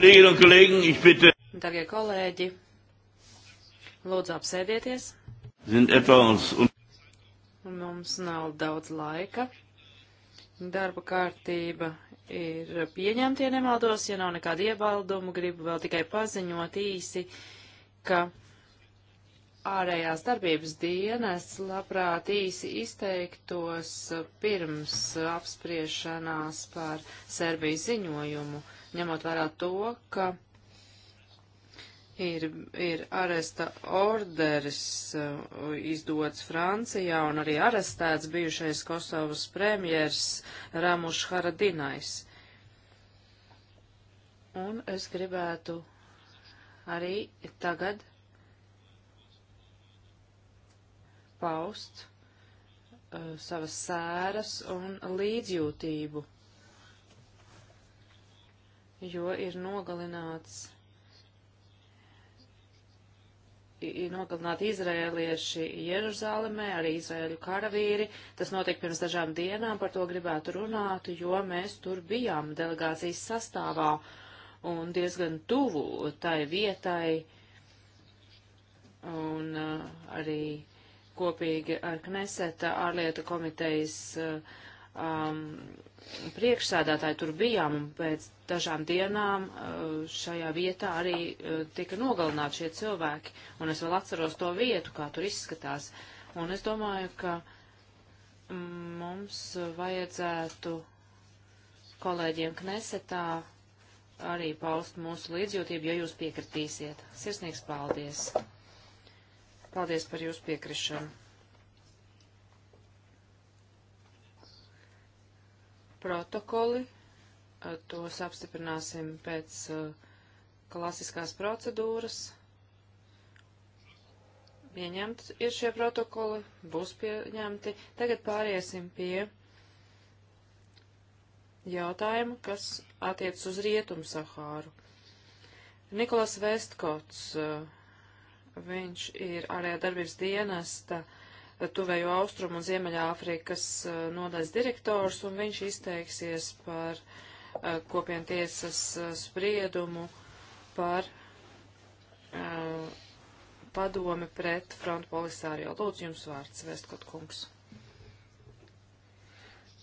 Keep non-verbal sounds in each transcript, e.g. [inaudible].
Kolleginnen un kolēģi, ich bitte. Darbie kolēģi, lūdzu apsēdieties. Sind etwa uns un... Mums nav daudz laika. Darba kārtība ir pieņemta, ja nemaldos, ja nav nekādu iebaldumu, gribu vēl tikai paziņot īsi, ka ārējās darbības dienas labprāt īsi izteiktos pirms apspriešanās par Serbijas ziņojumu. Uh, ņemot vērā to, ka ir, ir aresta orderis uh, izdots Francijā un arī arestēts bijušais Kosovas premjers Ramuš Haradinais. Un es gribētu arī tagad paust uh, savas sēras un līdzjūtību jo ir nogalināts ir nogalināti izrēlieši Jeruzālēmē, arī izrēļu karavīri. Tas notika pirms dažām dienām, par to gribētu runāt, jo mēs tur bijām delegācijas sastāvā un diezgan tuvu tai vietai un uh, arī kopīgi ar Kneseta ārlietu komitejas uh, um, priekšsēdētāji tur bijām, un pēc dažām dienām uh, šajā vietā arī uh, tika nogalināti šie cilvēki, un es vēl atceros to vietu, kā tur izskatās. Un es domāju, ka mm, mums vajadzētu kolēģiem Knesetā arī paust mūsu līdzjūtību, ja jūs piekritīsiet. Sirsnīgs paldies! Paldies par jūsu piekrišanu! protokoli. Tos apstiprināsim pēc uh, klasiskās procedūras. Pieņemti ir šie protokoli, būs pieņemti. Tagad pāriesim pie jautājuma, kas attiec uz Rietumu Sahāru. Nikolas Vestkots, uh, viņš ir ārējā darbības dienesta uh, Tuvējo Austrumu un Ziemeļāfrikas eh, nodaļas direktors, un viņš izteiksies par eh, kopienu tiesas eh, spriedumu par padomi pret frontu polisārio. Lūdzu, jums vārds, Vestkot kungs.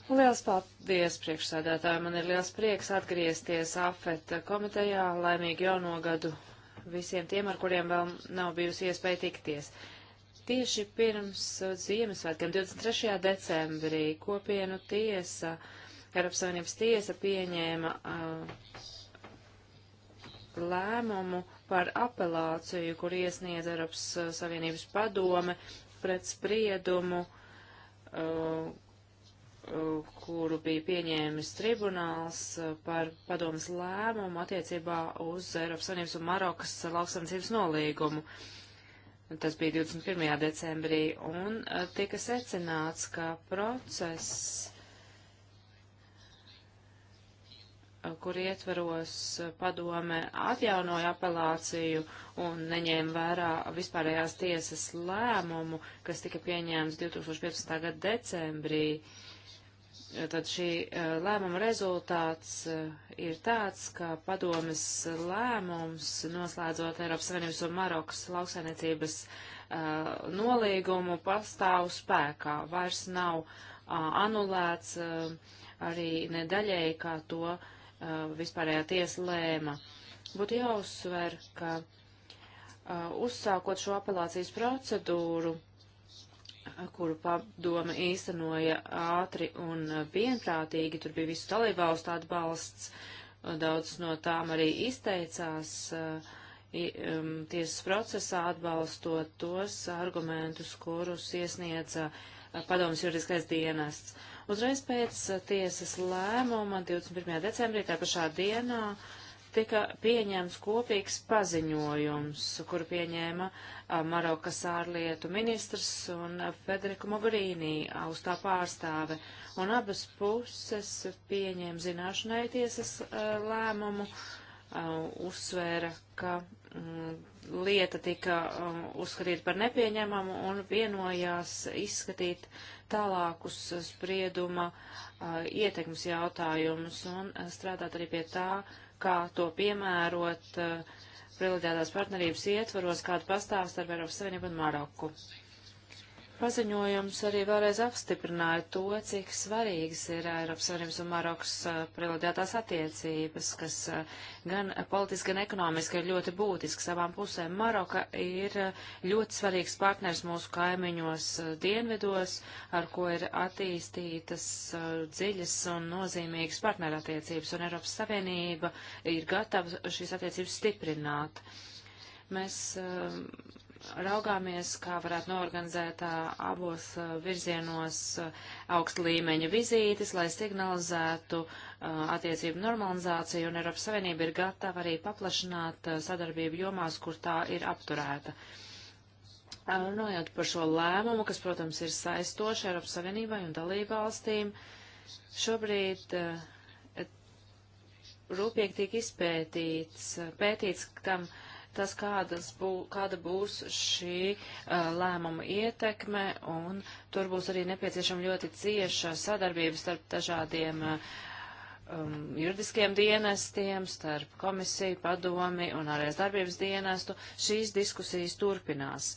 Liels paldies, priekšsēdētāji. Man ir liels prieks atgriezties AFET komitejā. Laimīgi jauno gadu visiem tiem, ar kuriem vēl nav bijusi iespēja tikties. Uh, Tieši pirms uh, Ziemassvētkiem, 23. decembrī, kopienu tiesa, Eiropas Savienības tiesa pieņēma uh, lēmumu par apelāciju, kur iesniedz Eiropas uh, Savienības padome pret spriedumu, uh, uh, kuru bija pieņēmis tribunāls uh, par padomas lēmumu attiecībā uz Eiropas Savienības un Marokas lauksamcības nolīgumu. Uh, Tas bija 21. decembrī, un uh, tika secināts, ka process, uh, kur ietvaros uh, padome atjaunoja apelāciju un neņēma vērā vispārējās tiesas lēmumu, kas tika pieņēmts 2015. gada decembrī, uh, Tad šī eh, lēmuma rezultāts eh, ir tāds, ka padomis lēmums noslēdzot Eiropas Savienības un Marokas lauksainiecības eh, nolīgumu pastāv spēkā. Vairs nav anulēts arī nedaļēji, kā to vispārējā tiesa lēma. Būtu jāuzsver, ka uzsākot šo apelācijas procedūru, kuru padome īstenoja ātri un vienprātīgi. Tur bija visu dalībvalstu atbalsts, daudz no tām arī izteicās um, tiesas procesā atbalstot tos argumentus, kurus iesniedza uh, padomas juridiskais dienests. Uzreiz pēc uh, tiesas lēmuma 21. decembrī, tā pašā dienā, uh, tika pieņemts kopīgs paziņojums, kuru pieņēma Marokas ārlietu ministrs un Federiku Mogherīnī, austā pārstāve, un abas puses pieņēma zināšanai tiesas lēmumu, uzsvēra, ka mm, lieta tika uzskatīta par nepieņemamu un vienojās izskatīt tālākus sprieduma ietekmes jautājumus un strādāt arī pie tā, kā to piemērot eh, privileģētās partnerības ietvaros, kāda pastāv starp Eiropas Savienību un Maroku. Paziņojums arī vēlreiz apstiprināja to, cik svarīgas ir eh, Eiropas Savienības un Marokas eh, privileģētās attiecības, kas eh, gan politiski, gan ekonomiski ir ļoti būtisks savām pusēm. Maroka ir ļoti svarīgs partners mūsu kaimiņos dienvidos, ar ko ir attīstītas dziļas un nozīmīgas partnerattiecības, un Eiropas Savienība ir gatava šīs attiecības stiprināt. Mēs raugāmies, kā varētu norganizēt abos virzienos augsta līmeņa vizītes, lai signalizētu attiecību normalizāciju, un Eiropas Savienība ir gatava arī paplašināt sadarbību jomās, kur tā ir apturēta. Runājot par šo lēmumu, kas, protams, ir saistoši Eiropas Savienībai un dalību valstīm, šobrīd rūpīgi tiek izpētīts, pētīts, kam uh, tas, kādas bū, kāda būs šī uh, lēmuma ietekme, un tur būs arī nepieciešama ļoti cieša sadarbība starp dažādiem uh, um, juridiskiem dienestiem, starp komisiju, padomi un ārējās darbības dienestu. Šīs diskusijas turpinās.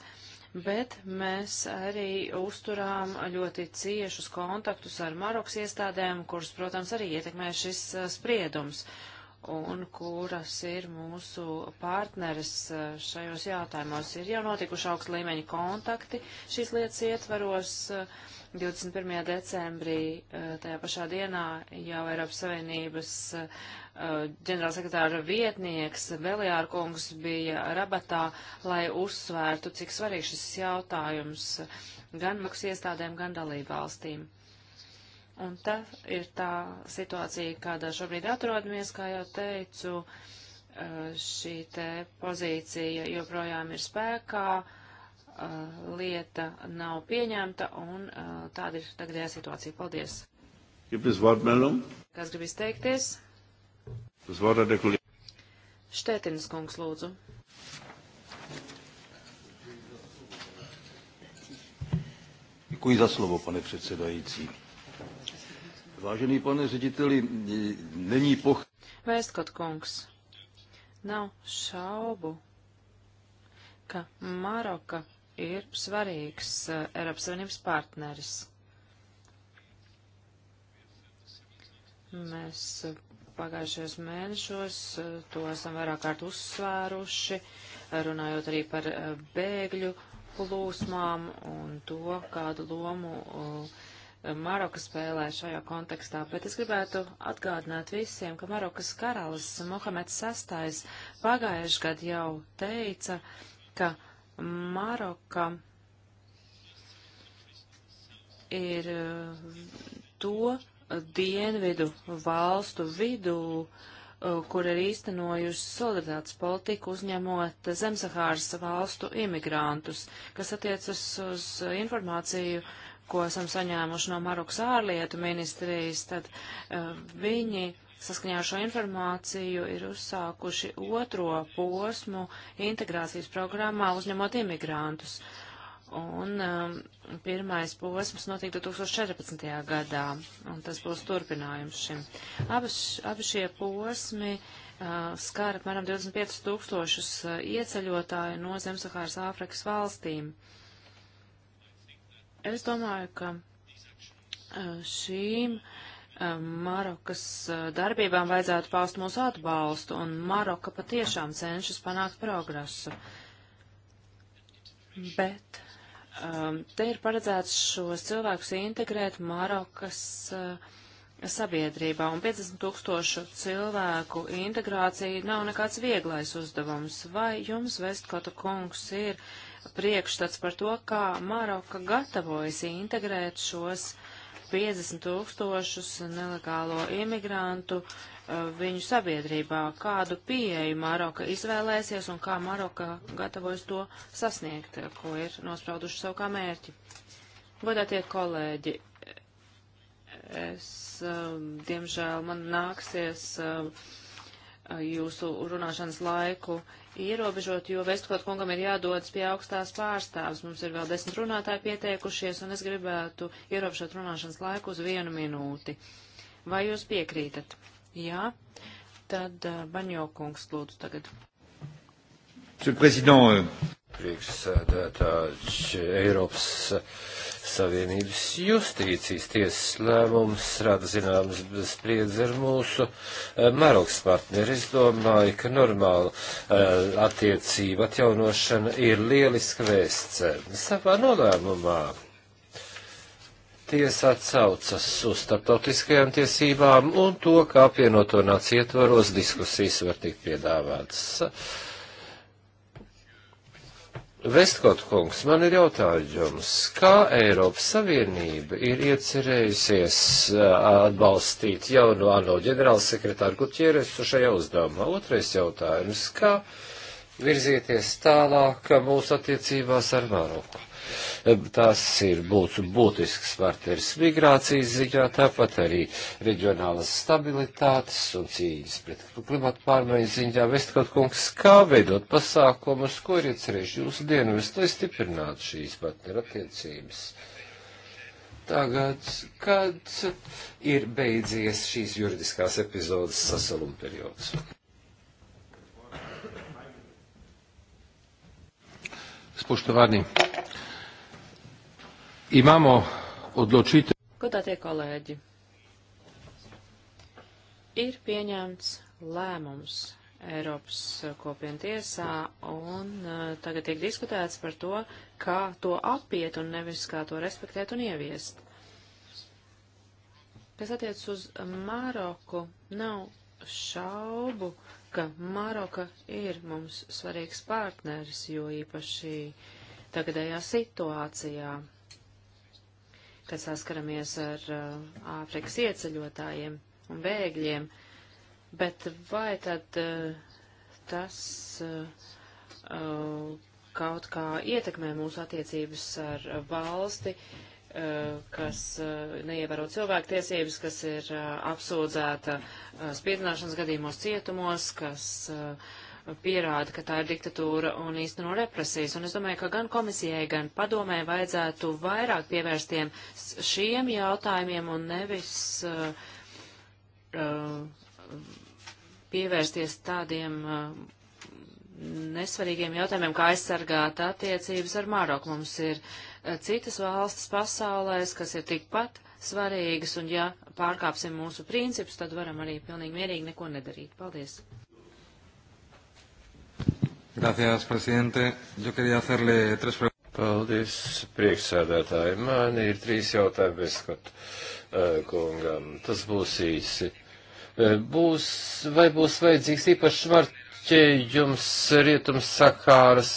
Bet mēs arī uzturām ļoti ciešus kontaktus ar Marokas iestādēm, kuras, protams, arī ietekmē šis uh, spriedums. Uh, un kuras ir mūsu partneres eh, šajos jautājumos. Ir jau notikuši augst līmeņa kontakti šīs lietas ietvaros. 21. Eh, decembrī eh, tajā pašā dienā jau Eiropas Savienības ģenerālsekretāra vietnieks Beliārkungs bija rabatā, lai uzsvērtu, cik svarīgs šis jautājums gan maksas iestādēm, gan dalībvalstīm. valstīm. Un tā ir tā situācija, kādā šobrīd atrodamies, kā jau teicu, šī te pozīcija joprojām ir spēkā, lieta nav pieņemta un tāda ir tagadējā situācija. Paldies! Kas grib izteikties? Štētinas kungs, lūdzu. Děkuji za slovo, pane předsedající. Vážený pane řediteli, není poch... Vēstkot kungs, nav šaubu, ka Maroka ir svarīgs uh, Eiropas Savienības partneris. Mēs uh, pagājušajos mēnešos uh, to esam vairāk kārt uzsvēruši, runājot arī par eh, bēgļu plūsmām un to, kādu lomu uh, Maroka spēlē šajā kontekstā, bet es gribētu atgādināt visiem, ka Marokas karalis Mohameds VI pagājuši gadu jau teica, ka Maroka ir uh, to dienvidu valstu vidū, uh, kur ir īstenojusi solidaritātes politiku uzņemot Zemsahāras valstu imigrantus, kas attiecas uz informāciju uh, ko esam saņēmuši no Marukas ārlietu ministrijas, tad uh, viņi saskaņā ar šo informāciju ir uzsākuši otro posmu integrācijas programmā uzņemot imigrantus. Un um, uh, pirmais posms notika 2014. gadā, un tas būs turpinājums šim. Abas, abi šie posmi uh, skāra apmēram 25 tūkstošus uh, ieceļotāju no Zemsahāras Āfrikas valstīm. Uh, Es domāju, ka šīm Marokas darbībām vajadzētu paust mūsu atbalstu, un Maroka patiešām cenšas panākt progresu. Bet um, te ir paredzēts šos cilvēkus integrēt Marokas uh, sabiedrībā, un 50 tūkstošu cilvēku integrācija nav nekāds vieglais uzdevums. Vai jums, Vestkota kungs, ir uh, priekšstats par to, kā Maroka gatavojas integrēt šos 50 tūkstošus nelegālo imigrantu uh, viņu sabiedrībā, kādu pieeju Maroka izvēlēsies un kā Maroka gatavojas to sasniegt, uh, ko ir nosprauduši savu kā mērķi. Godātie kolēģi, es, um, diemžēl, man nāksies um, uh, jūsu runāšanas laiku ierobežot, jo Vestkot kungam ir jādodas pie augstās pārstāvs. Mums ir vēl desmit runātāji pieteikušies, un es gribētu ierobežot runāšanas laiku uz vienu minūti. Vai jūs piekrītat? Jā. Tad uh, eh, Baņo kungs lūdzu tagad. Monsieur le Président, euh, priekšsēdētāji Eiropas Savienības justīcijas tiesas lēmums rada zināmas spriedzi ar mūsu eh, Maroks partneri. Es domāju, ka normāla eh, attiecība atjaunošana ir lieliska vēsts. Savā nolēmumā tiesa atsaucas uz starptautiskajām tiesībām un to, kā apvienoto nāciju ietvaros diskusijas var tikt piedāvātas Vestkot kungs, man ir jautājums, kā Eiropas Savienība ir iecerējusies atbalstīt jauno ANO ģenerālsekretāru Gutieresu šajā uzdevumā? Otrais jautājums, kā virzieties tālāk mūsu attiecībās ar Maroku? Tās ir būtu būtisks partneris migrācijas ziņā, tāpat arī reģionālas stabilitātes un cīņas pret klimatu pārmaiņu ziņā. Vestkot kungs, kā veidot pasākumus, ko ir iecerējuši jūsu dienvis, lai stiprinātu šīs partneru attiecības? Tagad, kad ir beidzies šīs juridiskās epizodes sasaluma periods. spoštovani Imamo odločitev. Godātie kolēģi, ir pieņemts lēmums Eiropas kopienu tiesā, un uh, tagad tiek diskutēts par to, kā to apiet un nevis kā to respektēt un ieviest. Kas attiec uz Maroku, nav šaubu, ka Maroka ir mums svarīgs partneris, jo īpaši tagadējā situācijā kad saskaramies ar uh, Āfrikas uh, ieceļotājiem un bēgļiem, bet vai tad uh, tas uh, uh kaut kā ietekmē mūsu attiecības ar valsti, uh, kas neievēro cilvēktiesības, kas ir apsūdzēta spiedināšanas gadījumos cietumos, kas uh, pierāda, ka tā ir diktatūra un īsteno represijas. Un es domāju, ka gan komisijai, gan padomē vajadzētu vairāk pievērstiem šiem jautājumiem un nevis uh, uh, pievērsties tādiem uh, nesvarīgiem jautājumiem, kā aizsargāt attiecības ar Maroku. Mums ir uh, citas valstis pasaulēs, kas ir tikpat svarīgas, un ja pārkāpsim mūsu principus, tad varam arī pilnīgi mierīgi neko nedarīt. Paldies! Gracias, presidente. Yo quería hacerle tres preguntas. Paldies, priekšsēdētāji. Man ir trīs jautājumi Veskot eh, kungam. Tas būs īsi. Eh, būs, vai būs vajadzīgs īpašs marķis? bloķējums rietums sakāras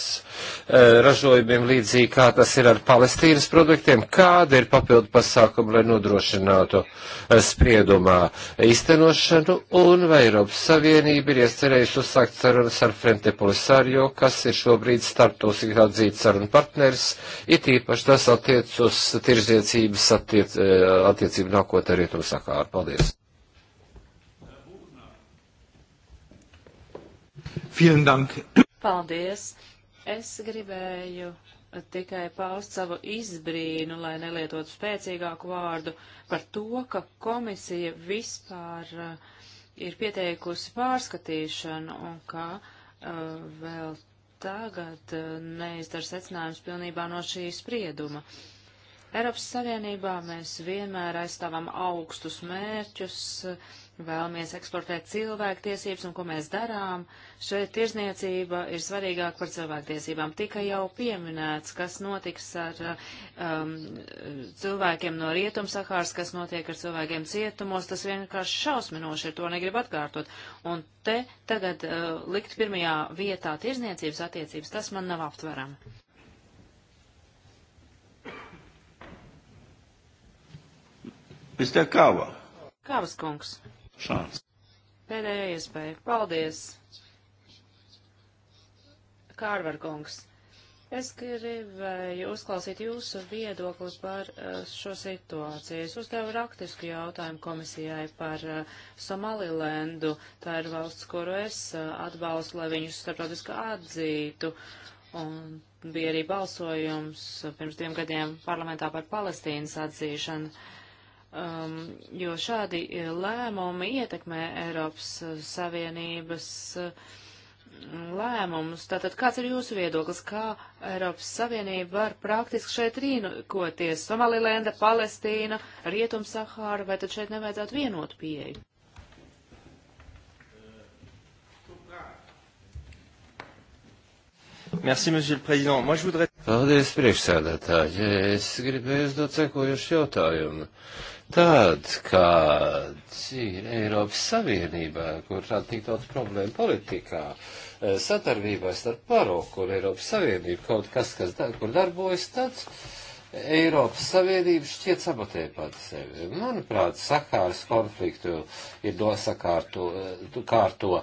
eh, ražojumiem līdzīgi kā tas ir ar Palestīnas produktiem, kāda ir papildu pasākuma, lai nodrošinātu eh, spriedumā iztenošanu, un vai Eiropas Savienība ir iecerējusi uzsākt sarunas ar Frente Polisario, kas ir šobrīd starptautiski atzīts sarunu partners, it īpaši tas attiec uz tirzniecības attiec, eh, attiecību nākotnē rietumu sakāru. Paldies! Vielen Dank. Paldies. Es gribēju tikai paust savu izbrīnu, lai nelietotu spēcīgāku vārdu par to, ka komisija vispār uh, ir pieteikusi pārskatīšanu un ka uh, vēl tagad uh, neizdara secinājums pilnībā no šī sprieduma. Eiropas Savienībā mēs vienmēr aizstāvam augstus mērķus, uh, vēlamies eksportēt cilvēktiesības un ko mēs darām. Šeit tirzniecība ir svarīgāka par cilvēktiesībām. Tika jau pieminēts, kas notiks ar um, cilvēkiem no Rietumsahāras, kas notiek ar cilvēkiem cietumos. Tas vienkārši šausminoši ir, to negrib atkārtot. Un te tagad uh, likt pirmajā vietā tirzniecības attiecības, tas man nav aptveram. Mr. Kava. Kavas kungs. Šāds. Pēdējā iespēja. Paldies. Kārvarkungs. Es gribēju uzklausīt jūsu viedokli par eh, šo situāciju. Es uzdevu raktisku jautājumu komisijai par eh, Somalilendu. Tā ir valsts, kuru es eh, atbalstu, lai viņus starptautiski atzītu. Un bija arī balsojums pirms diviem gadiem parlamentā par Palestīnas atzīšanu. Uh, um, jo šādi eh, lēmumi ietekmē Eiropas eh, Savienības eh, lēmumus. Tātad kāds ir jūsu viedoklis, kā Eiropas Savienība var praktiski šeit rīkoties? Somalilenda, Palestīna, Rietum-Sahāra, vai tad šeit nevajadzētu vienotu pieeju? Merci, Monsieur le Président. Moi, je voudrais... Paldies, priekšsēdētāji. Es gribēju uzdot sekojuši jautājumu. Tad, kad ir Eiropas Savienībā, kur rada tik daudz problēmu politikā, eh, satarbībā starp Maroku un Eiropas Savienību, kaut kas, kas da, kur darbojas, tad Eiropas Savienība šķiet sabotē pati sevi. Manuprāt, Sakāras konfliktu ir dosakārto kārto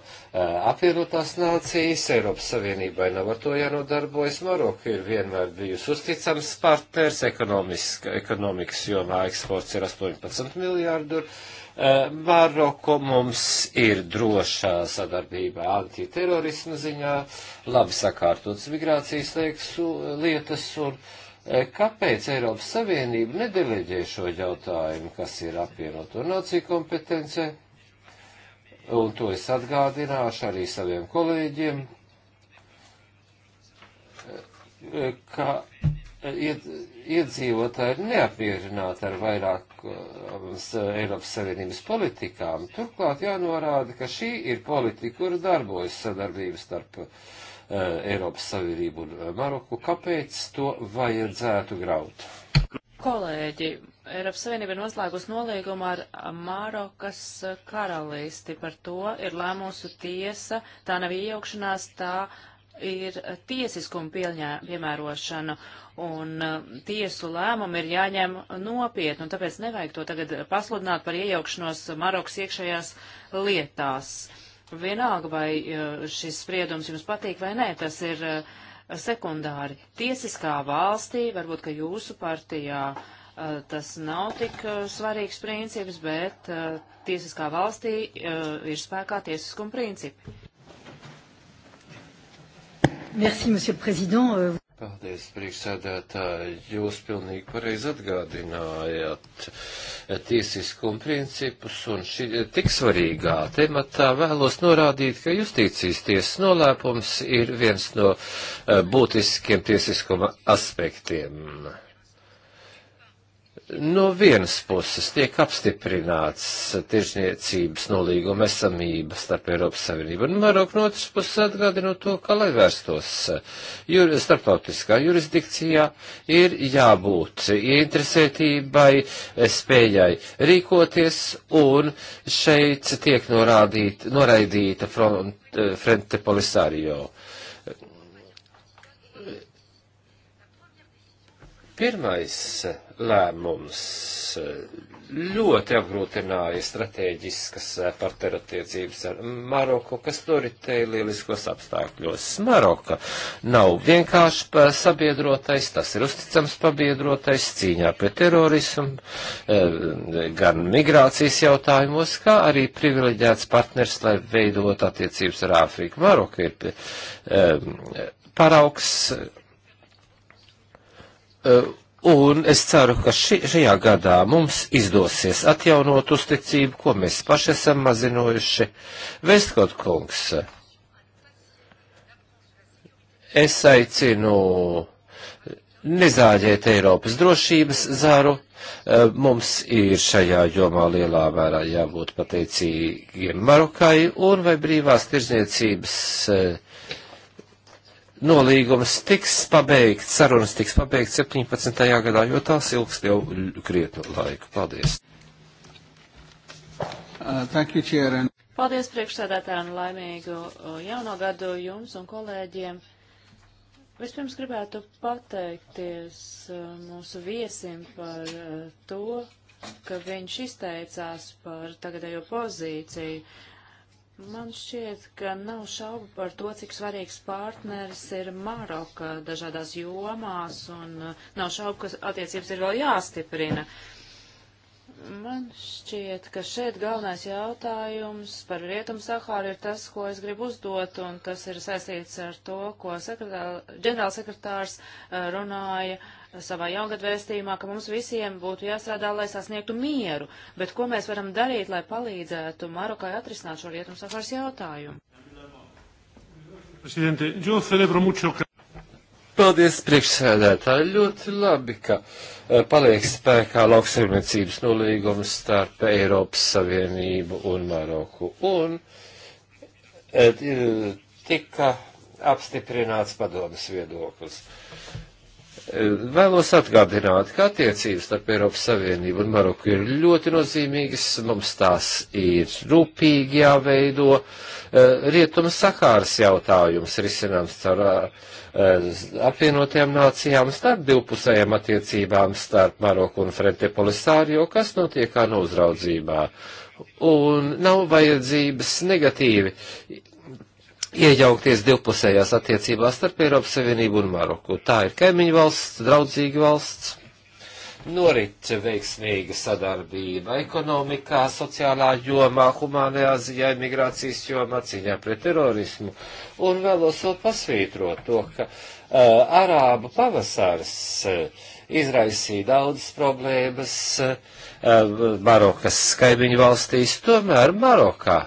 apvienotās nācijas, Eiropas Savienībai nav ar to jānodarbojas, Maroka ir vienmēr bijusi uzticams partners, ekonomikas jomā eksports ir 18 miljārdu. Maroko mums ir drošā sadarbība antiterorisma ziņā, labi sakārtotas migrācijas liekas, lietas un. Uh, Kāpēc Eiropas Savienība nedeleģē šo jautājumu, kas ir apvienoto nāciju kompetence? Un to es atgādināšu arī saviem kolēģiem, ka iedzīvotāji ir neapmierināti ar vairākas Eiropas Savienības politikām. Turklāt jānorāda, ka šī ir politika, kur darbojas sadarbības starp uh, Eh, Eiropas Savienību un eh, Maroku, kāpēc to vajadzētu graut? Kolēģi, Eiropas Savienība ir noslēgus nolīgumu ar eh, Mārokas karalisti. Par to ir lēmusi tiesa. Tā nav iejaukšanās, tā ir tiesiskuma pieļņā, piemērošana. Un tiesu lēmumu ir jāņem nopietni, un tāpēc nevajag to tagad pasludināt par iejaukšanos Marokas iekšējās lietās. Uh, Vienalga, vai eh, šis spriedums jums patīk vai nē, tas ir eh, sekundāri. Tiesiskā valstī, varbūt, ka jūsu partijā eh, tas nav tik svarīgs princips, bet tiesiskā valstī ir spēkā tiesiskuma principi. Merci, monsieur le président. Euh, Paldies, priekšsēdētāji. Jūs pilnīgi pareizi atgādinājāt tiesiskumu principus, un šī tik svarīgā tematā vēlos norādīt, ka justīcijas tiesas nolēpums ir viens no eh, būtiskiem tiesiskuma aspektiem no vienas puses tiek apstiprināts tiešniecības nolīguma esamība starp Eiropas Savienību un Maroku, no otras puses atgādina to, ka, lai vērstos jur, starptautiskā jurisdikcijā, ir jābūt ieinteresētībai, spējai rīkoties, un šeit tiek norādīt, noraidīta front, Frente Polisario. Pirmais lēmums eh, ļoti apgrūtināja strateģiskas eh, partnerattiecības ar Maroku, kas noritēja lieliskos apstākļos. Maroka nav vienkārši sabiedrotais, tas ir uzticams pabiedrotais cīņā pret terorismu, eh, gan migrācijas jautājumos, kā arī privileģēts partners, lai veidot attiecības ar Āfriku. Maroka ir paraugs Un es ceru, ka ši, šajā gadā mums izdosies atjaunot uzticību, ko mēs paši esam mazinojuši. Vestkot kungs, es aicinu nezāģēt Eiropas drošības zaru. Mums ir šajā jomā lielā mērā jābūt pateicīgiem Marokai un vai brīvās tirzniecības uh, nolīgums tiks pabeigts, sarunas tiks pabeigts 17. gadā, jo tās ilgs jau krietnu laiku. Paldies! Uh, Paldies priekšsēdētājiem laimīgu uh, jauno gadu jums un kolēģiem. Vispirms gribētu pateikties uh, mūsu viesim par uh, to, ka viņš izteicās par tagadējo pozīciju. Man šķiet, ka nav šaubu par to, cik svarīgs partneris ir Maroka dažādās jomās, un uh, nav šaubu, ka attiecības ir vēl jāstiprina. Uh, Man šķiet, ka šeit galvenais jautājums par Rietumu Sahāru ir tas, ko es gribu uzdot, un tas ir saistīts ar to, ko ģenerālsekretārs eh, runāja savā jaungadvēstījumā, ka mums visiem būtu jāstrādā, lai sasniegtu mieru, bet ko mēs varam darīt, lai palīdzētu Marokai atrisināt šo Rietumu Sahāras jautājumu? Presidente, yo celebro mucho que Paldies, priekšsēdētāji. Ļoti labi, ka e, paliek spēkā lauksaimniecības nolīgums starp Eiropas Savienību un Maroku. Un e, tika apstiprināts padomas viedoklis. Vēlos atgādināt, ka attiecības starp Eiropas Savienību un Maroku ir ļoti nozīmīgas, mums tās ir rūpīgi jāveido. Eh, rietuma sakāras jautājums risināms caur eh, apvienotajām nācijām starp divpusējām attiecībām starp Maroku un Frente Polisario, kas notiek kā nouzraudzībā. Un nav vajadzības negatīvi iejaukties divpusējās attiecībās starp Eiropas Savienību un Maroku. Tā ir kaimiņu valsts, draudzīga valsts. Norit veiksmīga sadarbība ekonomikā, sociālā jomā, humānajā ziņā, imigrācijas jomā, cīņā pret terorismu. Un vēlos vēl pasvītrot to, ka uh, Arābu pavasars uh, izraisīja daudzas problēmas uh, uh Marokas skaidriņu valstīs, tomēr Marokā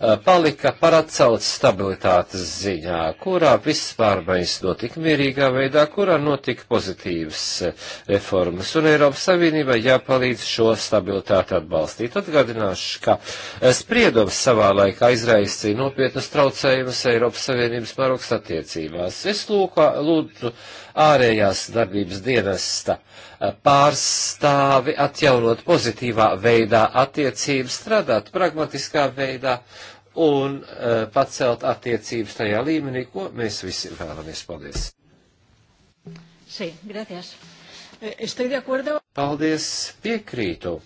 Eh, palika par atcauc stabilitātes ziņā, kurā viss pārmaiņas notika mierīgā veidā, kurā notika pozitīvas eh, reformas, un Eiropas Savienībai jāpalīdz šo stabilitāti atbalstīt. Atgādināšu, ka eh, spriedums savā laikā izraisīja nopietnas traucējumus Eiropas Savienības Marokas attiecībās. Es lūku, lūdzu ārējās darbības dienesta pārstāvi atjaunot pozitīvā veidā attiecības, strādāt pragmatiskā veidā, uh, un uh, pacelt attiecības tajā līmenī, ko mēs visi vēlamies. Paldies! Sí, gracias. E, estoy de acuerdo. Paldies, piekrītu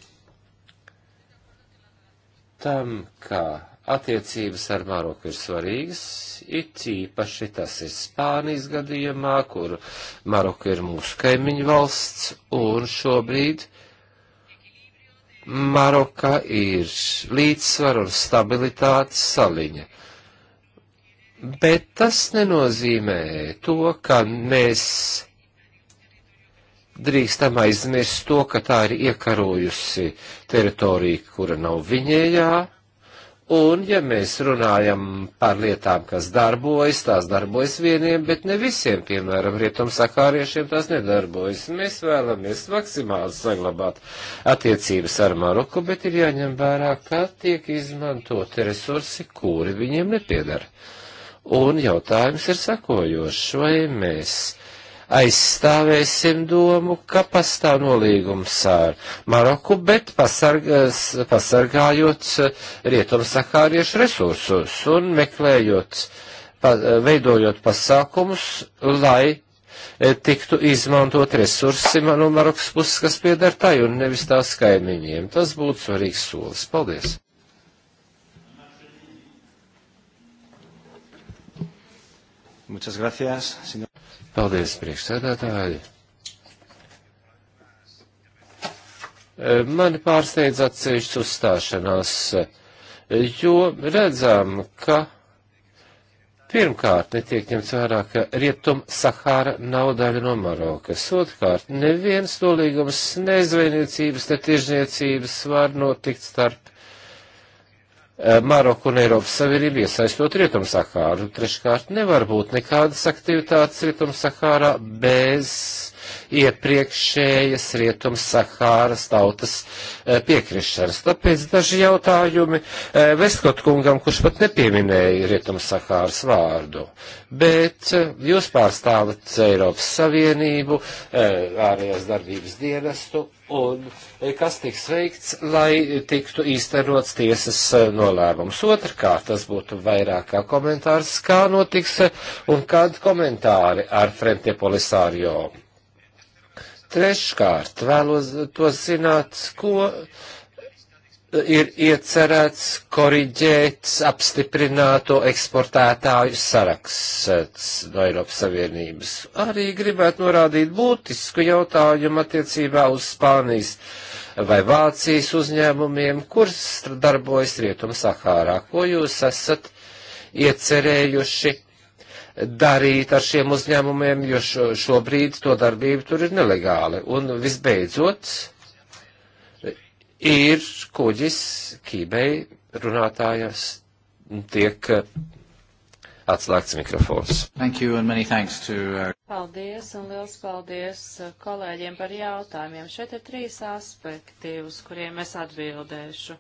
tam, ka attiecības ar Maroku ir svarīgas, it īpaši tas ir Spānijas gadījumā, kur Maroku ir mūsu kaimiņu valsts, un šobrīd Maroka ir līdzsvar un stabilitātes saliņa. Bet tas nenozīmē to, ka mēs drīkstam aizmirst to, ka tā ir iekarojusi teritorija, kura nav viņējā, Un, ja mēs runājam par lietām, kas darbojas, tās darbojas vieniem, bet ne visiem, piemēram, rietumsakāriešiem tās nedarbojas. Mēs vēlamies maksimāli saglabāt attiecības ar Maroku, bet ir jāņem vērā, kā tiek izmantoti resursi, kuri viņiem nepiedara. Un jautājums ir sakojošs, vai mēs aizstāvēsim domu, ka pastāv nolīgums ar Maroku, bet pasargas, pasargājot rietumsahāriešu resursus un meklējot, pa, veidojot pasākumus, lai e, tiktu izmantot resursi no Marokas puses, kas pieder tai un nevis tās kaimiņiem. Tas būtu svarīgs solis. Paldies! Muchas gracias, señor. Paldies, priekšsēdētāji. E, mani pārsteidz atsevišķi uzstāšanās, e, jo redzam, ka pirmkārt netiek ņemts vērā, ka Rietum Sahara nav daļa no Marokas. Otkārt, neviens nolīgums, ne zvejniecības, ne tirzniecības var notikt starp Eh, Maroku un Eiropas Savienību iesaistot Rietumsahāru. Treškārt, nevar būt nekādas aktivitātes Rietumsahārā bez iepriekšējas Rietumsahāras tautas eh, piekrišanas. Tāpēc daži jautājumi eh, Vestkot kungam, kurš pat nepieminēja Rietumsahāras vārdu. Bet jūs pārstāvat Eiropas Savienību, ārējās darbības dienestu un e, kas tiks veikts, lai tiktu īstenots tiesas e, nolēmums. Otrkārt, tas būtu vairāk kā komentārs, kā notiks e, un kādi komentāri ar Frente Polisario. Treškārt, vēlos to zināt, ko ir iecerēts koriģēt apstiprināto eksportētāju saraksts no Eiropas Savienības. Arī gribētu norādīt būtisku jautājumu attiecībā uz Spānijas vai Vācijas uzņēmumiem, kuras darbojas Rietuma Sahārā. Ko jūs esat iecerējuši darīt ar šiem uzņēmumiem, jo šo, šobrīd to darbību tur ir nelegāli? Un visbeidzot, ir kuģis kībei runātājas tiek eh, atslēgts mikrofons. To... Uh, paldies un liels paldies uh, kolēģiem par jautājumiem. Šeit ir trīs aspekti, uz kuriem es atbildēšu.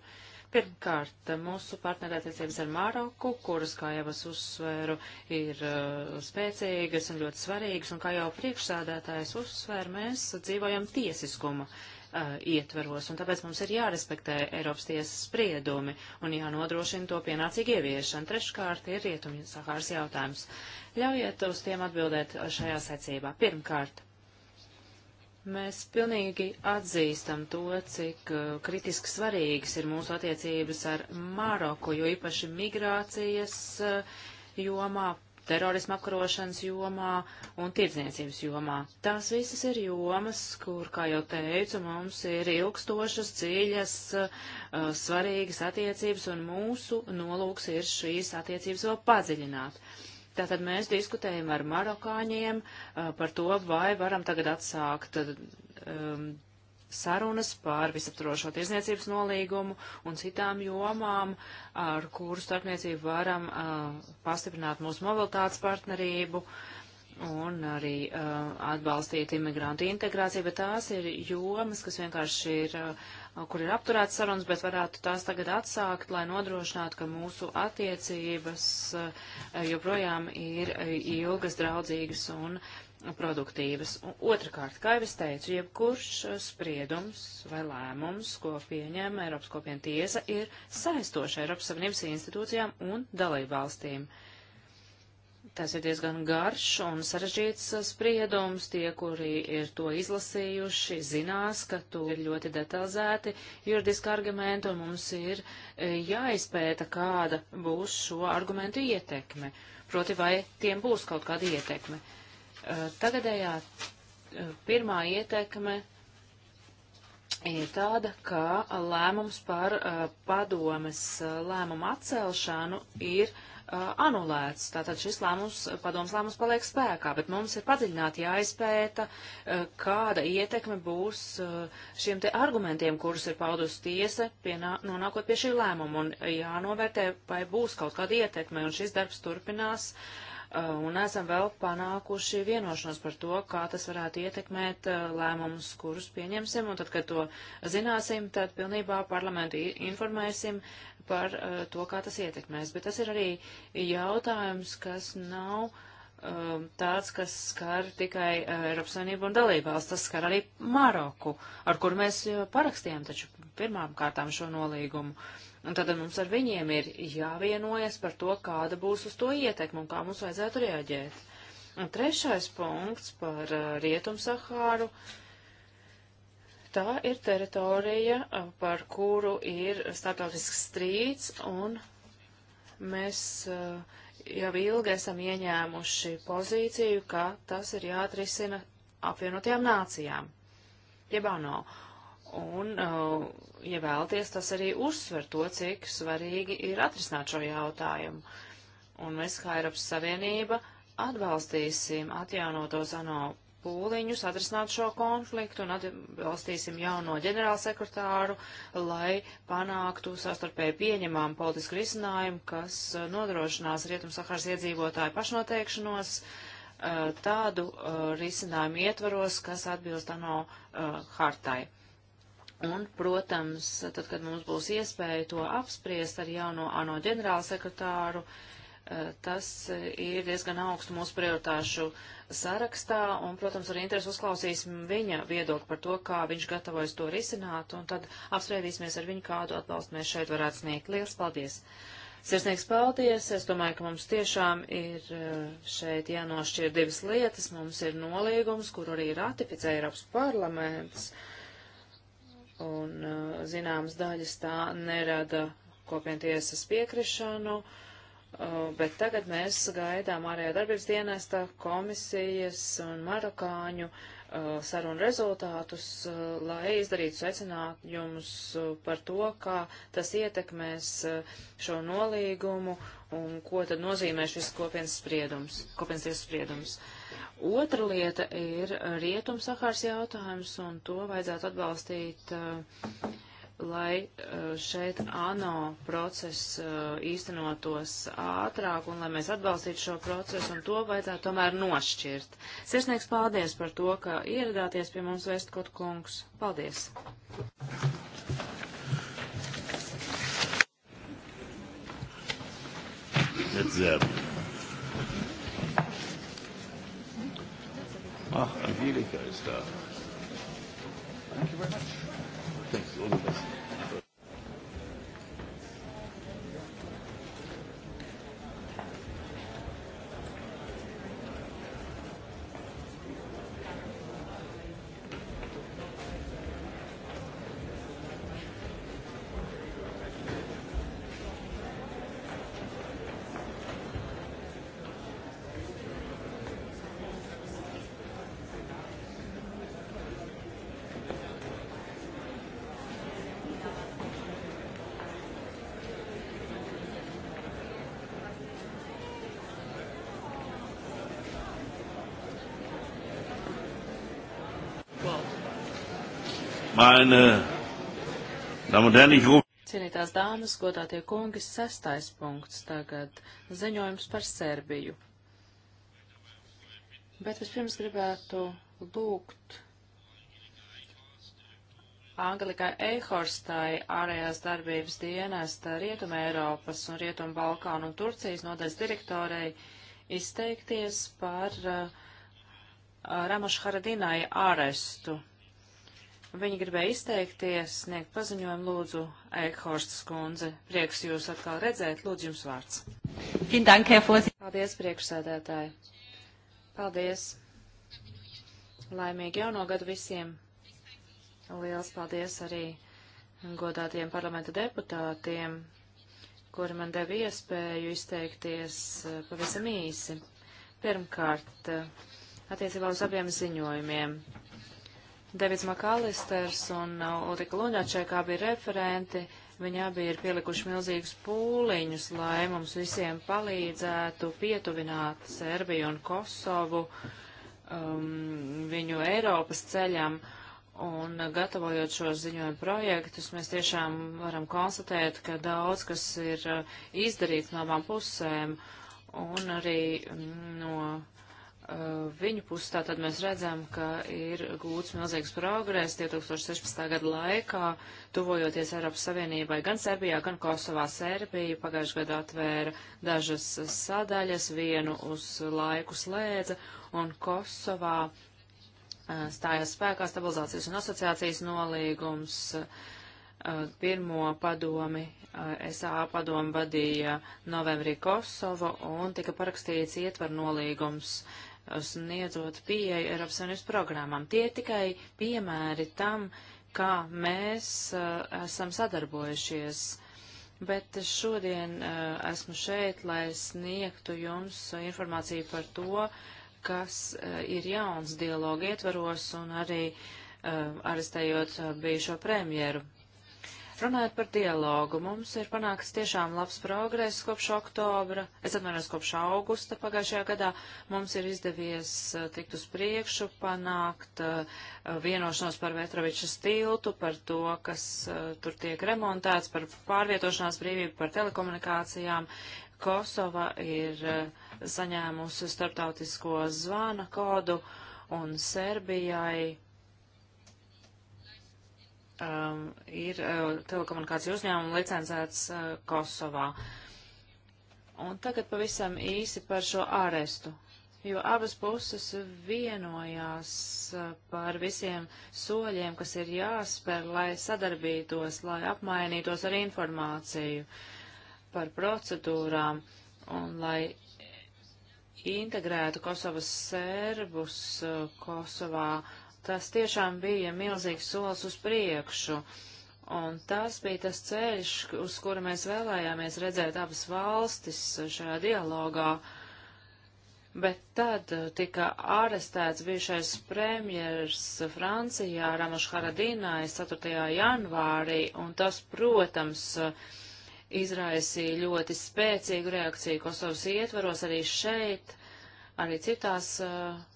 Pirmkārt, mūsu partnerattiecības ar Maroku, kuras, kā jau es uzsvēru, ir uh, spēcīgas un ļoti svarīgas, un kā jau priekšsādātājs uzsvēra, mēs dzīvojam tiesiskuma uh, uh, ietveros, un tāpēc mums ir jārespektē Eiropas tiesas spriedumi un jānodrošina to pienācīgi ieviešana. Treškārt ir rietumju Sahāras jautājums. Ļaujiet uz tiem atbildēt šajā secībā. Pirmkārt, mēs pilnīgi atzīstam to, cik uh, kritiski svarīgas ir mūsu attiecības ar Maroku, jo īpaši migrācijas uh, jomā terorisma apkarošanas jomā un tirdzniecības jomā. Tās visas ir jomas, kur, kā jau teicu, mums ir ilgstošas, dziļas, uh, svarīgas attiecības, un mūsu nolūks ir šīs attiecības vēl padziļināt. Tātad mēs diskutējam ar marokāņiem uh, par to, vai varam tagad atsākt uh, um, sarunas par visaptrošo tiesniecības nolīgumu un citām jomām, ar kuru starpniecību varam uh, pastiprināt mūsu mobilitātes partnerību un arī uh, atbalstīt imigrantu integrāciju, bet tās ir jomas, kas vienkārši ir, uh, kur ir apturēts sarunas, bet varētu tās tagad atsākt, lai nodrošinātu, ka mūsu attiecības joprojām ir ilgas, draudzīgas un produktīvas. Otrakārt, kā jau es teicu, jebkurš spriedums vai lēmums, ko pieņem Eiropas kopiena tiesa, ir saistoši Eiropas Savienības institūcijām un dalībvalstīm. Tas ir diezgan garš un sarežģīts spriedums. Tie, kuri ir to izlasījuši, zinās, ka tur ir ļoti detalizēti juridiski argumenti, un mums ir e, jāizpēta, kāda būs šo argumentu ietekme. Proti, vai tiem būs kaut kāda ietekme. Uh, Eh, tagadējā eh, pirmā ietekme ir tāda, ka lēmums par eh, padomes lēmumu atcelšanu ir anulēts. Tātad šis lēmums, padoms lēmums paliek spēkā, bet mums ir padziļināti jāizpēta, kāda ietekme būs šiem te argumentiem, kurus ir paudusi tiesa, pienā, nonākot pie šī lēmuma, un jānovērtē, vai būs kaut kāda ietekme, un šis darbs turpinās uh, Uh, un esam vēl panākuši vienošanos par to, kā tas varētu ietekmēt uh, lēmumus, kurus pieņemsim, un tad, kad to zināsim, tad pilnībā parlamentu informēsim par uh, to, kā tas ietekmēs. Bet tas ir arī jautājums, kas nav um, tāds, kas skar tikai Eiropas Savienību un dalībvalsts, tas skar arī Maroku, ar kur mēs parakstījām taču pirmām kārtām šo nolīgumu. Un tad mums ar viņiem ir jāvienojas par to, kāda būs uz to ietekme un kā mums vajadzētu reaģēt. Un trešais punkts par uh, Rietumsahāru. Tā ir teritorija, uh, par kuru ir starptautisks strīds, un mēs uh, jau ilgi esam ieņēmuši pozīciju, ka tas ir jāatrisina apvienotajām nācijām, jeb ANO. Uh, Un, uh, ja vēlties, tas arī uzsver to, cik svarīgi ir atrisināt šo jautājumu. Un mēs, kā Eiropas Savienība, atbalstīsim atjaunotos ANO pūliņus, atrisināt šo konfliktu un atbalstīsim jauno ģenerālsekretāru, lai panāktu sastarpēji pieņemām politisku risinājumu, kas uh, nodrošinās Rietumsaharas iedzīvotāju pašnoteikšanos uh, tādu risinājumu ietvaros, kas atbilst ANO hartai. Un, protams, tad, kad mums būs iespēja to apspriest ar jauno ANO ģenerālsekretāru, eh, tas ir diezgan augstu mūsu prioritāšu sarakstā, un, protams, ar interesi uzklausīsim viņa viedokli par to, kā viņš gatavojas to risināt, un tad apspriedīsimies ar viņu, kādu atbalstu mēs šeit varētu sniegt. Liels paldies! Sirsnīgs paldies! Es domāju, ka mums tiešām ir eh, šeit jānošķir divas lietas. Mums ir nolīgums, kur arī ratificē Eiropas parlaments. Uh, un uh, zināmas daļas tā nerada kopientiesas piekrišanu, uh, bet tagad mēs gaidām ārējā darbības dienesta komisijas un marokāņu uh, sarunu rezultātus, lai izdarītu secinājumus par to, kā tas ietekmēs šo nolīgumu un ko tad nozīmē šis kopienas spriedums, kopienas tiesas spriedums. Uh, Otra lieta ir Rietumsahāras jautājums, un to vajadzētu atbalstīt, uh, lai uh, šeit ANO process uh, īstenotos ātrāk, un lai mēs atbalstītu šo procesu, un to vajadzētu tomēr nošķirt. Sirsnieks, paldies par to, ka ieradāties pie mums Vestkot kungs. Paldies! It's uh, Ach, Angelika ist da. Thank you very much. Thanks, all the best. Meine Damen un Herren, ich rufe. Cienītās dāmas, godātie kungi, sestais punkts tagad - ziņojums par Serbiju. Bet vispirms gribētu lūgt Angelikai Eihorstai ārējās darbības dienesta Rietuma Eiropas un Rietuma Balkānu un Turcijas nodaļas direktorei izteikties par uh, Ramaša Haradinai ārestu. Viņi gribēja izteikties, sniegt paziņojumu, lūdzu, Eikhorstas kundze. Prieks jūs atkal redzēt, lūdzu jums vārds. Paldies, priekšsēdētāji. Paldies. Laimīgi jauno gadu visiem. Liels paldies arī godātiem parlamenta deputātiem, kuri man deva iespēju izteikties eh, pavisam īsi. Pirmkārt, eh, attiecībā uz abiem ziņojumiem. Devits Makalisters un uh, Ulrika Luņačēkā bija referenti. Viņi abi ir pielikuši milzīgus pūliņus, lai mums visiem palīdzētu pietuvināt Serbiju un Kosovu um, viņu Eiropas ceļam. Un uh, gatavojot šos ziņojumu projektus, mēs tiešām varam konstatēt, ka daudz kas ir uh, izdarīts no abām pusēm un arī mm, no. Mm, Eh, viņu pusi tātad mēs redzam, ka ir gūts milzīgs progress 2016. gada laikā, tuvojoties Eiropas Savienībai gan Serbijā, gan Kosovā. Serbija pagājušajā gadā atvēra dažas sadaļas, vienu uz laiku slēdza, un Kosovā eh, stājās spēkā stabilizācijas un asociācijas nolīgums. Eh, pirmo padomi, SA padomi vadīja novembrī Kosovo un tika parakstīts ietvar nolīgums sniedzot pieeju Eiropas Savienības programmām. Tie tikai piemēri tam, kā mēs uh, esam sadarbojušies. Bet šodien uh, esmu šeit, lai sniegtu jums informāciju par to, kas uh, ir jauns dialogu ietvaros un arī arestējot bijušo premjeru Runājot par dialogu, mums ir panākts tiešām labs progress kopš oktobra, es atvainojos kopš augusta pagājušajā gadā, mums ir izdevies uh, tikt uz priekšu, panākt uh, vienošanos par Vetrovičas tiltu, par to, kas uh, tur tiek remontēts, par pārvietošanās brīvību, par telekomunikācijām. Kosova ir saņēmusi starptautisko zvana kodu un Serbijai um, ir uh, telekomunikāciju uzņēmumu licencēts uh, Kosovā. Un tagad pavisam īsi par šo ārestu, jo abas puses vienojās uh, par visiem soļiem, kas ir jāspēr, lai sadarbītos, lai apmainītos ar informāciju par procedūrām un lai integrētu Kosovas serbus uh, Kosovā tas tiešām bija milzīgs solis uz priekšu. Un tas bija tas ceļš, uz kura mēs vēlējāmies redzēt abas valstis šajā dialogā. Bet tad tika arestēts bijušais premjers Francijā Ramaš Haradinājs 4. janvārī, un tas, protams, izraisīja ļoti spēcīgu reakciju Kosovas ietvaros arī šeit, arī citās uh,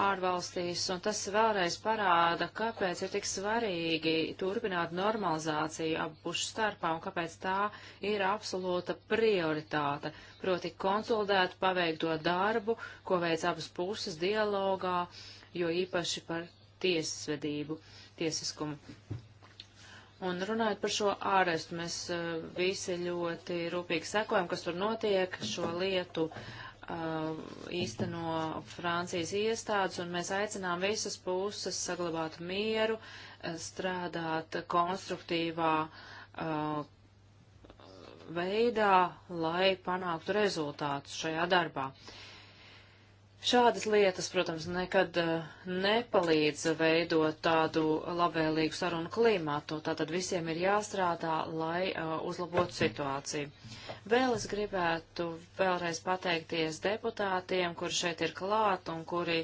ārvalstīs, un tas vēlreiz parāda, kāpēc ir tik svarīgi turpināt normalizāciju abu pušu starpā un kāpēc tā ir absolūta prioritāte, proti konsolidēt paveikto darbu, ko veic abas puses dialogā, jo īpaši par tiesvedību, tiesiskumu. Un runājot par šo ārestu, mēs eh, visi ļoti rūpīgi sekojam, kas tur notiek, šo lietu uh, Uh, īsteno Francijas iestādes, un mēs aicinām visas puses saglabāt mieru, uh, strādāt konstruktīvā uh, veidā, lai panāktu rezultātus šajā darbā. Uh, Šādas lietas, protams, nekad eh, nepalīdz veidot tādu labvēlīgu sarunu klimatu, tātad visiem ir jāstrādā, lai uh, uzlabotu situāciju. Vēl es gribētu vēlreiz pateikties deputātiem, kuri šeit ir klāt un kuri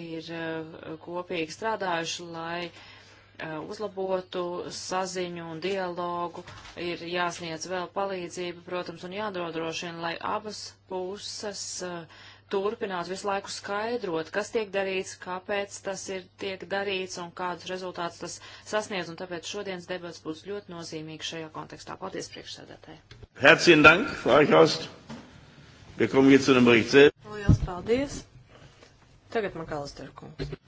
ir uh, kopīgi strādājuši, lai uh, uzlabotu saziņu un dialogu, ir jāsniedz vēl palīdzība, protams, un jādodrošina, lai abas puses uh, turpināt visu laiku skaidrot, kas tiek darīts, kāpēc tas ir tiek darīts un kādus rezultātus tas sasniedz, un tāpēc šodienas debats būs ļoti nozīmīgs šajā kontekstā. Paldies priekšsēdētāji. Herzlichen Dank, Frau Eichhorst. Wir kommen jetzt zu dem Bericht selbst. Lielas paldies. Tagad Makalister kungs.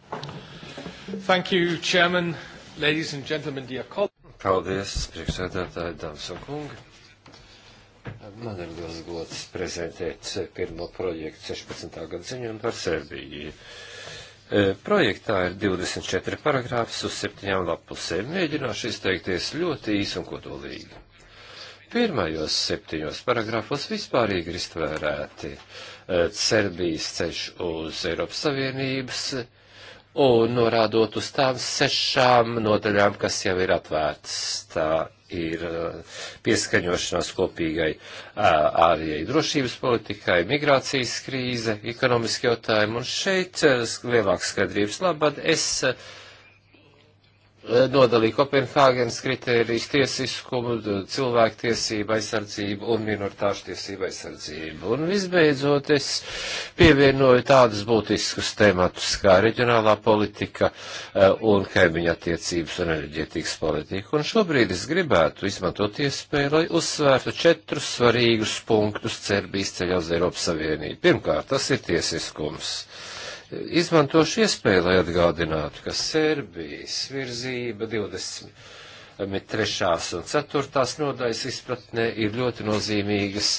Thank you, Chairman, ladies and gentlemen, dear colleagues. Paldies, priekšsēdētāji, dāmas un kungi. Man ir liels gods prezentēt pirmo projektu 16. gada ziņojumu par Serbiju. E, projektā ir 24 paragrāfs uz 7 lapusēm. Mēģināšu izteikties ļoti īsi un kodolīgi. Pirmajos septiņos paragrāfos vispārīgi ir iztvērēti e, Serbijas ceļš uz Eiropas Savienības un norādot uz tām sešām nodaļām, kas jau ir atvērtas. Tā ir eh, pieskaņošanās kopīgai eh, ārējai drošības politikai, migrācijas krīze, ekonomiski jautājumi, un šeit eh, lielāks skaidrības labad es. Uh, nodalīja Kopenhāgenes kritērijas tiesiskumu, cilvēktiesību aizsardzību un minoritāšu tiesību aizsardzību. Un visbeidzot, es pievienoju tādus būtiskus tematus kā reģionālā politika eh, un kaimiņa attiecības un enerģētikas politika. Un šobrīd es gribētu izmantot iespēju, lai uzsvērtu četrus svarīgus punktus cerbīs ceļā uz Eiropas Savienību. Pirmkārt, tas ir tiesiskums. Izmantošu iespēju, lai atgādinātu, ka Serbijas virzība 20. 3. un 4. nodaļas izpratnē ir ļoti nozīmīgas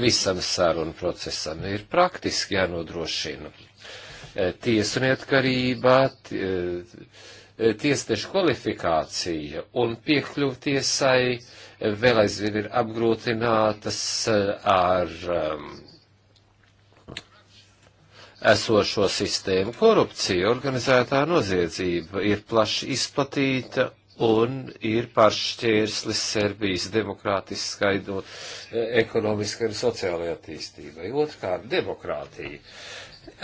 visam sarunu procesam. Ir praktiski jānodrošina eh, tiesu neatkarībā, eh, tiesnešu kvalifikācija un piekļuvu tiesai vēl aizvien ir apgrūtinātas eh, ar um, esošo sistēmu. Korupcija, organizētā noziedzība ir plaši izplatīta un ir pāršķērslis Serbijas demokrātiskai, no, nu, ekonomiskai un sociālajai attīstībai. Otrkārt, demokrātija.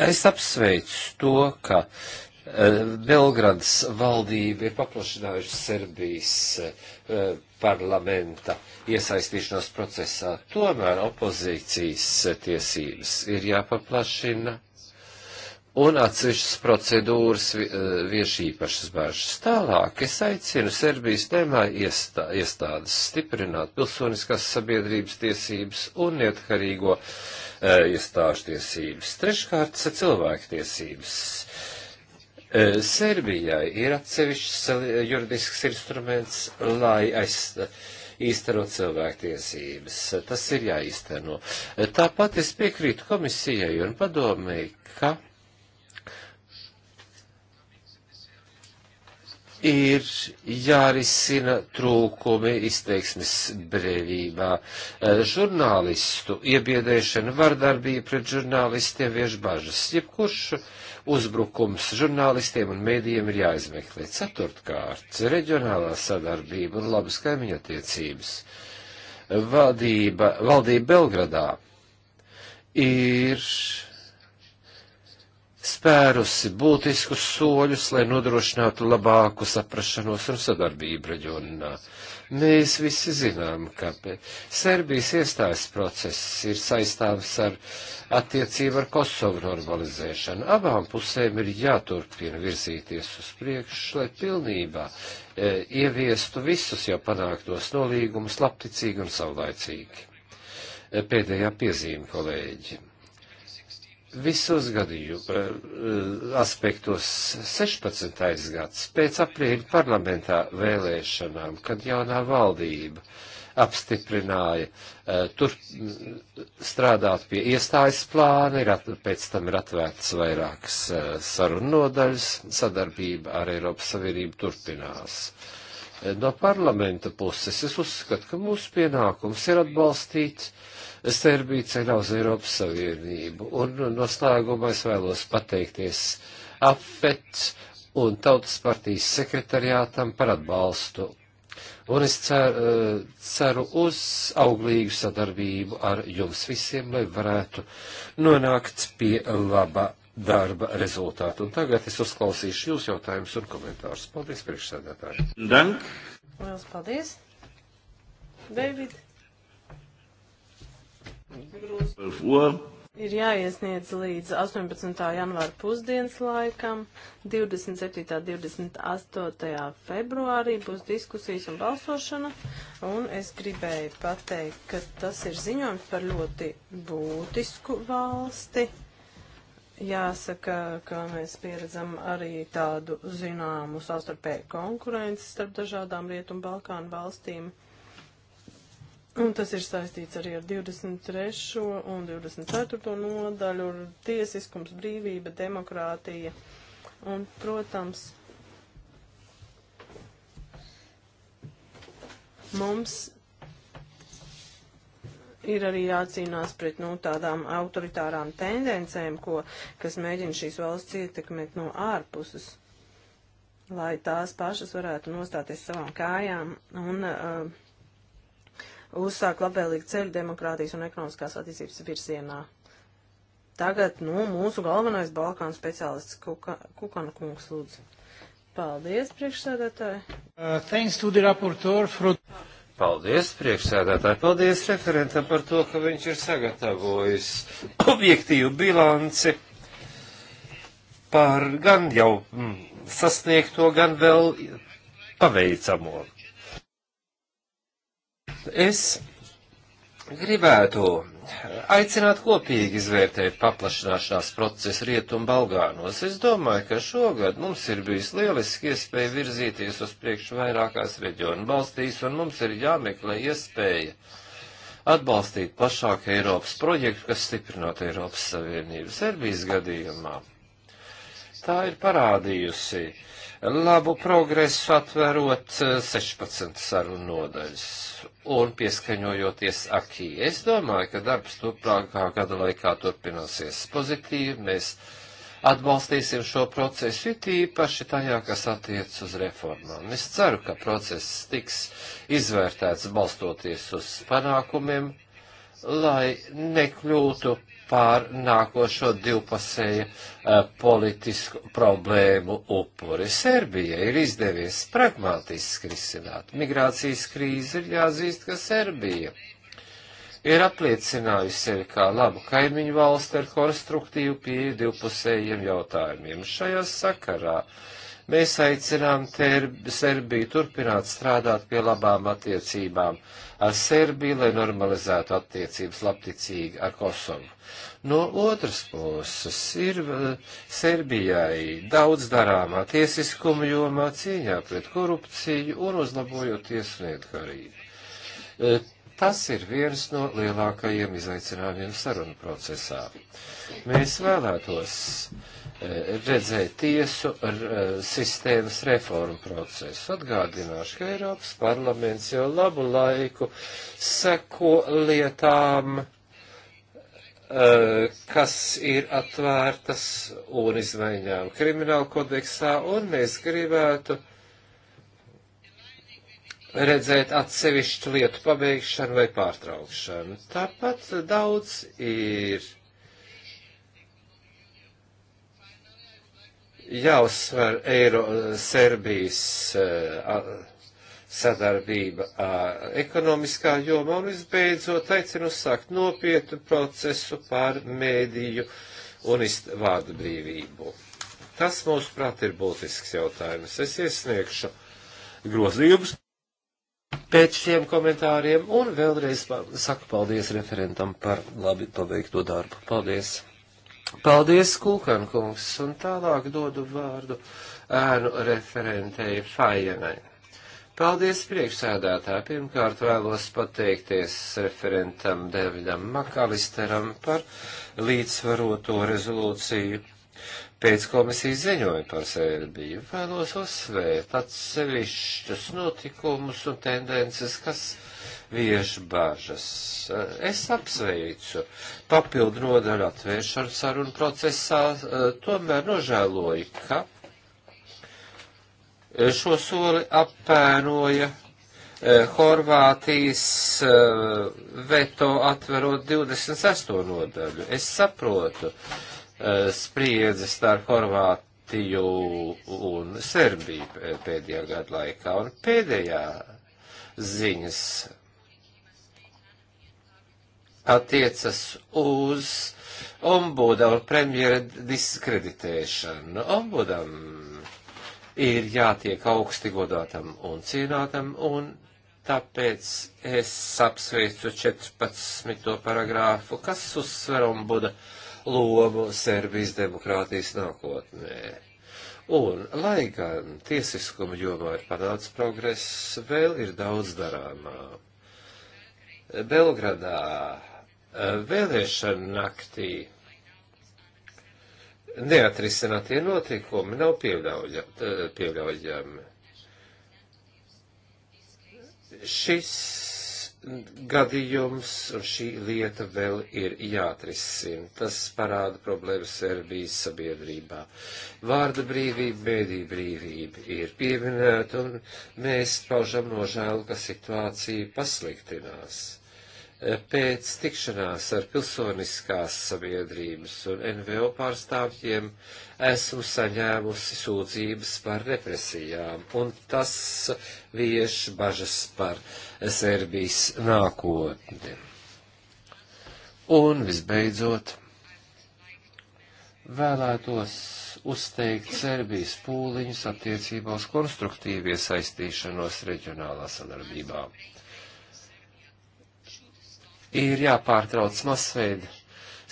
Es apsveicu to, ka e, Belgradas valdība ir paplašinājusi Serbijas e, parlamenta iesaistīšanos procesā. Tomēr opozīcijas tiesības ir jāpaplašina un atsevišķas procedūras e, vieši īpašas bažas. Tālāk es aicinu Serbijas tēmā iestā, iestādes stiprināt pilsoniskās sabiedrības tiesības un neatkarīgo e, iestāžu tiesības. Treškārt, cilvēktiesības. E, Serbijai ir atsevišķs e, juridisks instruments, lai aizstāvētu īstenot cilvēktiesības. Tas ir jāīsteno. E, tāpat es piekrītu komisijai un padomēju, ka ir jārisina trūkumi izteiksmes brīvībā. Eh, žurnālistu iebiedēšana, vardarbība pret žurnālistiem vieš bažas. Jebkurš uzbrukums žurnālistiem un mēdījiem ir jāizmeklē. Ceturtkārt, reģionālā sadarbība un labas kaimiņa attiecības. Vadība, valdība Belgradā ir spērusi būtiskus soļus, lai nodrošinātu labāku saprašanos un sadarbību reģionā. Mēs visi zinām, ka Serbijas iestājas process ir saistāms ar attiecību ar Kosovu normalizēšanu. Abām pusēm ir jāturpina virzīties uz priekšu, lai pilnībā e, ieviestu visus jau panāktos nolīgumus labticīgi un saulaicīgi. E, pēdējā piezīme, kolēģi Visos gadījumu eh, aspektos 16. gads pēc aprīļa parlamentā vēlēšanām, kad jaunā valdība apstiprināja eh, tur mm, strādāt pie iestājas plāna, ir at, pēc tam ir atvērts vairākas eh, sarunu nodaļas, sadarbība ar Eiropas Savienību turpinās. No parlamenta puses es uzskatu, ka mūsu pienākums ir atbalstīt uh, Serbiju ceļā uz Eiropas Savienību. Un noslēgumā es vēlos pateikties AFET un Tautas partijas sekretariātam par atbalstu. Un es ceru, eh, ceru uz auglīgu sadarbību ar jums visiem, lai varētu nonākt pie laba darba rezultātu. Un tagad es uzklausīšu jūs jautājumus un komentārus. Paldies, priekšsēdētāji. Dank. Lielas paldies. David grozījums ir jāiesniedz līdz 18. janvāra pusdienas laikam, 27. 28. februārī būs diskusijas un balsošana, un es gribēju pateikt, ka tas ir ziņojums par ļoti būtisku valsti. Jāsaka, ka mēs pieredzam arī tādu zināmu savstarpēju konkurenci starp dažādām Rietu un Balkānu valstīm. Uh, Un tas ir saistīts arī ar 23. un 24. nodaļu, tiesiskums, brīvība, demokrātija. Un, protams, mums ir arī jācīnās pret nu, tādām autoritārām tendencēm, ko, kas mēģina šīs valsts ietekmēt no ārpuses, lai tās pašas varētu nostāties savām kājām un uh, uzsāk labvēlīgu ceļu demokrātijas un ekonomiskās attīstības virzienā. Tagad, nu, mūsu galvenais Balkānu speciālists Kuka, Kukana kungs lūdzu. Paldies, priekšsēdētāji. Uh, for... Paldies, priekšsēdētāji. Paldies referentam par to, ka viņš ir sagatavojis objektīvu bilanci par gan jau mm, sasniegto, gan vēl paveicamo. Es gribētu aicināt kopīgi izvērtēt paplašināšanās procesu Rietumu Balgānos. Es domāju, ka šogad mums ir bijis lieliski iespēja virzīties uz priekšu vairākās reģionu valstīs, un mums ir jāmeklē iespēja atbalstīt plašāku Eiropas projektu, kas stiprinātu Eiropas Savienību Serbijas gadījumā. Tā ir parādījusi labu progresu atverot 16 eh, sarunu nodaļas, un pieskaņojoties akī. Es domāju, ka darbs turpmākā gada laikā turpināsies pozitīvi. Mēs atbalstīsim šo procesu, it īpaši tajā, kas attiec uz reformām. Es ceru, ka process tiks izvērtēts balstoties uz panākumiem, lai nekļūtu pār nākošo divpusēju uh, politisku problēmu upuri. Serbija ir izdevies pragmatiski risināt. Migrācijas krīze ir jāzīst, ka Serbija ir apliecinājusi sevi kā labu kaimiņu valsti ar konstruktīvu pieeju divpusējiem jautājumiem. Šajā sakarā uh, Mēs aicinām terbi, Serbiju turpināt strādāt pie labām attiecībām ar Serbiju, lai normalizētu attiecības labticīgi ar Kosovu. No otras puses ir eh, Serbijai daudz darāmā tiesiskuma jomā cīņā pret korupciju un uzlabojot tiesnietkarību. Eh, tas ir viens no lielākajiem izaicinājumiem sarunu procesā. Mēs vēlētos uh, redzēt tiesu eh, sistēmas reformu procesu. Atgādināšu, ka Eiropas parlaments jau labu laiku seko lietām, eh, kas ir atvērtas un izmaiņām krimināla kodeksā, un mēs gribētu redzēt atsevišķu lietu pabeigšanu vai pārtraukšanu. Tāpat daudz ir jāuzsver Eiro Serbijas eh, sadarbība ekonomiskā jomā un visbeidzot aicinu uzsākt nopietnu procesu par mēdīju un vārdu brīvību. Tas, mūsuprāt, ir būtisks jautājums. Es iesniegšu grozījumus pēc šiem komentāriem un vēlreiz saku paldies referentam par labi paveikto darbu. Paldies! Paldies, Kulkan kungs, un tālāk dodu vārdu ēnu referentei Fajanai. Paldies, priekšsēdētāji. Pirmkārt vēlos pateikties referentam Deviļam Makalisteram par līdzsvaroto rezolūciju. Pēc komisijas ziņoja par Sērbiju vēlos uzsvērt atsevišķus notikumus un tendences, kas viešu bāžas. Es apsveicu papildu nodaļu atvēršanu sarunu procesā, tomēr nožēloju, ka šo soli apēnoja eh, Horvātijas eh, veto atverot 26. nodaļu. Es saprotu eh, spriedzi starp Horvātiju un Serbiju pēdējā gada laikā. Un pēdējā ziņas attiecas uz ombuda un premjera diskreditēšanu. Ombudam ir jātiek augsti godātam un cienātam, un tāpēc es apsveicu 14. paragrāfu, kas uzsver ombuda lomu Serbijas demokrātijas nākotnē. Un, lai gan tiesiskuma jomā ir panācis progress, vēl ir daudz darāmā. Belgradā Eh, vēlēšana naktī neatrisinātie notikumi nav pieļauja, eh, pieļaujami. Šis gadījums un šī lieta vēl ir jāatrisina. Tas parāda problēmas Serbijas sabiedrībā. Vārda brīvība, mēdī brīvība ir pieminēta, un mēs paužam nožēlu, ka situācija pasliktinās pēc tikšanās ar pilsoniskās sabiedrības un NVO pārstāvjiem esmu saņēmusi sūdzības par represijām, un tas vieš bažas par Serbijas nākotni. Un visbeidzot, vēlētos uzteikt Serbijas pūliņus attiecībā uz konstruktīvu iesaistīšanos reģionālā sadarbībā ir jāpārtrauc masveida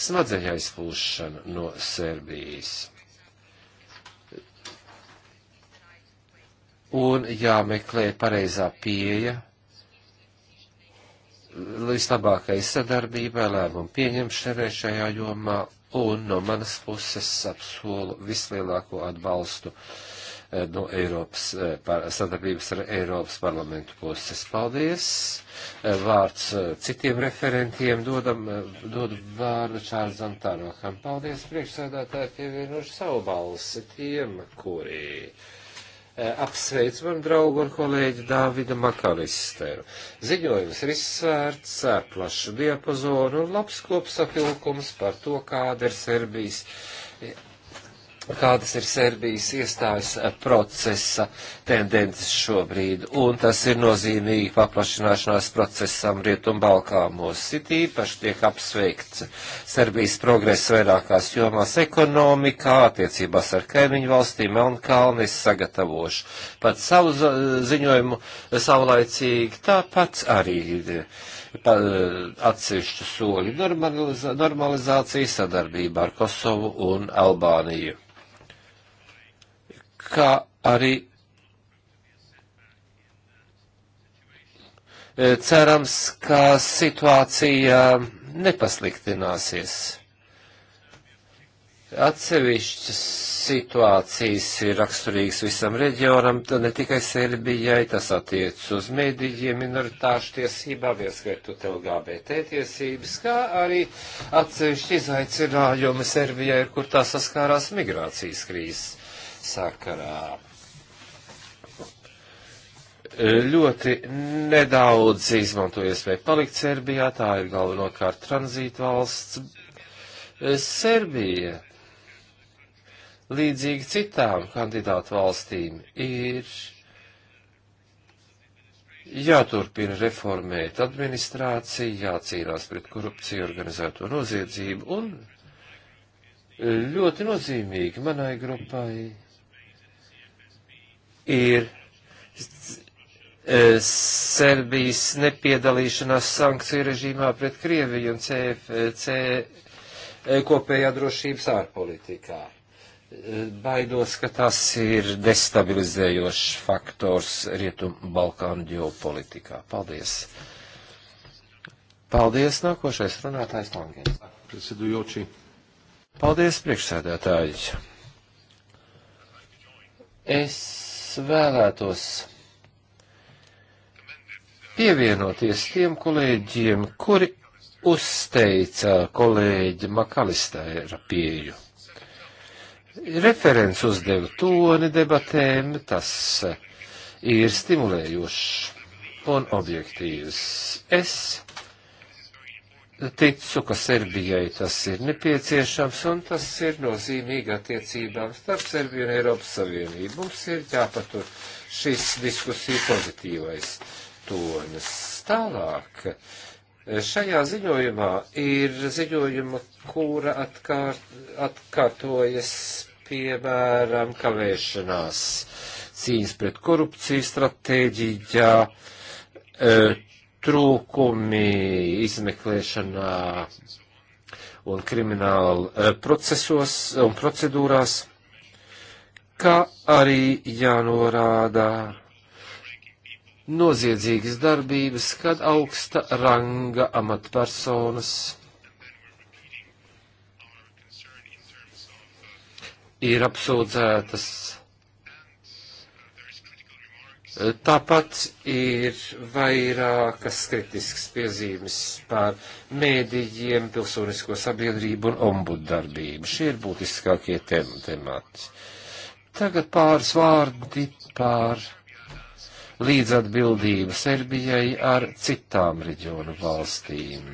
smadzeņa aizplūšana no Serbijas. Un jāmeklē pareizā pieeja vislabākai sadarbībai, lēmumu pieņemšanai šajā jomā, un no manas puses apsolu vislielāko atbalstu uh, Eh, no Eiropas, eh, sadarbības ar Eiropas parlamentu puses. Paldies! Eh, vārds citiem referentiem dodam, dodu vārdu Čārzam Tarokam. Paldies, priekšsēdētāji, pievienošu savu balsi tiem, kuri apsveic manu draugu un kolēģi Dāvida Makalisteru. Ziņojums ir izsvērts ar plašu diapazonu un labs kopsapilkums par to, kāda ir Serbijas kādas ir Serbijas iestājas eh, procesa tendences šobrīd, un tas ir nozīmīgi paplašināšanās procesam Rietumbalkānos. It īpaši tiek apsveikts Serbijas progress vairākās jomās ekonomikā, attiecībās ar kaimiņu valstīm, Melnkalni, es sagatavošu pat savu ziņojumu savlaicīgi, tāpat arī eh, eh, atsevišķu soļu normalizācija sadarbībā ar Kosovu un Albāniju kā arī e, cerams, ka situācija nepasliktināsies. Atsevišķas situācijas ir raksturīgas visam reģionam, ne tikai Serbijai, tas attiec uz mēdījiem, minoritāšu tiesībām, ieskaitot LGBT tiesības, kā arī atsevišķi izaicinājumi Serbijai, kur tā saskārās migrācijas krīzes sakarā. Ļoti nedaudz izmanto iespēju palikt Serbijā, tā ir galvenokārt tranzītvalsts. Serbija, līdzīgi citām kandidātu valstīm, ir jāturpina reformēt administrāciju, jācīnās pret korupciju, organizēto noziedzību un ļoti nozīmīgi manai grupai ir eh, Serbijas nepiedalīšanās sankciju režīmā pret Krieviju un CFC eh, kopējā drošības ārpolitikā. Eh, baidos, ka tas ir destabilizējošs faktors Rietumu Balkānu ģeopolitikā. Paldies! Paldies, nākošais runātājs Langens. Presidujoči. Paldies, priekšsēdētājs. Es vēlētos pievienoties tiem kolēģiem, kuri uzteica kolēģi Makalistēra pieju. Referents uzdeva toni debatēm, tas ir stimulējošs un objektīvs. Es ticu, ka Serbijai tas ir nepieciešams, un tas ir nozīmīgi attiecībām starp Serbiju un Eiropas Savienību. Mums ir jāpatur šīs diskusija pozitīvais tonis. Tālāk, šajā ziņojumā ir ziņojuma, kura atkārt, atkārtojas, piemēram, kavēšanās cīņas pret korupciju stratēģijā. E, trūkumi izmeklēšanā un krimināla eh, procesos un procedūrās, kā arī jānorāda noziedzīgas darbības, kad augsta ranga amatpersonas ir apsūdzētas Tāpat ir vairākas kritiskas piezīmes par mēdījiem, pilsonisko sabiedrību un ombudu darbību. Šie ir būtiskākie tem temati. Tagad pāris vārdi par līdzatbildību Serbijai ar citām reģionu valstīm.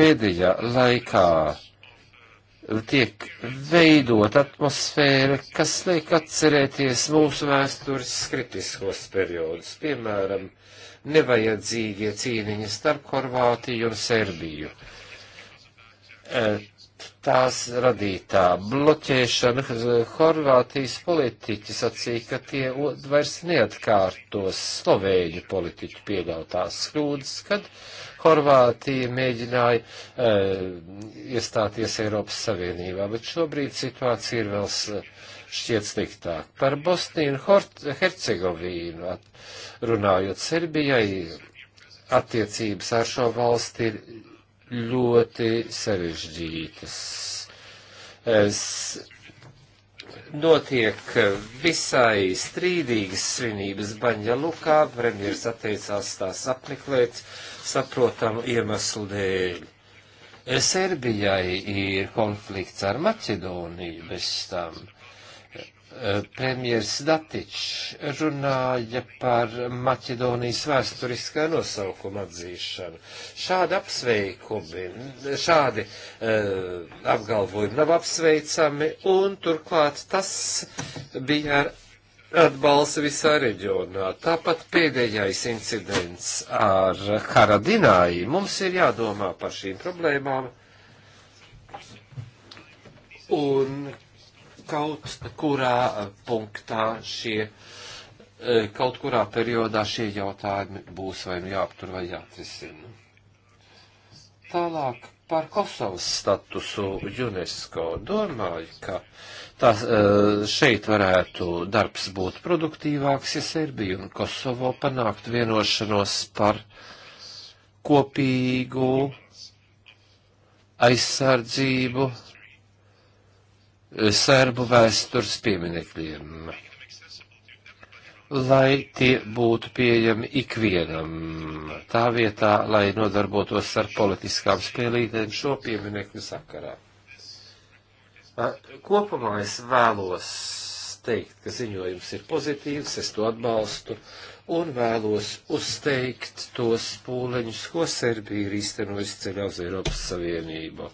Pēdējā laikā tiek veidot atmosfēra, kas liek atcerēties mūsu vēstures kritiskos periodus, piemēram, nevajadzīgie cīniņi starp Horvātiju un Serbiju. E, tās radītā bloķēšana e, Horvātijas politiķi sacīja, ka tie vairs neatkārtos Slovēņu politiķu pieļautās kļūdas, kad Horvātija mēģināja e, iestāties Eiropas Savienībā, bet šobrīd situācija ir vēl šķiet sliktāk. Par Bosniju un Hercegovīnu runājot, Serbijai attiecības ar šo valsti ir ļoti sarežģītas. Es notiek visai strīdīgas svinības Baņa Lukā, premjers atteicās tās apmeklēt, saprotamu iemeslu dēļ. Eh, Serbijai ir konflikts ar Maķedoniju bez tam. Eh, Premjers Datičs runāja par Maķedonijas vēsturiskā nosaukuma atzīšanu. Šādi apsveikumi, šādi uh, apgalvojumi nav apsveicami, un turklāt tas bija ar atbalsta visā reģionā. Tāpat pēdējais incidents ar Haradināju. Mums ir jādomā par šīm problēmām. Un kaut kurā punktā šie, e, kaut kurā periodā šie jautājumi būs vai nu jāaptur vai jāatrisina. Tālāk par Kosovas statusu UNESCO domāju, ka tas, eh, šeit varētu darbs būt produktīvāks, ja Serbija un Kosovo panāktu vienošanos par kopīgu aizsardzību eh, serbu vēstures pieminekļiem, lai tie būtu pieejami ikvienam, tā vietā, lai nodarbotos ar politiskām spēlītēm šo pieminekļu sakarā. Kopumā es vēlos teikt, ka ziņojums ir pozitīvs, es to atbalstu un vēlos uzteikt tos pūleņus, ko Serbija ir īstenojusi ceļā uz Eiropas Savienību.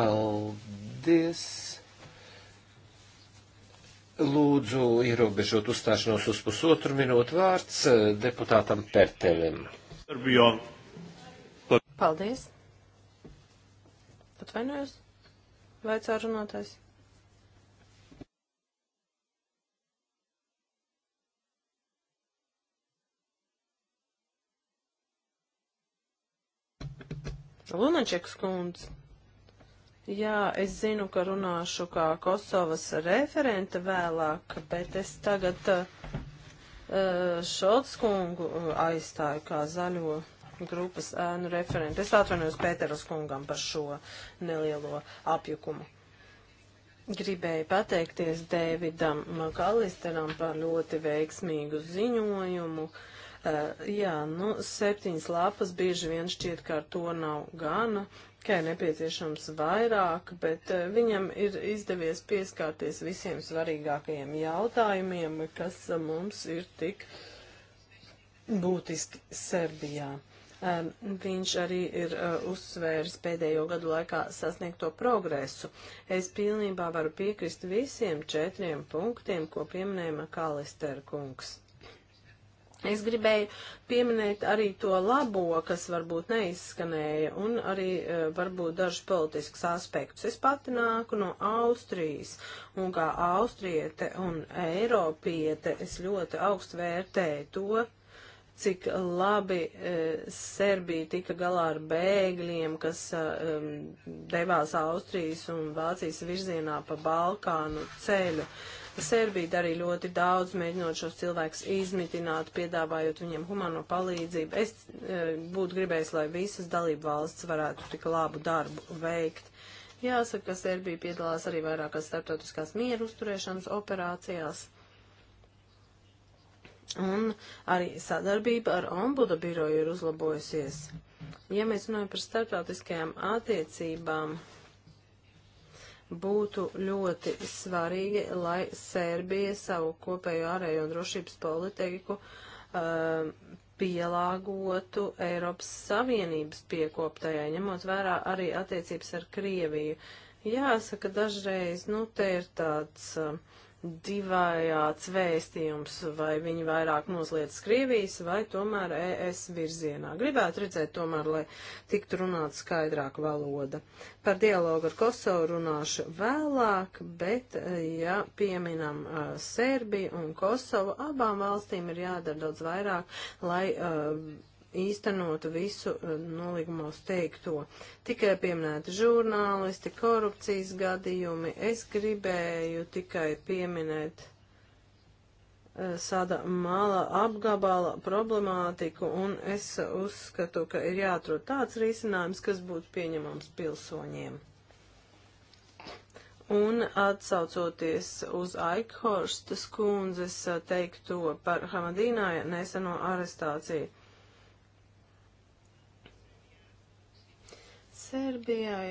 Paldies! Lūdzu, ierobežot uzstāšanos uz pusotru minūtu vārds eh, deputātam Pertelim. Paldies! Atvainojos! Vaicā runātājs. Lunačeks kundze. Jā, es zinu, ka runāšu kā Kosovas referente vēlāk, bet es tagad uh, Šolts kungu eh, aizstāju kā zaļo grupas ēnu referenti. Es atvainojos Pēteras kungam par šo nelielo apjukumu. Gribēju pateikties Dēvidam Makalisteram par ļoti veiksmīgu ziņojumu. Uh, jā, nu, septiņas lapas bieži vien šķiet, ka ar to nav gana, ka ir nepieciešams vairāk, bet uh, viņam ir izdevies pieskārties visiem svarīgākajiem jautājumiem, kas uh, mums ir tik būtiski Serbijā. Um, viņš arī ir uh, uzsvēris pēdējo gadu laikā sasniegto progresu. Es pilnībā varu piekrist visiem četriem punktiem, ko pieminēja Makalister kungs. Es gribēju pieminēt arī to labo, kas varbūt neizskanēja, un arī uh, varbūt dažus politiskus aspektus. Es pati nāku no Austrijas, un kā austriete un eiropiete es ļoti augstu vērtēju to, cik labi e, Serbija tika galā ar bēgļiem, kas e, devās Austrijas un Vācijas virzienā pa Balkānu ceļu. Serbija darīja ļoti daudz, mēģinot šos cilvēkus izmitināt, piedāvājot viņiem humano palīdzību. Es e, būtu gribējis, lai visas dalību valsts varētu tik labu darbu veikt. Jāsaka, ka Serbija piedalās arī vairākās starptautiskās mieru uzturēšanas operācijās. Un arī sadarbība ar ombuda biroju ir uzlabojusies. Ja mēs runājam par starptautiskajām attiecībām, būtu ļoti svarīgi, lai Sērbija savu kopējo ārējo un drošības politiku uh, pielāgotu Eiropas Savienības piekoptajai, ņemot vērā arī attiecības ar Krieviju. Jāsaka, dažreiz, nu, te ir tāds uh, divējāds vēstījums, vai viņi vairāk nosliedz Krievijas vai tomēr ES virzienā. Gribētu redzēt tomēr, lai tiktu runāt skaidrāk valoda. Par dialogu ar Kosovu runāšu vēlāk, bet ja pieminam uh, Serbiju un Kosovu, abām valstīm ir jādara daudz vairāk, lai uh, īstenot visu eh, nolīgumos teikto. Tikai pieminēti žurnālisti, korupcijas gadījumi. Es gribēju tikai pieminēt eh, sāda mala apgabala problemātiku, un es uzskatu, ka ir jāatrod tāds risinājums, kas būtu pieņemams pilsoņiem. Un atsaucoties uz Aikhorstas kundzes eh, teikto par Hamadīnāja neseno arestāciju Serbijai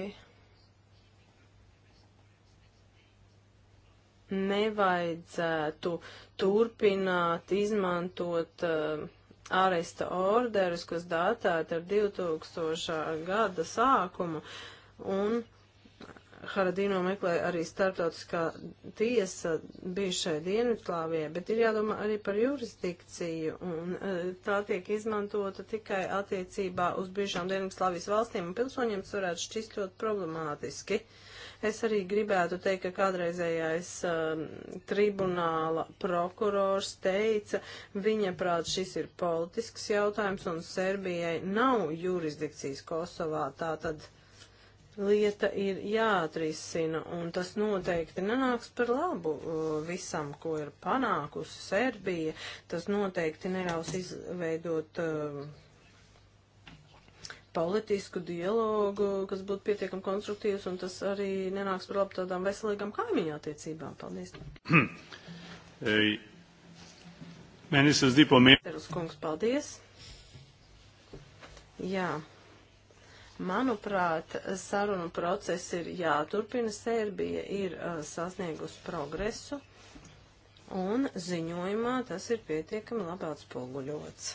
nevajadzētu turpināt izmantot uh, eh, aresta orderus, kas datēti ar 2000. gada sākumu, un Haradino meklē arī startautiskā tiesa bijušai Dienvidslāvijai, bet ir jādomā arī par jurisdikciju, un e, tā tiek izmantota tikai attiecībā uz bijušām Dienvidslāvijas valstīm, un pilsoņiem tas varētu šķist ļoti problemātiski. Es arī gribētu teikt, ka kādreizējais uh, tribunāla prokurors teica, viņa prāt šis ir politisks jautājums un Serbijai nav jurisdikcijas Kosovā, tā tad lieta ir jāatrisina, un tas noteikti nenāks par labu uh, visam, ko ir panākusi Serbija. Tas noteikti neļaus izveidot uh, politisku dialogu, kas būtu pietiekami konstruktīvs, un tas arī nenāks par labu tādām veselīgām kaimiņu attiecībām. Paldies. [clears throat] Ministrs Dipo Mieres. Kungs, paldies. Jā. Yeah Manuprāt, sarunu process ir jāturpina. Serbija ir uh, sasniegusi progresu, un ziņojumā tas ir pietiekami labi atspoguļots.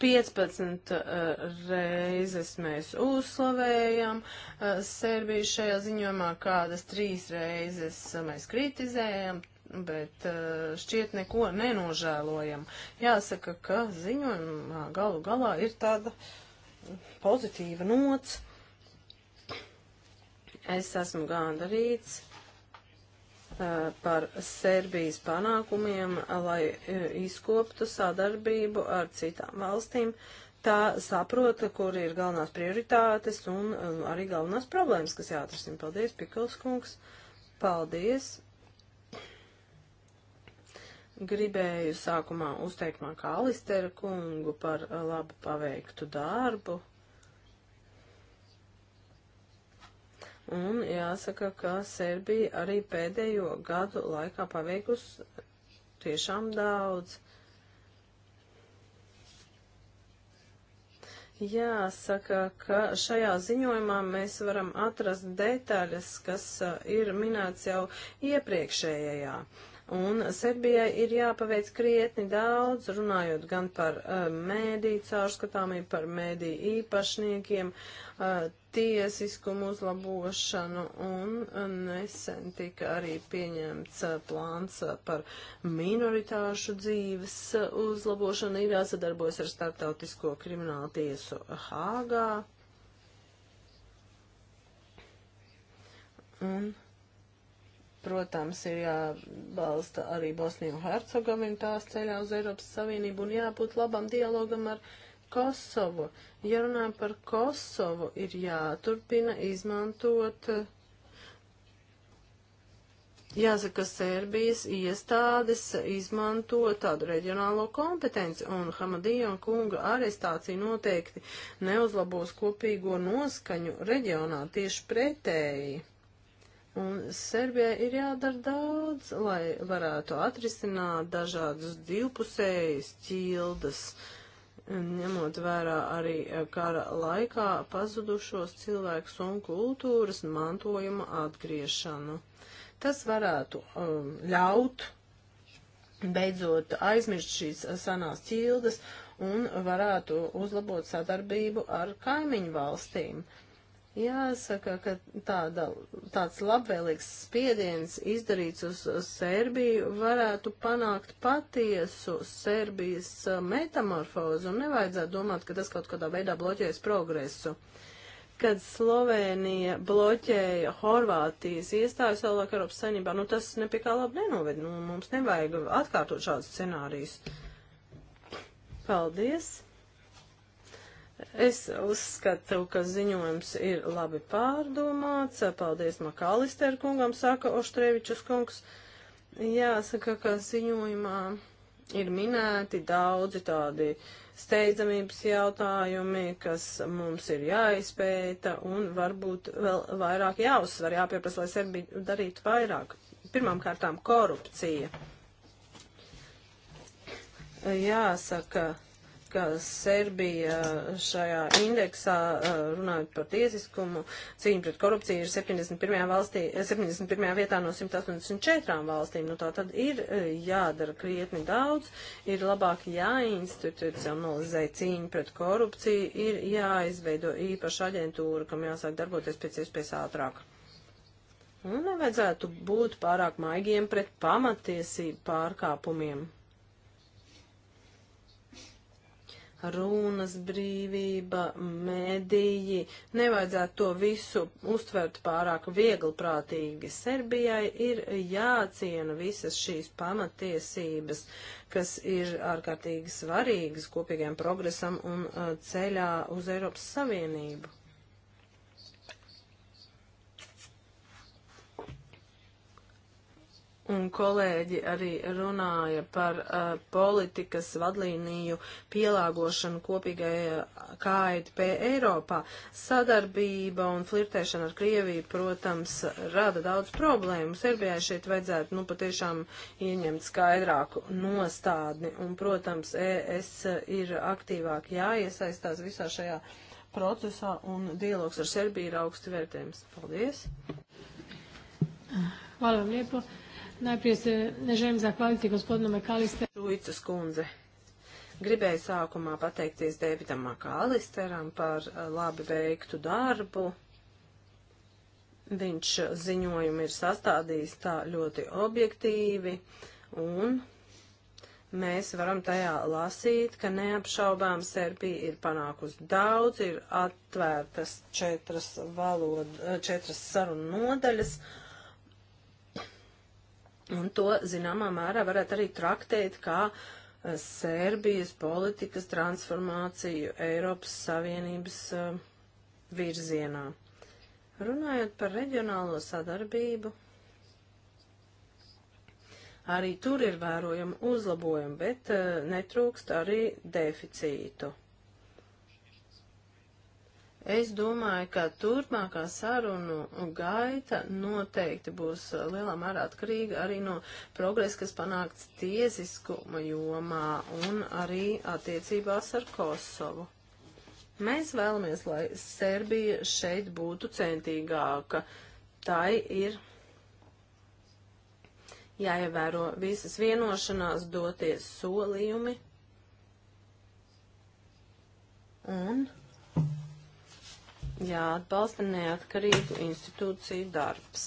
15 uh, reizes mēs uzslavējam uh, Serbiju šajā ziņojumā, kādas trīs reizes uh, mēs kritizējam, bet uh, šķiet neko nenožēlojam. Jāsaka, ka ziņojumā galu galā ir tāda pozitīva nots. Es esmu gandarīts par Serbijas panākumiem, lai izkoptu sadarbību ar citām valstīm. Tā saprota, kur ir galvenās prioritātes un arī galvenās problēmas, kas jāatrisina. Paldies, Pikls kungs. Paldies. Gribēju sākumā uzteikt man kā Alistera kungu par labu paveiktu darbu Un jāsaka, ka Serbija arī pēdējo gadu laikā paveikus tiešām daudz. Jāsaka, ka šajā ziņojumā mēs varam atrast detaļas, kas ir minēts jau iepriekšējajā. Un Serbijai ir jāpaveic krietni daudz, runājot gan par uh, mēdī caurskatāmību, par mēdī īpašniekiem, uh, tiesiskumu uzlabošanu un nesen tika arī pieņemts uh, plāns uh, par minoritāšu dzīves uh, uzlabošanu. Ir jāsadarbojas ar starptautisko kriminālu tiesu Hāgā. Un, protams, ir jābalsta arī Bosniju un Hercegovinu tās ceļā uz Eiropas Savienību un jābūt labam dialogam ar Kosovu. Ja runājam par Kosovu, ir jāturpina izmantot. Jāsaka, Sērbijas iestādes izmanto tādu reģionālo kompetenci, un Hamadija un kunga arestācija noteikti neuzlabos kopīgo noskaņu reģionā tieši pretēji. Un Serbijai ir jādara daudz, lai varētu atrisināt dažādus divpusējas ķildas. Uh, ņemot vērā arī e, kara laikā pazudušos cilvēkus un kultūras mantojuma atgriešanu. Tas varētu um, ļaut beidzot aizmirst šīs sanās ķildes un varētu uzlabot sadarbību ar kaimiņu valstīm. Uh, Jāsaka, ka tāda, tāds labvēlīgs spiediens izdarīts uz Serbiju varētu panākt patiesu Serbijas uh, metamorfozi un nevajadzētu domāt, ka tas kaut kādā veidā bloķēs progresu. Kad Slovēnija bloķēja Horvātijas iestāju savulaik Eiropas saimnībā, nu tas nepie kā labi nenoved. Nu, mums nevajag atkārtot šādus scenārijus. Paldies! Es uzskatu, ka ziņojums ir labi pārdomāts. Paldies Makalister kungam, saka Oštrevičus kungs. Jāsaka, ka ziņojumā ir minēti daudzi tādi steidzamības jautājumi, kas mums ir jāizpēta un varbūt vēl vairāk jāuzsver, jāpieprasa, lai Serbija darītu vairāk. Pirmām kārtām korupcija. Jāsaka, ka Serbija uh, šajā indeksā, uh, runājot par tiesiskumu, cīņu pret korupciju ir 71. Valstī, 71. Eh, vietā no 184 valstīm. Nu, tā tad ir eh, jādara krietni daudz, ir labāk jāinstitucionalizē cīņu pret korupciju, ir jāizveido īpaša aģentūra, kam jāsāk darboties pēc iespējas ātrāk. Un nu, nevajadzētu būt pārāk maigiem pret pamatiesību pārkāpumiem. runas brīvība, mediji. Nevajadzētu to visu uztvert pārāk viegliprātīgi. Serbijai ir jāciena visas šīs pamatiesības, kas ir ārkārtīgi svarīgas kopīgiem progresam un uh, ceļā uz Eiropas Savienību. un kolēģi arī runāja par uh, politikas vadlīniju pielāgošanu kopīgai uh, KITP Eiropā. Sadarbība un flirtēšana ar Krieviju, protams, rada daudz problēmu. Serbijai šeit vajadzētu, nu, patiešām ieņemt skaidrāku nostādni, un, protams, ES ir aktīvāk jāiesaistās visā šajā procesā, un dialogs ar Serbiju ir augsti vērtējums. Paldies! Hvala vam lijepo. Najprije se ne želim zahvaliti gospodinu Mekaliste. Šuicas kundze. Gribēju sākumā pateikties Dēvidam Makalisteram par eh, labi veiktu darbu. Viņš ziņojumu ir sastādījis tā ļoti objektīvi un mēs varam tajā lasīt, ka neapšaubām Serbija ir panākusi daudz, ir atvērtas četras, valod, eh, četras sarunu nodaļas Un to zināmā mērā varētu arī traktēt kā eh, Sērbijas politikas transformāciju Eiropas Savienības uh, virzienā. Runājot par reģionālo sadarbību, arī tur ir vērojama uzlabojuma, bet uh, netrūkst arī deficītu. Es domāju, ka turpmākā sarunu gaita noteikti būs uh, lielā mērā atkarīga arī no progresa, kas panākts tiesiskuma jomā un arī attiecībās ar Kosovu. Mēs vēlamies, lai Serbija šeit būtu centīgāka. Tai ir jāievēro visas vienošanās doties solījumi. Un jāatbalsta neatkarīgu institūciju darbs.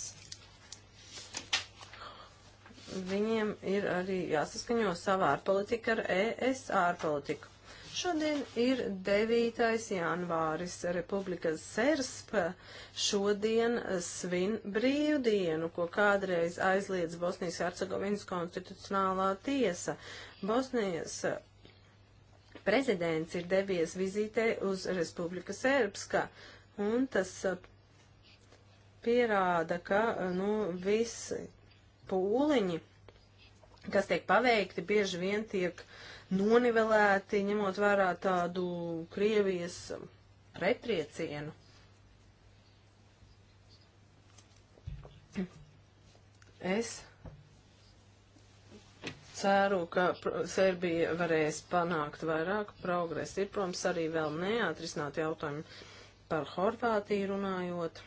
Viņiem ir arī jāsaskaņo savu ārpolitiku ar ES ārpolitiku. Šodien ir 9. janvāris Republikas Serspa. Šodien svin brīvdienu, ko kādreiz aizliedz Bosnijas Hercegovinas konstitucionālā tiesa. Bosnijas prezidents ir devies vizītē uz Republika Serbska. Un tas uh, pierāda, ka uh, nu, visi pūliņi, kas tiek paveikti, bieži vien tiek nonivelēti, ņemot vērā tādu Krievijas pretriecienu. Es ceru, ka Serbija varēs panākt vairāk progresu. Ir, protams, arī vēl neatrisināti jautājumi Par Horvātiju runājot,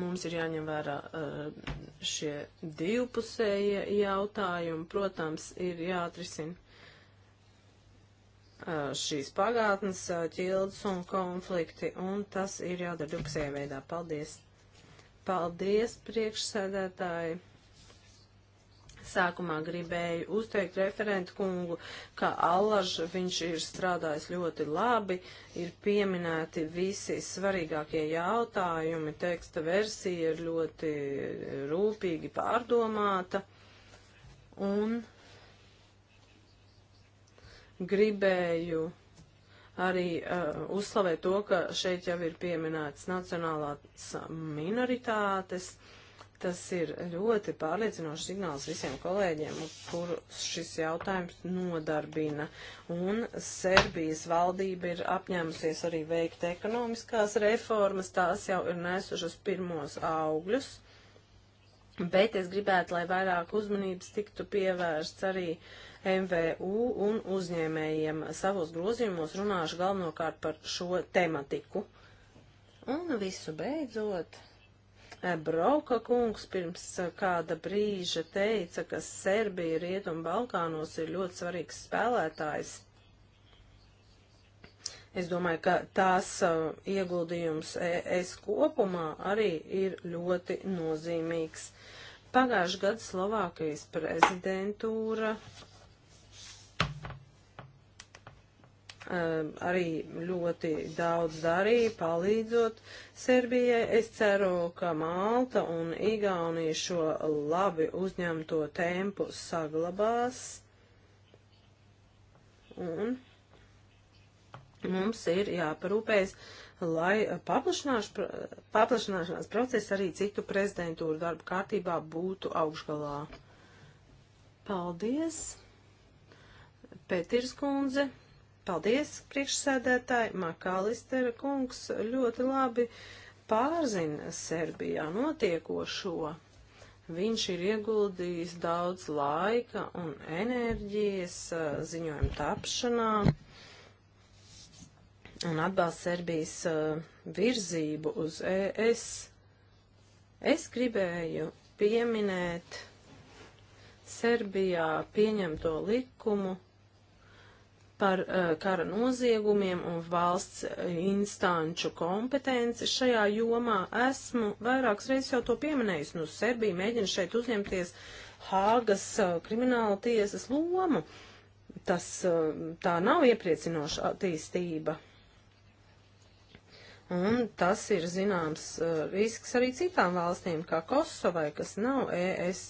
mums ir jāņem vērā eh, šie divpusējie jautājumi. Protams, ir jāatrisina eh, šīs pagātnes eh, ķildes un konflikti, un tas ir jādara divpusējā veidā. Paldies! Paldies, priekšsēdētāji! Sākumā gribēju uzteikt referentu kungu, ka Allaž viņš ir strādājis ļoti labi, ir pieminēti visi svarīgākie jautājumi, teksta versija ir ļoti rūpīgi pārdomāta un gribēju arī uh, uzslavēt to, ka šeit jau ir pieminēts nacionālās minoritātes. Uh, Tas ir ļoti pārliecinošs signāls visiem kolēģiem, kur šis jautājums nodarbina. Un Serbijas valdība ir apņēmusies arī veikt ekonomiskās reformas, tās jau ir nesušas pirmos augļus. Bet es gribētu, lai vairāk uzmanības tiktu pievērsts arī MVU un uzņēmējiem. Savos grozījumos runāšu galvenokārt par šo tematiku. Un visu beidzot, Broka kungs pirms uh, kāda brīža teica, ka Serbija Rietumu Balkānos ir ļoti svarīgs spēlētājs. Es domāju, ka tās uh, ieguldījums ES kopumā arī ir ļoti nozīmīgs. Pagājuši gadu Slovākijas prezidentūra um, arī ļoti daudz darīja, palīdzot Serbijai. Es ceru, ka Malta un Igaunija šo labi uzņemto tempu saglabās. Un mums ir jāparūpējas, lai paplašanāšanās process arī citu prezidentūru darba kārtībā būtu augšgalā. Paldies, Pētirs kundze. Paldies, priekšsēdētāji, Makālistera kungs ļoti labi pārzina Serbijā notiekošo. Viņš ir ieguldījis daudz laika un enerģijas ziņojuma tapšanā un atbalsta Serbijas virzību uz ES. Es gribēju pieminēt Serbijā pieņemto likumu par uh, kara noziegumiem un valsts eh, instanču kompetenci šajā jomā. Esmu vairākas reizes jau to pieminējis. Nu, Serbija mēģina šeit uzņemties Hāgas uh, krimināla tiesas lomu. Tas uh, tā nav iepriecinoša attīstība. Un tas ir zināms risks arī citām valstīm, kā Kosovai, kas nav ES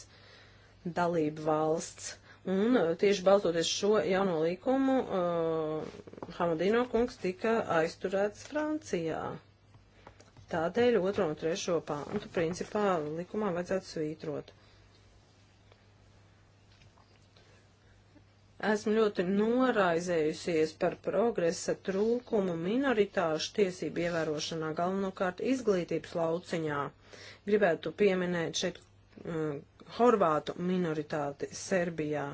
dalība valsts. Un uh, tieši balstoties šo jauno līkumu, uh, Hamadino kungs tika aizturēts Francijā. Tādēļ otro un trešo pāntu principā likumā vajadzētu svītrot. Esmu ļoti noraizējusies par progresa trūkumu minoritāšu tiesību ievērošanā, galvenokārt izglītības lauciņā. Gribētu pieminēt šeit mm, horvātu minoritāti Serbijā.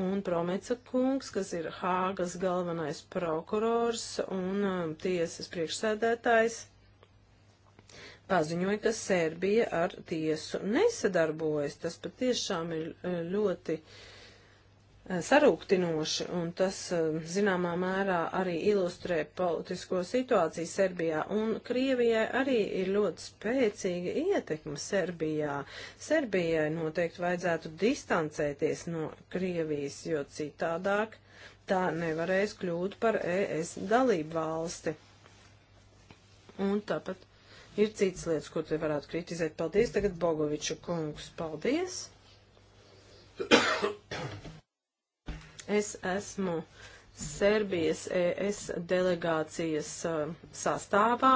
Un Promeca kungs, kas ir Hāgas galvenais prokurors un um, tiesas priekšsēdētājs, paziņoja, ka Serbija ar tiesu nesadarbojas. Tas patiešām ir uh, ļoti. Uh, sarūktinoši, un tas eh, zināmā mērā arī ilustrē politisko situāciju Serbijā, un Krievijai arī ir ļoti spēcīga ietekme Serbijā. Serbijai noteikti vajadzētu distancēties no Krievijas, jo citādāk tā nevarēs kļūt par ES dalību valsti. Un tāpat ir citas lietas, ko te varētu kritizēt. Paldies tagad Bogoviču kungs. Paldies! [coughs] Es esmu Serbijas ES delegācijas uh, sastāvā,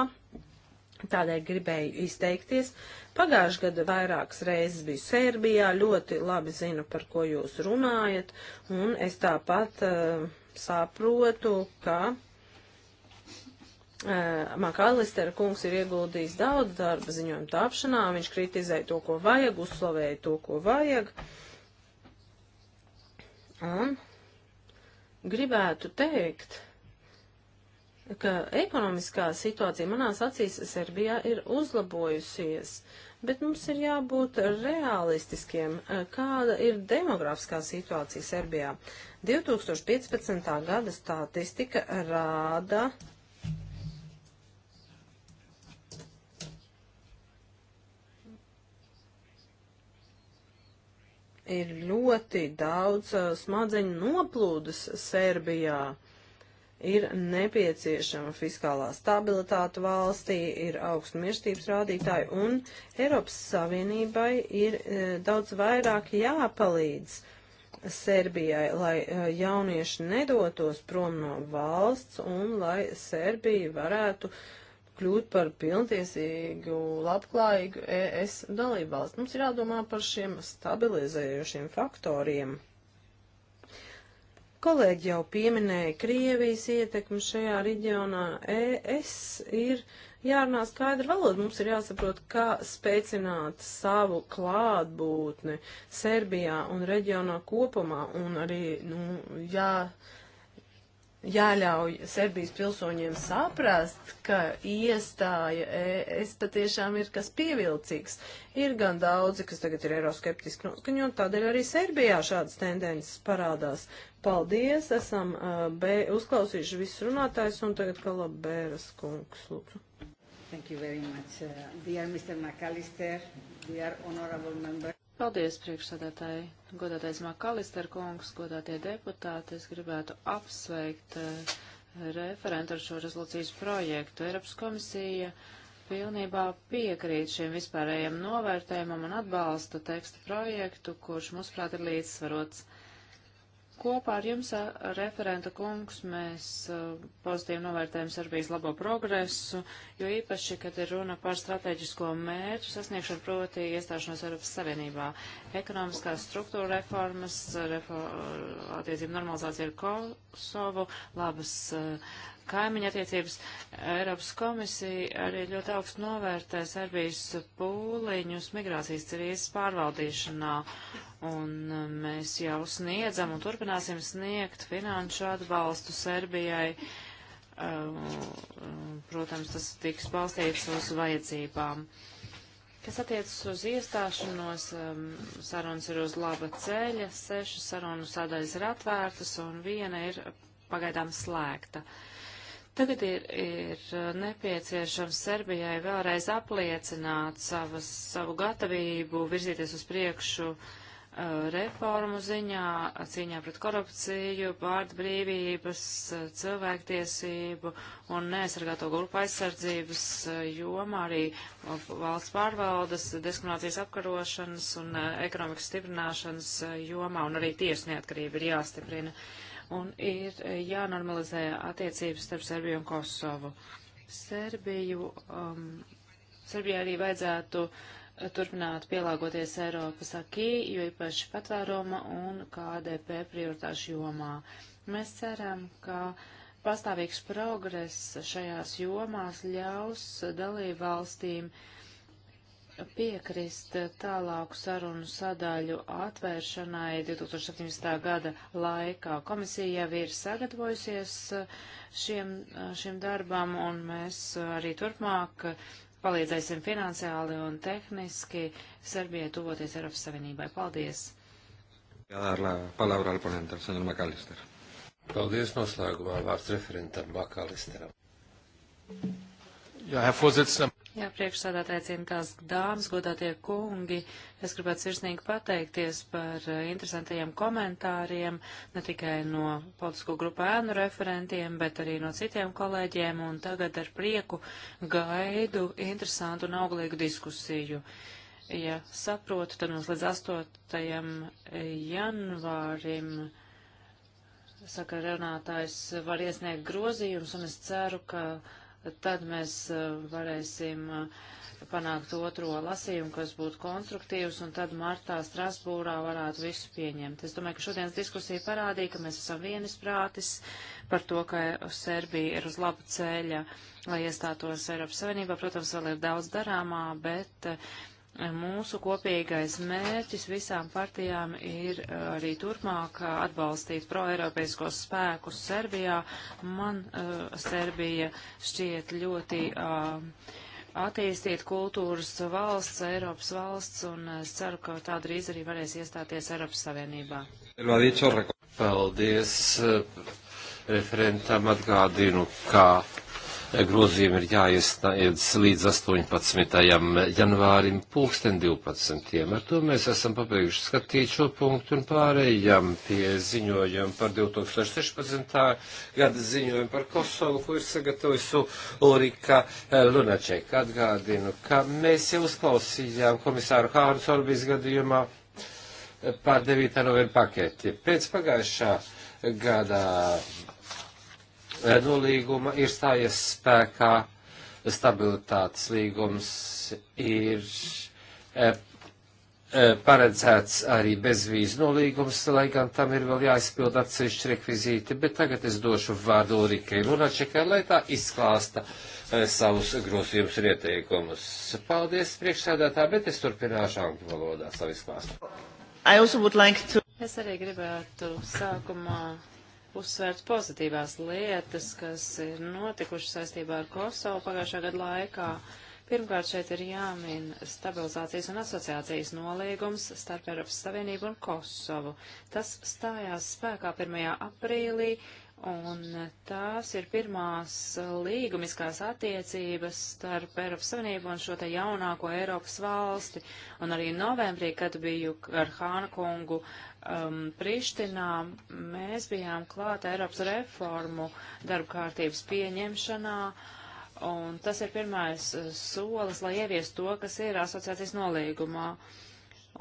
tādēļ gribēju izteikties. Pagājuši gada vairākas reizes biju Serbijā, ļoti labi zinu, par ko jūs runājat, un es tāpat uh, saprotu, ka uh, Makalistera kungs ir ieguldījis daudz darba ziņojuma tāpšanā, viņš kritizēja to, ko vajag, uzslavēja to, ko vajag. Un gribētu teikt, ka ekonomiskā situācija manās acīs Serbijā ir uzlabojusies, bet mums ir jābūt realistiskiem, eh, kāda ir demografiskā situācija Serbijā. 2015. gada statistika rāda, ir ļoti daudz uh, smadzeņu noplūdes Serbijā. Ir nepieciešama fiskālā stabilitāte valstī, ir augsts mirstības rādītāji, un Eiropas Savienībai ir e, daudz vairāk jāpalīdz Serbijai, lai e, jaunieši nedotos prom no valsts un lai Serbija varētu uh, kļūt par pilntiesīgu, labklājīgu ES dalībvalstu. Mums ir jādomā par šiem stabilizējošiem faktoriem. Kolēģi jau pieminēja Krievijas ietekmi šajā reģionā. ES ir jārunā skaidra valoda. Mums ir jāsaprot, kā spēcināt savu klātbūtni Serbijā un reģionā kopumā un arī, nu, jā. Ja jāļauj Serbijas pilsoņiem saprast, ka iestāja es patiešām ir kas pievilcīgs. Ir gan daudzi, kas tagad ir eiroskeptiski noskaņot, tādēļ arī Serbijā šādas tendences parādās. Paldies, esam uh, be, uzklausījuši visus runātājus un tagad Kalabēras kungs, lūdzu. Thank you very much. Uh, dear Mr. McAllister, dear honorable member. Paldies, priekšsādātāji, godātais Makalister kungs, godātie deputāti. Es gribētu apsveikt uh, referentu ar šo rezolūcijas projektu. Eiropas komisija pilnībā piekrīt šiem vispārējiem novērtējumam un atbalsta teksta projektu, kurš, mūsuprāt, ir līdzsvarots. Kopā ar jums, referenta kungs, mēs pozitīvi novērtējam Serbijas labo progresu, jo īpaši, kad ir runa par strateģisko mērķu sasniegšanu, proti iestāšanos Eiropas Savienībā. Ekonomiskās struktūra reformas, refor attiecību normalizācija ar Kosovu, labas uh, kaimiņa attiecības. Eiropas komisija arī ļoti augstu novērtē Serbijas pūliņus migrācijas cerības pārvaldīšanā, un uh, mēs jau sniedzam un turpināsim sniegt finanšu atbalstu Serbijai. Uh, protams, tas tiks balstīts uz vajadzībām. Kas attiecas uz iestāšanos, um, sarunas ir uz laba ceļa, sešas sarunu sadaļas ir atvērtas un viena ir pagaidām slēgta. Uh, Tagad ir, ir uh, nepieciešams Serbijai vēlreiz apliecināt savas, savu gatavību virzīties uz priekšu uh, reformu ziņā, cīņā pret korupciju, vārdu brīvības, uh, cilvēktiesību un neaizsargāto grupu aizsardzības uh, jomā arī valsts pārvaldes, diskriminācijas apkarošanas un ekonomikas stiprināšanas jomā un arī tiesu neatkarība ir jāstiprina. Uh, un ir eh, jānormalizē attiecības starp Serbiju un Kosovu. Serbiju, um, Serbijai arī vajadzētu eh, turpināt pielāgoties Eiropas akī, jo īpaši patvēruma un KDP prioritāšu jomā. Mēs ceram, ka pastāvīgs progress šajās jomās ļaus dalību valstīm uh, piekrist tālāku sarunu sadaļu atvēršanai 2017. gada laikā. Komisija jau ir sagatavojusies uh, šiem, uh, šiem darbam, un mēs uh, arī turpmāk palīdzēsim finansiāli un tehniski Serbijai tuvoties Eiropas Savienībai. Paldies! Paldies noslēgumā vārds referentam Makalisteram. Jā, Herr Vorsitzender. Jā, priekšsādātāji cienītās dāmas, godātie kungi, es gribētu sirsnīgi pateikties par eh, interesantajiem komentāriem, ne tikai no politisko grupu ēnu referentiem, bet arī no citiem kolēģiem, un tagad ar prieku gaidu interesantu un auglīgu diskusiju. Ja saprotu, tad mums līdz 8. janvārim saka runātājs, var iesniegt grozījumus, un es ceru, ka tad mēs eh, varēsim eh, panākt otro lasījumu, kas būtu konstruktīvs, un tad martā Strasbūrā varētu visu pieņemt. Es domāju, ka šodienas diskusija parādīja, ka mēs esam vienisprātis par to, ka Serbija ir uz laba ceļa, lai iestātos Eiropas Savienībā. Protams, vēl ir daudz darāmā, bet uh, Mūsu kopīgais mērķis visām partijām ir uh, arī turpmāk uh, atbalstīt proeiropeiskos spēkus Serbijā. Man uh, Serbija šķiet ļoti uh, attīstīt kultūras valsts, Eiropas valsts, un uh, es ceru, ka tā drīz arī varēs iestāties Eiropas Savienībā. Paldies eh, referentam atgādinu, kā grozījumi ir jāiesniedz līdz 18. janvārim pulksten 12. Ar to mēs esam pabeiguši skatīt šo punktu un pārējām pie ziņojumu par 2016. gada ziņojumu par Kosovu, ko ir sagatavojis Ulrika eh, Lunačeka. Atgādinu, ka mēs jau uzklausījām komisāru Hāru Sorbijas gadījumā eh, par 9. novembra paketi. Pēc pagājušā gadā nolīguma ir stājies spēkā stabilitātes līgums, ir e, e, paredzēts arī bezvīzu nolīgums, lai gan tam ir vēl jāizpild atsevišķi rekvizīti, bet tagad es došu vārdu Ulrikai Lunačekai, lai tā izklāsta e, savus grozījumus un ieteikumus. Paldies priekšsēdētā, bet es turpināšu angļu valodā savu izklāstu. Like to... Es arī gribētu sākumā uzsvērt pozitīvās lietas, kas ir notikušas saistībā ar Kosovu pagājušā gada laikā. Pirmkārt, šeit ir jāmin stabilizācijas un asociācijas nolīgums starp Eiropas Savienību un Kosovu. Tas stājās spēkā 1. aprīlī, Un tās ir pirmās līgumiskās attiecības starp Eiropas Savienību un šo te jaunāko Eiropas valsti. Un arī novembrī, kad biju ar Hāna kungu um, Prištinā, mēs bijām klāt Eiropas reformu darba kārtības pieņemšanā. Un tas ir pirmais uh, solis, lai ievies to, kas ir asociācijas nolīgumā. Uh,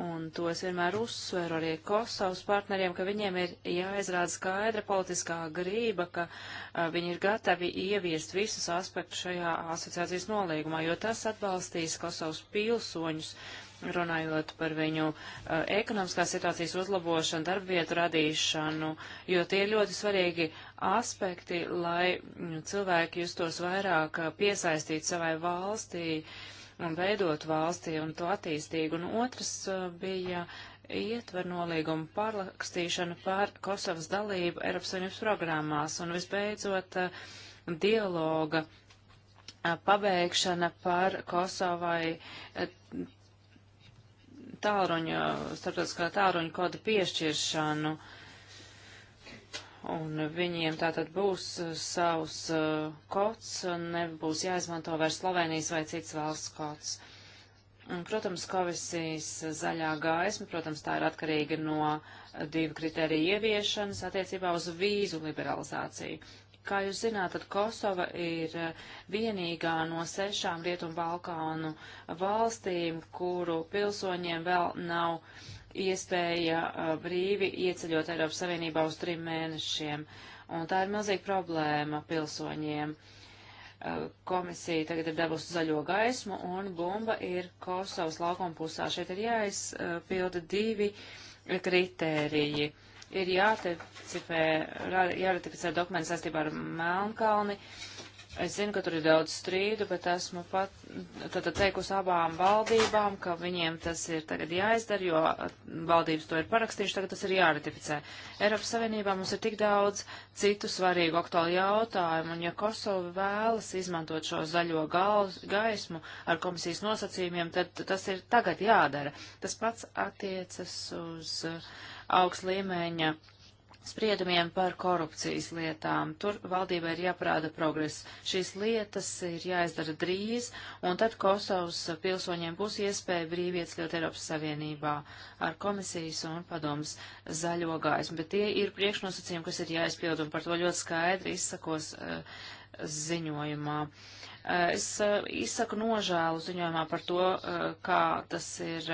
Un to es vienmēr uzsveru arī Kosovas partneriem, ka viņiem ir jāizrāda skaidra politiskā grība, ka a, viņi ir gatavi ieviest visus aspektus šajā asociācijas nolīgumā, jo tas atbalstīs Kosovas pilsoņus, runājot par viņu a, ekonomiskās situācijas uzlabošanu, darbvietu radīšanu, jo tie ir ļoti svarīgi aspekti, lai cilvēki justos vairāk piesaistīt savai valstī. Uh, un veidot valstī un to attīstību. Un otrs uh, bija ietver nolīgumu pārlakstīšanu par Kosovas dalību Eiropas Savienības programmās un visbeidzot uh, dialoga uh, pabeigšana par Kosovai tāruņu, starptautiskā tāruņu koda piešķiršanu. Uh, un viņiem tātad būs uh, savs uh, kods, un nebūs jāizmanto vairs Slovenijas vai cits valsts kods. Un, protams, komisijas zaļā gaisma, protams, tā ir atkarīga no uh, divu kritēriju ieviešanas attiecībā uz vīzu liberalizāciju. Kā jūs zināt, tad Kosova ir uh, vienīgā no sešām Rietumu Balkānu valstīm, kuru pilsoņiem vēl nav uh, iespēja uh, brīvi ieceļot Eiropas Savienībā uz trim mēnešiem. Un tā ir milzīga problēma pilsoņiem. Uh, komisija tagad ir devusi zaļo gaismu un bumba ir Kosovas laukuma pusā. Šeit ir jāizpilda divi kritēriji. Ir jātecipē, jāratificē dokumenti saistībā ar Melnkalni. Uh, Es zinu, ka tur ir daudz strīdu, bet esmu pat tad teikusi abām valdībām, ka viņiem tas ir tagad jāizdara, jo valdības to ir parakstījuši, tagad tas ir jāratificē. Eiropas Savienībā mums ir tik daudz citu svarīgu aktuālu jautājumu, un ja Kosova vēlas izmantot šo zaļo galz, gaismu ar komisijas nosacījumiem, tad tas ir tagad jādara. Tas pats attiecas uz uh, augsts līmeņa spriedumiem par korupcijas lietām. Tur valdībai ir jāprāda progress. Šīs lietas ir jāizdara drīz, un tad Kosovas pilsoņiem būs iespēja brīvi iecļot Eiropas Savienībā ar komisijas un padomas zaļo gaismu. Bet tie ir priekšnosacījumi, kas ir jāizpild, un par to ļoti skaidri izsakos uh, ziņojumā. Uh, Eh, es eh, izsaku nožēlu ziņojumā par to, eh, kā tas ir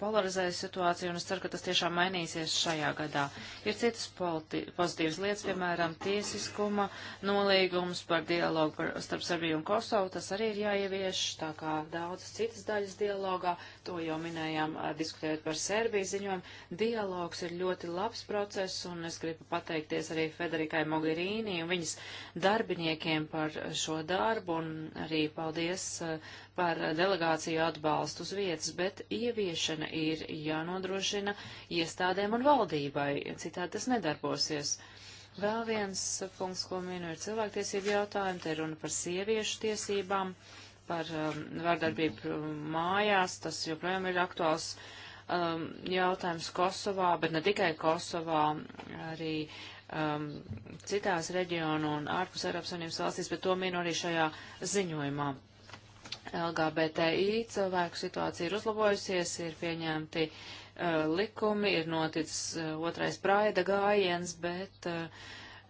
polarizējis situāciju, un es ceru, ka tas tiešām mainīsies šajā gadā. Ir citas pozitīvas lietas, piemēram, tiesiskuma nolīgums par dialogu par, starp Serbiju un Kosovu. Tas arī ir jāievieš, tā kā daudzas citas daļas dialogā to jau minējām, diskutējot par Serbiju ziņojumu. Dialogs ir ļoti labs process, un es gribu pateikties arī Federikai Mogherīnī un viņas darbiniekiem par šo darbu, un arī paldies par delegāciju atbalstu uz vietas, bet ieviešana ir jānodrošina iestādēm un valdībai, citādi tas nedarbosies. Vēl viens punkts, ko minu, ir cilvēktiesību jautājumi, te runa par sieviešu tiesībām. Uh, par um, vardarbību mājās. Tas joprojām ir aktuāls um, jautājums Kosovā, bet ne tikai Kosovā, arī um, citās reģionu un ārpus Eiropas Savienības valstīs, bet to min arī šajā ziņojumā. LGBTI cilvēku situācija ir uzlabojusies, ir pieņemti uh, likumi, ir noticis uh, otrais praida gājiens, bet uh,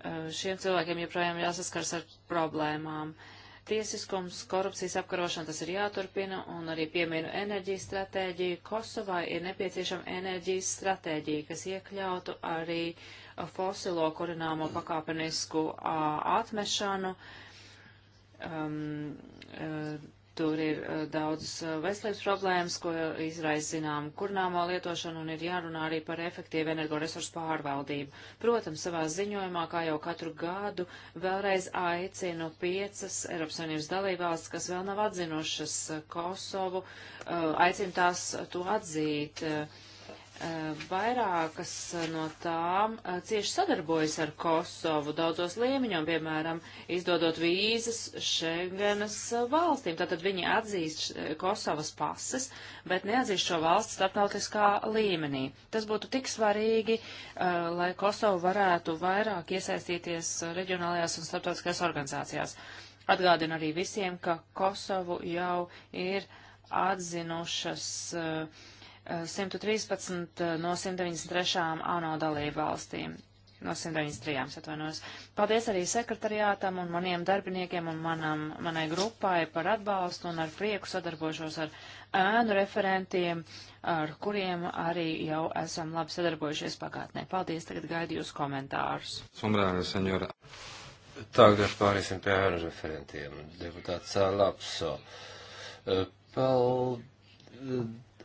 uh šiem cilvēkiem joprojām jāsaskars ar problēmām. Uh, tiesiskums, korupcijas apkarošana, tas ir jāturpina, un arī pieminu enerģijas stratēģiju. Kosovai ir nepieciešama enerģijas stratēģija, kas iekļautu arī fosilo kurināmo pakāpenisku a, atmešanu, um, Tur ir uh, eh, daudz eh, veselības problēmas, ko izraisa zinām kurnāmo lietošanu, un ir jārunā arī par efektīvu energoresursu pārvaldību. Protams, savā ziņojumā, kā jau katru gadu, vēlreiz aicinu piecas Eiropas Savienības dalībvalstis, kas vēl nav atzinušas eh, Kosovu, uh, aicinu tās to atzīt. Uh, Eh, vairākas eh, no tām eh, cieši sadarbojas ar Kosovu daudzos līmeņos, piemēram, izdodot vīzas Schengenas valstīm. Tātad viņi atzīst Kosovas pases, bet neatzīst šo valsts starptautiskā līmenī. Tas būtu tik svarīgi, lai Kosova varētu vairāk iesaistīties reģionālajās un starptautiskajās organizācijās. Atgādinu arī visiem, ka Kosovu jau ir atzinušas uh, 113 no 193 ANO dalību valstīm. No 193, atvainojos. Paldies arī sekretariātam un maniem darbiniekiem un manam, manai grupai par atbalstu un ar prieku sadarbošos ar ēnu referentiem, ar kuriem arī jau esam labi sadarbojušies pagātnē. Paldies, tagad gaidu jūs komentārus. Sombrāna, senjora. Tagad pārēsim pie ēnu referentiem. Deputāts Lapso. Paldies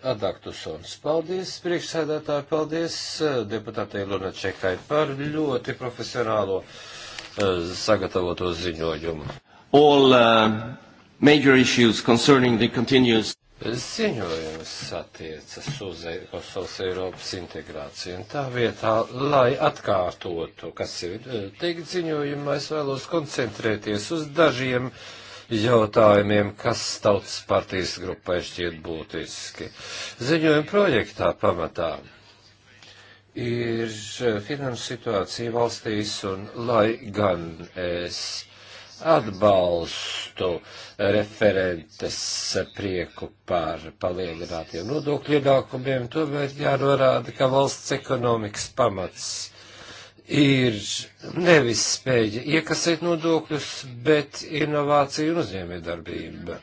Adaktusons. Paldies, priekšsēdētāji, paldies eh, deputātei Lunačekai par ļoti profesionālo eh, sagatavoto ziņojumu. All, uh, major issues concerning the continuous ziņojums attiecas uz Kosovas e- Eiropas integrāciju. Un tā vietā, lai atkārtotu, kas ir teikt ziņojumā, es vēlos koncentrēties uz dažiem uh, jautājumiem, kas tautas partijas grupai šķiet būtiski. Ziņojuma projektā pamatā ir finanšu situācija valstīs, un lai gan es atbalstu referentes prieku par palielinātiem nodokļu ienākumiem, tomēr jānorāda, ka valsts ekonomikas pamats ir nevis spēja iekasēt nodokļus, bet inovācija un uzņēmējdarbība.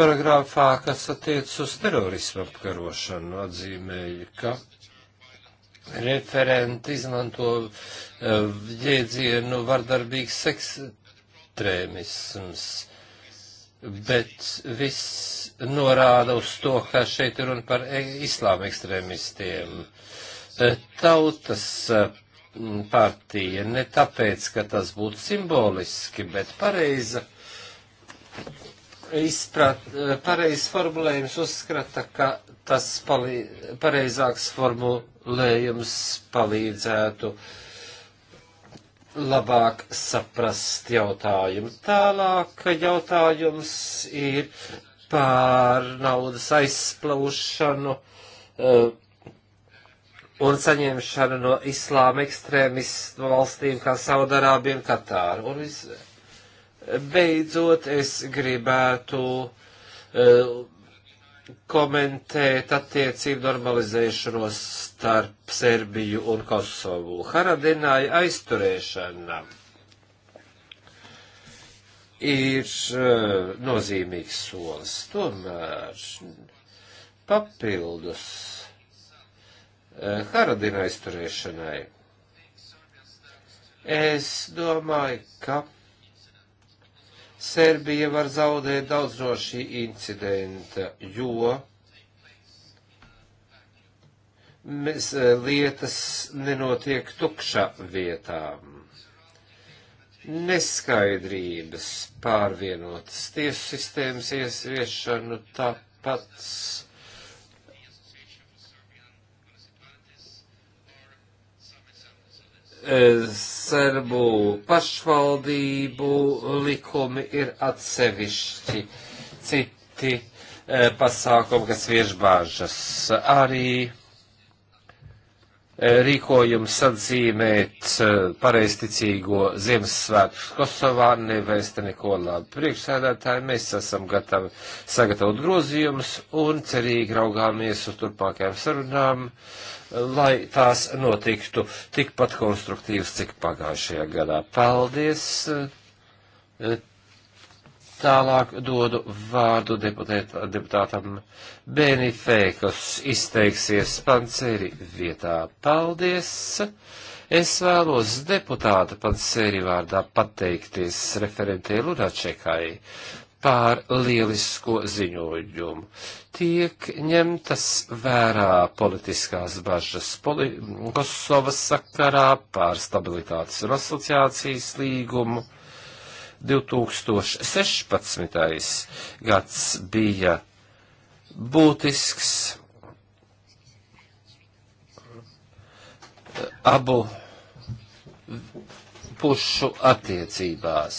Paragrāfā, kas attiec uz terorismu apkarošanu, atzīmēju, ka referenti izmanto eh, jēdzienu vardarbīgs ekstrēmisms, bet viss norāda uz to, ka šeit ir runa par e-, islāma ekstrēmistiem Eh, tautas eh, partija ne tāpēc, ka tas būtu simboliski, bet pareiza izprat, eh, pareizs formulējums uzskata, ka tas palī, pareizāks formulējums palīdzētu labāk saprast jautājumu. Tālāk jautājums ir pār naudas aizplaušanu. Uh, un saņemšana no islāma ekstrēmistu valstīm kā Saudarābija un Katāra. Un vis, beidzot, es gribētu uh, komentēt attiecību normalizēšanos starp Serbiju un Kosovu. Haradināja aizturēšana ir uh, nozīmīgs solis. Tomēr papildus Eh, Haradina aizturēšanai. Es domāju, ka Serbija var zaudēt daudz no šī incidenta, jo mēs, eh, lietas nenotiek tukša vietām. Neskaidrības pārvienotas tiesu sistēmas iesviešanu tāpats E, serbu pašvaldību likumi ir atsevišķi, citi e, pasākumi, kas vieš bāžas. Arī Eh, rīkojums atzīmēt eh, pareisticīgo Ziemassvētkus Kosovā nevēsta neko labu. Priekšsēdētāji, mēs esam gatavi sagatavot grozījumus un cerīgi raugāmies uz turpākajām sarunām, eh, lai tās notiktu tikpat konstruktīvas, cik pagājušajā gadā. Paldies! Tālāk dodu vārdu deputēt, deputātam Benifē, kas izteiksies panceri vietā. Paldies! Es vēlos deputāta panceri vārdā pateikties referentē Lunačekai pār lielisko ziņojumu. Tiek ņemtas vērā politiskās bažas poli Kosovas sakarā pār stabilitātes un asociācijas līgumu 2016. gads bija būtisks abu pušu attiecībās.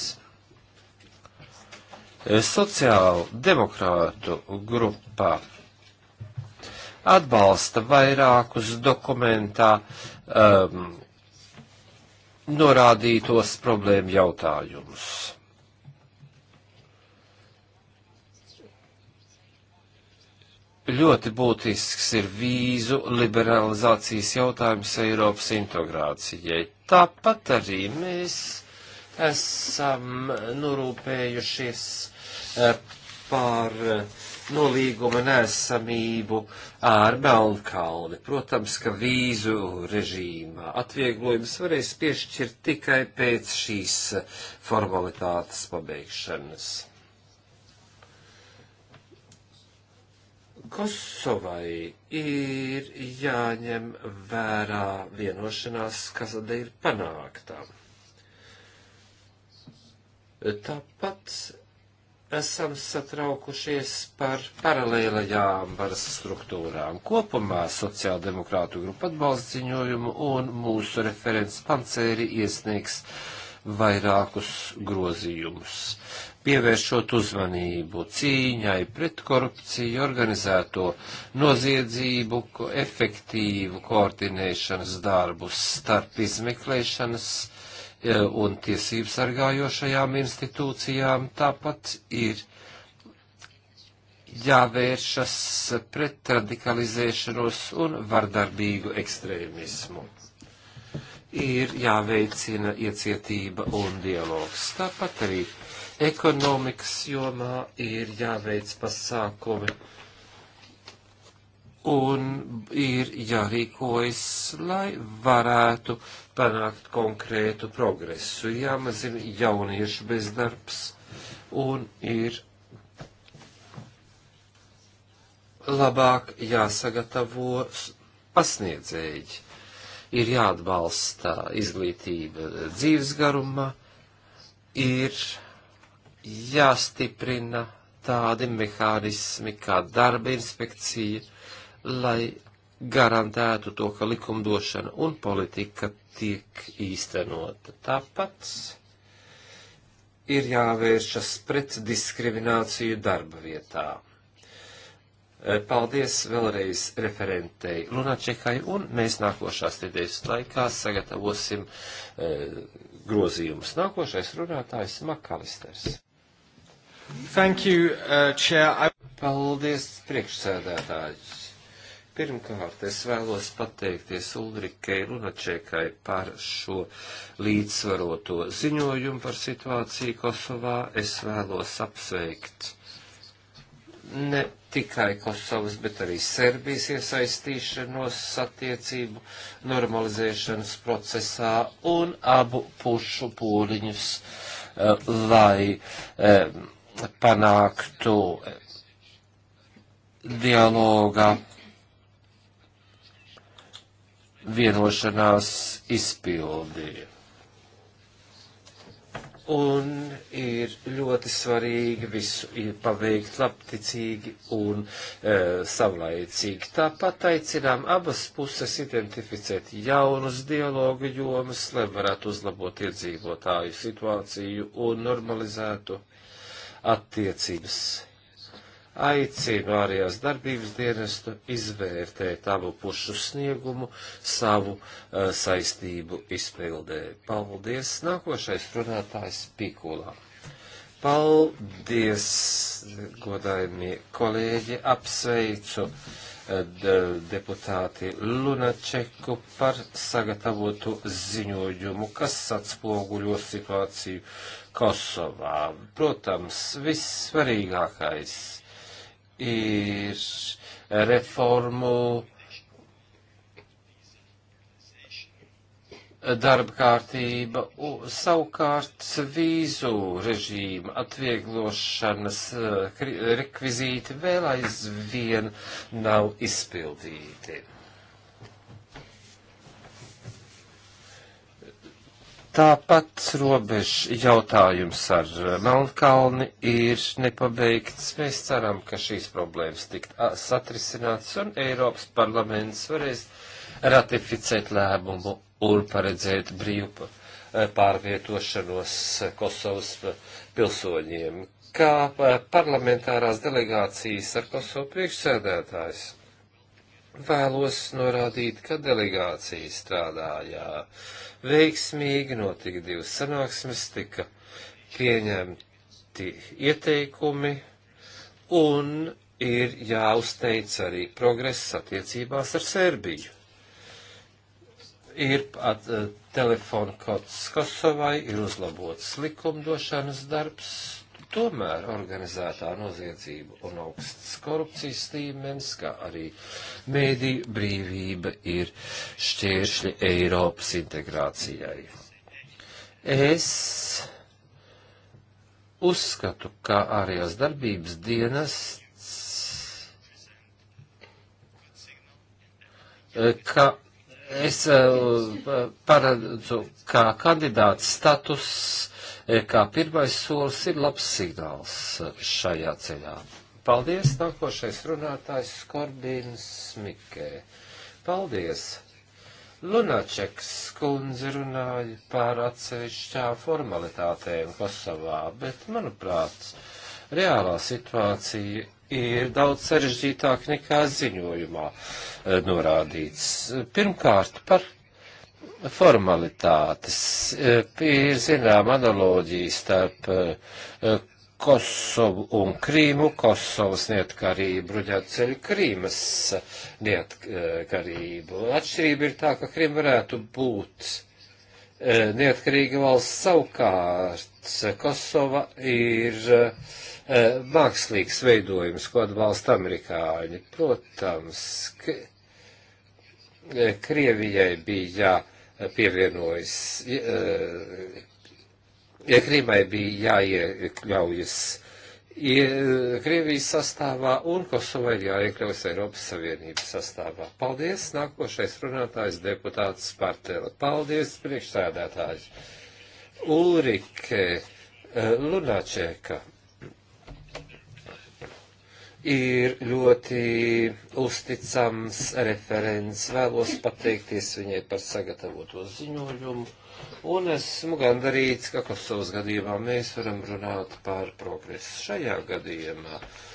Sociāla demokrātu grupā atbalsta vairākus dokumentā um, norādītos problēmu jautājumus. ļoti būtisks ir vīzu liberalizācijas jautājums Eiropas integrācijai. Tāpat arī mēs esam norūpējušies eh, par eh, nolīguma nesamību ar Melnkalni. Protams, ka vīzu režīmā atvieglojums varēs piešķirt tikai pēc šīs formalitātes pabeigšanas. Kosovai ir jāņem vērā vienošanās, kas tad ir panāktā. Tāpat esam satraukušies par paralēlajām varas struktūrām. Kopumā sociāldemokrātu grupa atbalsta ziņojumu un mūsu referents pancēri iesniegs vairākus grozījumus pievēršot uzmanību cīņai pret korupciju, organizēto noziedzību, efektīvu koordinēšanas darbus starp izmeklēšanas e, un tiesību sargājošajām institūcijām. Tāpat ir jāvēršas pret radikalizēšanos un vardarbīgu ekstrēmismu. Ir jāveicina iecietība un dialogs. Tāpat arī ekonomikas jomā ir jāveic pasākumi un ir jārīkojas, lai varētu panākt konkrētu progresu. Jāmazina jauniešu bezdarbs un ir labāk jāsagatavo pasniedzēji. Ir jāatbalsta izglītība dzīves garumā, ir jāstiprina tādi mehānismi kā darba inspekcija, lai garantētu to, ka likumdošana un politika tiek īstenota. Tāpat ir jāvēršas pret diskrimināciju darba vietā. Eh, paldies vēlreiz referentei Lunačekai, un mēs nākošās nedēļas laikā sagatavosim e, grozījumus. Nākošais runātājs Makalisters. Thank you, uh, Chair. I... Paldies, priekšsēdētājs. Pirmkārt, es vēlos pateikties Ulrikai Lunačekai par šo līdzsvaroto ziņojumu par situāciju Kosovā. Es vēlos apsveikt ne tikai Kosovas, bet arī Serbijas iesaistīšanos attiecību normalizēšanas procesā un abu pušu pūliņus, uh, lai um, panāktu dialoga vienošanās izpildi. Un ir ļoti svarīgi visu paveikt labticīgi un e, savlaicīgi. Tāpat aicinām abas puses identificēt jaunus dialogu jomas, lai varētu uzlabot iedzīvotāju situāciju un normalizētu attiecības. Aicinu ārējās darbības dienestu izvērtēt abu pušu sniegumu savu uh, saistību izpildē. Paldies! Nākošais runātājs Pikulā. Paldies, godājumie kolēģi, apsveicu eh, deputāti Lunačeku par sagatavotu ziņojumu, kas atspoguļo situāciju Kosovā. Protams, vissvarīgākais ir reformu darba kārtība, savukārt vīzu režīma atvieglošanas eh, rekvizīti vēl aizvien nav izpildīti. Tāpat robežu jautājums ar eh, Melnkalni ir nepabeigts. Mēs ceram, ka šīs problēmas tikt satrisināts un Eiropas parlaments varēs ratificēt lēmumu un paredzēt brīvu eh, pārvietošanos eh, Kosovas pilsoņiem, kā parlamentārās delegācijas ar Kosovu priekšsēdētājs. Vēlos norādīt, ka delegācija strādāja veiksmīgi, notika divas sanāksmes, tika pieņemti ieteikumi un ir jāuzteic arī progress attiecībās ar Serbiju. Ir at, eh, telefona kods Kosovai, ir uzlabots likumdošanas darbs, Tomēr organizētā noziedzība un augsts korupcijas līmenis, kā arī mēdī brīvība ir šķēršļi Eiropas integrācijai. Es uzskatu, ka ārējās darbības dienas ka es eh, paredzu, ka kandidāts status kā pirmais solis ir labs signāls šajā ceļā. Paldies, nākošais runātājs Skorbīns Smikē. Paldies! Lunačeks kundze runāja par atsevišķām formalitātēm Kosovā, bet, manuprāt, reālā situācija ir daudz sarežģītāk nekā ziņojumā eh, norādīts. Pirmkārt, par formalitātes. E, ir zinām analoģija starp e, Kosovu un Krīmu, Kosovas neatkarību, bruģētceļu Krīmas neatkarību. Atšķirība ir tā, ka Krīma varētu būt e, neatkarīga valsts savukārt. Kosova ir mākslīgs veidojums, ko atbalsta amerikāņi. Protams, Krievijai bija jā pievienojas. Eh, ja Krīmai bija jāiekļaujas eh, Krievijas sastāvā un Kosova ir jāiekļaujas Eiropas Savienības sastāvā. Paldies, nākošais runātājs deputāts Partela. Paldies, priekšsēdētājs. Ulrike eh, Lunačēka ir ļoti uzticams referents. Vēlos pateikties viņai par sagatavoto ziņojumu. Un esmu gandarīts, ka Kosovas gadījumā mēs varam runāt par progresu šajā gadījumā. Uh,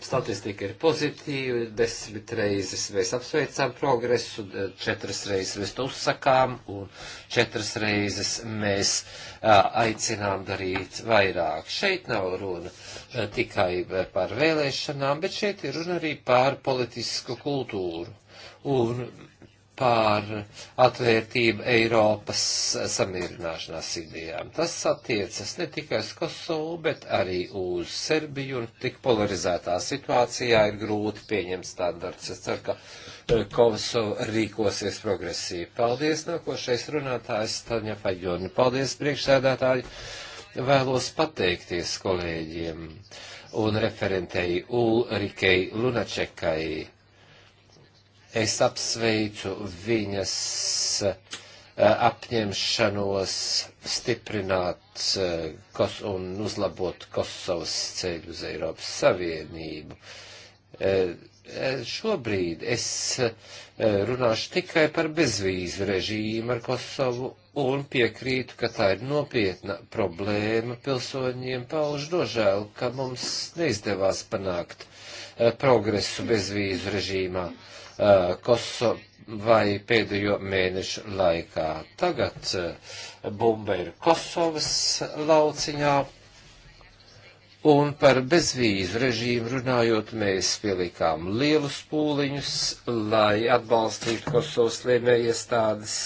statistika ir pozitīva, desmit reizes mēs apsveicām progresu, četras reizes mēs to uzsakām un četras reizes mēs aicinām darīt vairāk. Šeit nav runa tikai par vēlēšanām, bet šeit ir runa arī par politisku kultūru. Un pār atvērtību Eiropas samierināšanās idejām. Tas attiecas ne tikai uz Kosovu, bet arī uz Serbiju, un tik polarizētā situācijā ir grūti pieņemt standarts. Es ceru, ka eh, Kosova rīkosies progresīvi. Paldies, nākošais runātājs Taņa Faģoni. Paldies, priekšsēdētāji. Vēlos pateikties kolēģiem un referentei Ulrikei Lunačekai Es apsveicu viņas eh, apņemšanos stiprināt eh, kos un uzlabot Kosovas ceļu uz Eiropas Savienību. Eh, šobrīd es runāšu tikai par bezvīzu režīmu ar Kosovu un piekrītu, ka tā ir nopietna problēma pilsoņiem. Pauž nožēlu, ka mums neizdevās panākt progresu bezvīzu režīmā. Uh, Uh, Kosovai pēdējo mēnešu laikā. Tagad uh, bumba ir Kosovas lauciņā. Un par bezvīzu režīmu runājot, mēs pielikām lielus pūliņus, lai atbalstītu Kosovas lēmējiestādes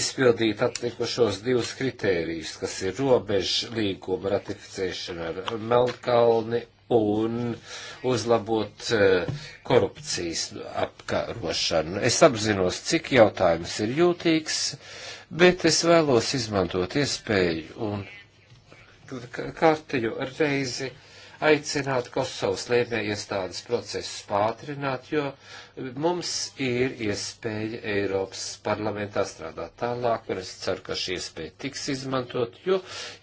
izpildīt atlikušos divus kritērijus, kas ir robežu līguma ratificēšana ar Melnkalni un uzlabot eh, korupcijas apkarošanu. Es apzinos, cik jautājums ir jūtīgs, bet es vēlos izmantot iespēju un kārtējo reizi aicināt Kosovas lēmē iestādes procesus pātrināt, jo mums ir iespēja Eiropas parlamentā strādāt tālāk, un es ceru, ka šī iespēja tiks izmantot, jo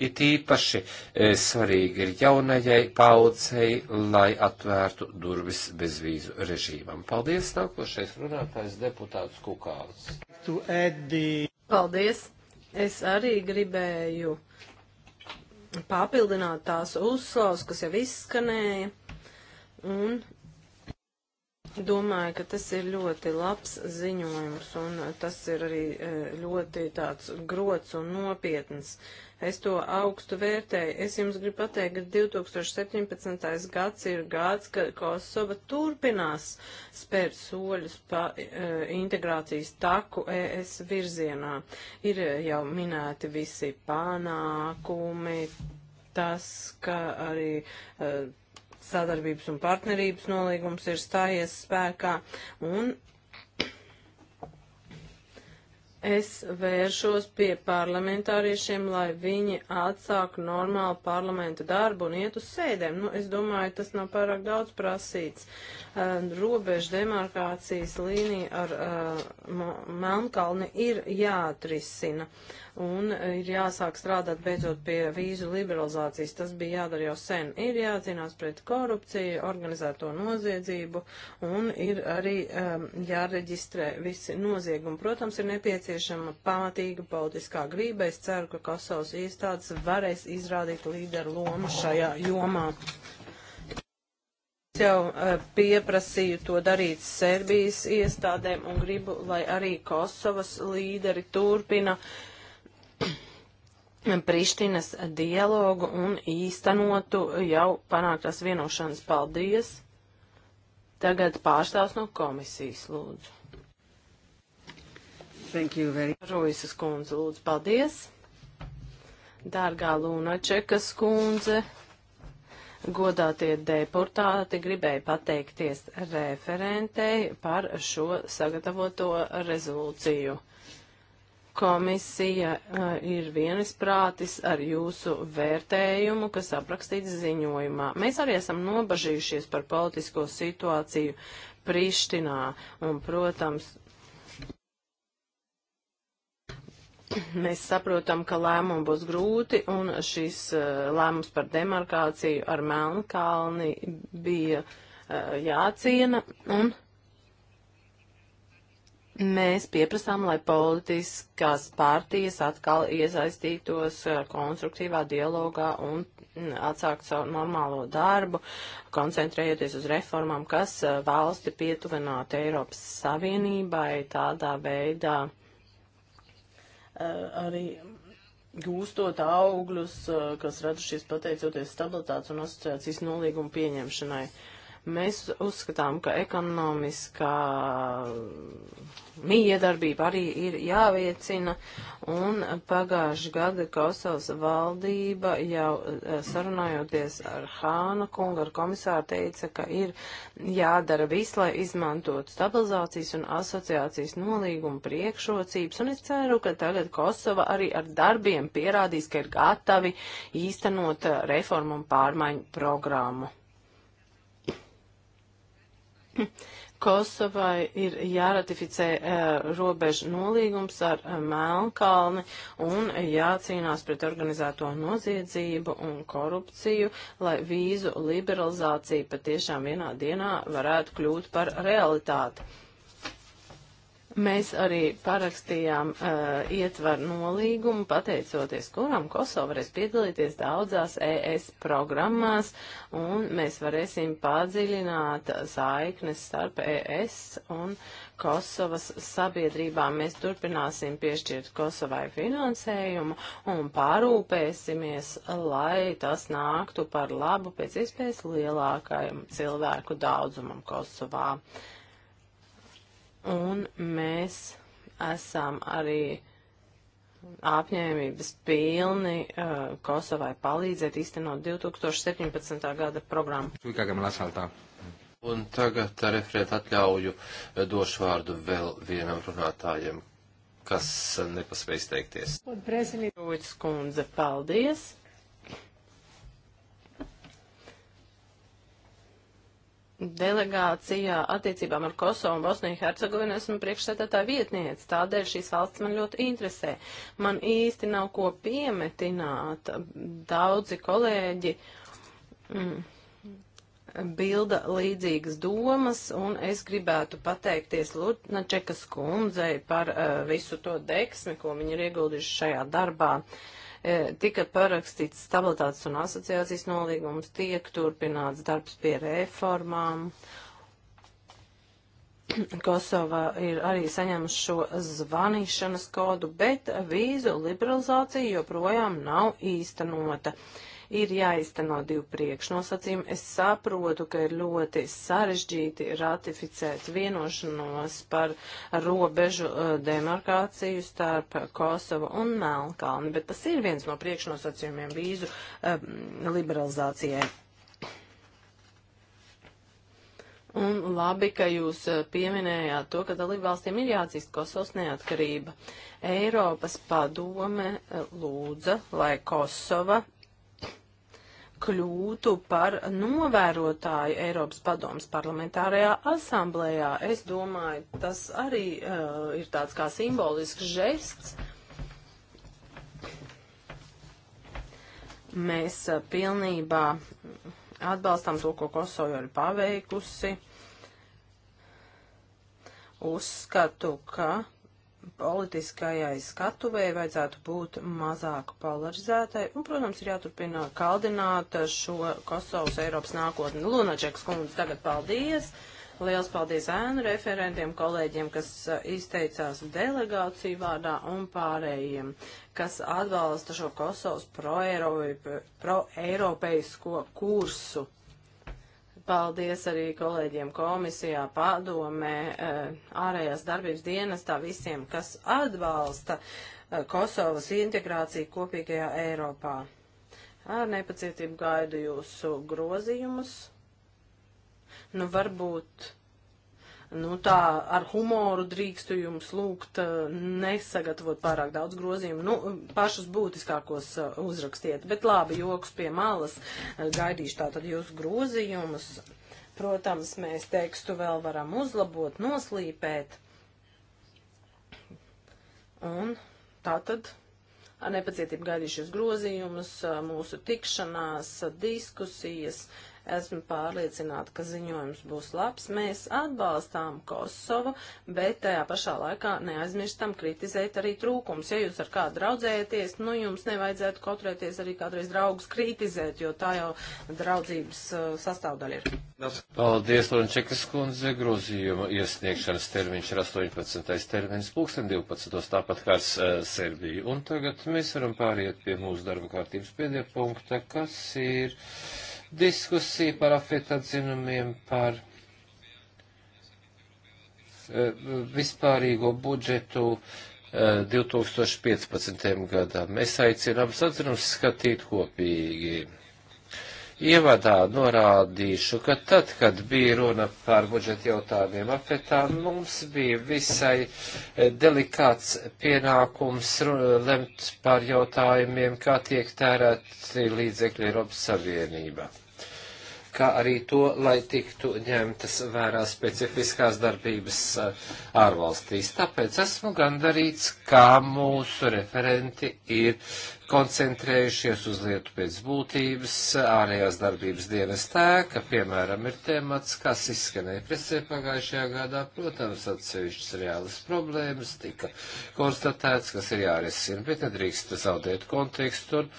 it īpaši e, svarīgi ir jaunajai paudzei, lai atvērtu durvis bezvīzu režīmam. Paldies, nākošais runātājs deputāts Kukāls. Paldies! Es arī gribēju papildināt tās uzslavas, kas jau izskanēja, un Domāju, ka tas ir ļoti labs ziņojums, un tas ir arī e, ļoti tāds grots un nopietns. Es to augstu vērtēju. Es jums gribu pateikt, ka 2017. gads ir gads, ka Kosova turpinās spērt soļus pa e, integrācijas taku ES virzienā. Ir jau minēti visi panākumi, tas, ka arī uh, sadarbības un partnerības nolīgums ir stājies spēkā, un Es vēršos pie parlamentāriešiem, lai viņi atsāktu normālu parlamentu darbu un iet uz sēdēm. Nu, es domāju, tas nav pārāk daudz prasīts. Uh, robežu demarkācijas līnija ar uh, Melnkalni ir jāatrisina un ir jāsāk strādāt beidzot pie vīzu liberalizācijas. Tas bija jādara jau sen. Ir jācīnās pret korupciju, organizēto noziedzību un ir arī um, jāreģistrē visi noziegumi. Protams, ir nepieciešams nepieciešama pamatīga politiskā grība. Es ceru, ka Kosovas iestādes varēs izrādīt līderu lomu šajā jomā. Es jau uh, pieprasīju to darīt Serbijas iestādēm un gribu, lai arī Kosovas līderi turpina [clears throat] Prištinas dialogu un īstenotu jau panāktās vienošanas. Paldies! Tagad pārstāvs no komisijas lūdzu. Thank you very much. Roisas kundze, lūdzu, paldies. Dārgā Lunačekas kundze, godātie deputāti, gribēju pateikties referentei par šo sagatavoto rezolūciju komisija uh, ir vienisprātis ar jūsu vērtējumu, kas aprakstīts ziņojumā. Mēs arī esam nobažījušies par politisko situāciju Prištinā, un, protams, Mēs saprotam, ka lēmumu būs grūti, un šis eh, lēmums par demarkāciju ar Melnkalni bija eh, jāciena, un mēs pieprasām, lai politiskās partijas atkal iesaistītos eh, konstruktīvā dialogā un mm, atsāktu savu normālo darbu, koncentrējoties uz reformām, kas valsti pietuvinātu Eiropas Savienībai tādā veidā Eh, arī gūstot augļus, eh, kas radušies pateicoties stabilitātes un asociācijas nolīgumu pieņemšanai. Uh, Mēs uzskatām, ka ekonomiskā miedarbība arī ir jāviecina, un pagājuši gada Kosovas valdība jau e, sarunājoties ar Hāna kungu, ar komisāru teica, ka ir jādara viss, lai izmantot stabilizācijas un asociācijas nolīgumu priekšrocības, un es ceru, ka tagad Kosova arī ar darbiem pierādīs, ka ir gatavi īstenot e, reformu un pārmaiņu programmu. [laughs] Kosovai ir jāratificē uh, robežu nolīgums ar uh, Melnkalni un jācīnās pret organizēto noziedzību un korupciju, lai vīzu liberalizācija patiešām vienā dienā varētu kļūt par realitāti. Mēs arī parakstījām uh, ietvaru nolīgumu, pateicoties kuram Kosova varēs piedalīties daudzās ES programmās, un mēs varēsim padziļināt saiknes starp ES un Kosovas sabiedrībām. Mēs turpināsim piešķirt Kosovai finansējumu un parūpēsimies, lai tas nāktu par labu pēc iespējas lielākajam cilvēku daudzumam Kosovā. Uh, Un mēs esam arī apņēmības pilni uh, Kosovai palīdzēt īstenot 2017. gada programmu. Tūkākam lasaltā. Un tagad referēt atļauju uh, došu vārdu vēl vienam runātājam, kas uh, nepaspēj izteikties. Un prezidents Kundze, paldies! delegācijā attiecībām ar Kosovu un Bosniju Hercegovinu esmu priekšsēdētāja vietniece, tādēļ šīs valsts man ļoti interesē. Man īsti nav ko piemetināt. Daudzi kolēģi mm, bilda līdzīgas domas, un es gribētu pateikties Lutnačekas kundzei par uh, visu to deksmi, ko viņi ir ieguldījuši šajā darbā. Uh, E, tika parakstīts stabilitātes un asociācijas nolīgums, tiek turpināts darbs pie reformām. [clears throat] Kosova ir arī saņēmusi šo zvanīšanas kodu, bet vīzu liberalizācija joprojām nav īstenota. Uh, ir jāizteno divi priekšnosacījumi. Es saprotu, ka ir ļoti sarežģīti ratificēt vienošanos par robežu uh, demarkāciju starp Kosovu un Melnkalni, bet tas ir viens no priekšnosacījumiem vīzu um, liberalizācijai. Un labi, ka jūs uh, pieminējāt to, ka dalībvalstīm ir jāatzīst Kosovas neatkarība. Eiropas padome uh, lūdza, lai Kosova kļūtu par novērotāju Eiropas padomas parlamentārajā asamblējā. Es domāju, tas arī uh, ir tāds kā simbolisks žests. Mēs uh, pilnībā atbalstām to, ko Kosovo ir paveikusi. Uzskatu, ka politiskajai skatuvēji vajadzētu būt mazāk polarizētai, un, protams, ir jāturpina kaldināt šo Kosovas Eiropas nākotni. Lunačeks kundze, tagad paldies! Liels paldies ēnu referentiem, kolēģiem, kas izteicās delegāciju vārdā un pārējiem, kas atbalsta šo Kosovas pro-eiropeisko pro kursu. Paldies arī kolēģiem komisijā, padomē, eh, ārējās darbības dienestā visiem, kas atbalsta eh, Kosovas integrāciju kopīgajā Eiropā. Ar nepacietību gaidu jūsu grozījumus. Nu, varbūt Nu, tā ar humoru drīkstu jums lūgt eh, nesagatavot pārāk daudz grozījumu. Nu, pašus būtiskākos eh, uzrakstiet, bet labi, joks pie malas. Eh, gaidīšu tātad jūsu grozījumus. Protams, mēs tekstu vēl varam uzlabot, noslīpēt. Un tātad ar nepacietību gaidīšos grozījumus, mūsu tikšanās, diskusijas. Uh, Esmu pārliecināta, ka ziņojums būs labs. Mēs atbalstām Kosovu, bet tajā pašā laikā neaizmirstam kritizēt arī trūkums. Ja jūs ar kādu draudzējaties, nu jums nevajadzētu kautrēties arī kādreiz draugus kritizēt, jo tā jau draudzības uh, sastāvdaļa ir. Paldies, Lončekas kundze, grozījuma iesniegšanas termiņš ir 18. termiņš, pulksten 12. tāpat kā uh, Serbija. Un tagad mēs varam pāriet pie mūsu darba kārtības pēdējā punkta, kas ir diskusija par afet atzinumiem, par e, vispārīgo budžetu 2015. E, gadam. Es aicinu abus atzinumus skatīt kopīgi. Ievadā norādīšu, ka tad, kad bija runa par budžeta jautājumiem apetā, mums bija visai delikāts pienākums lemt par jautājumiem, kā tiek tērēti līdzekļi Eiropas Savienībā kā arī to, lai tiktu ņemtas vērā specifiskās darbības eh, ārvalstīs. Tāpēc esmu gandarīts, kā mūsu referenti ir koncentrējušies uz lietu pēc būtības, ārējās darbības dienas tēka, piemēram, ir temats, kas izskanēja presē pagājušajā gadā, protams, atsevišķas reālas problēmas, tika konstatēts, kas ir jārisina, bet nedrīkst zaudēt kontekstu un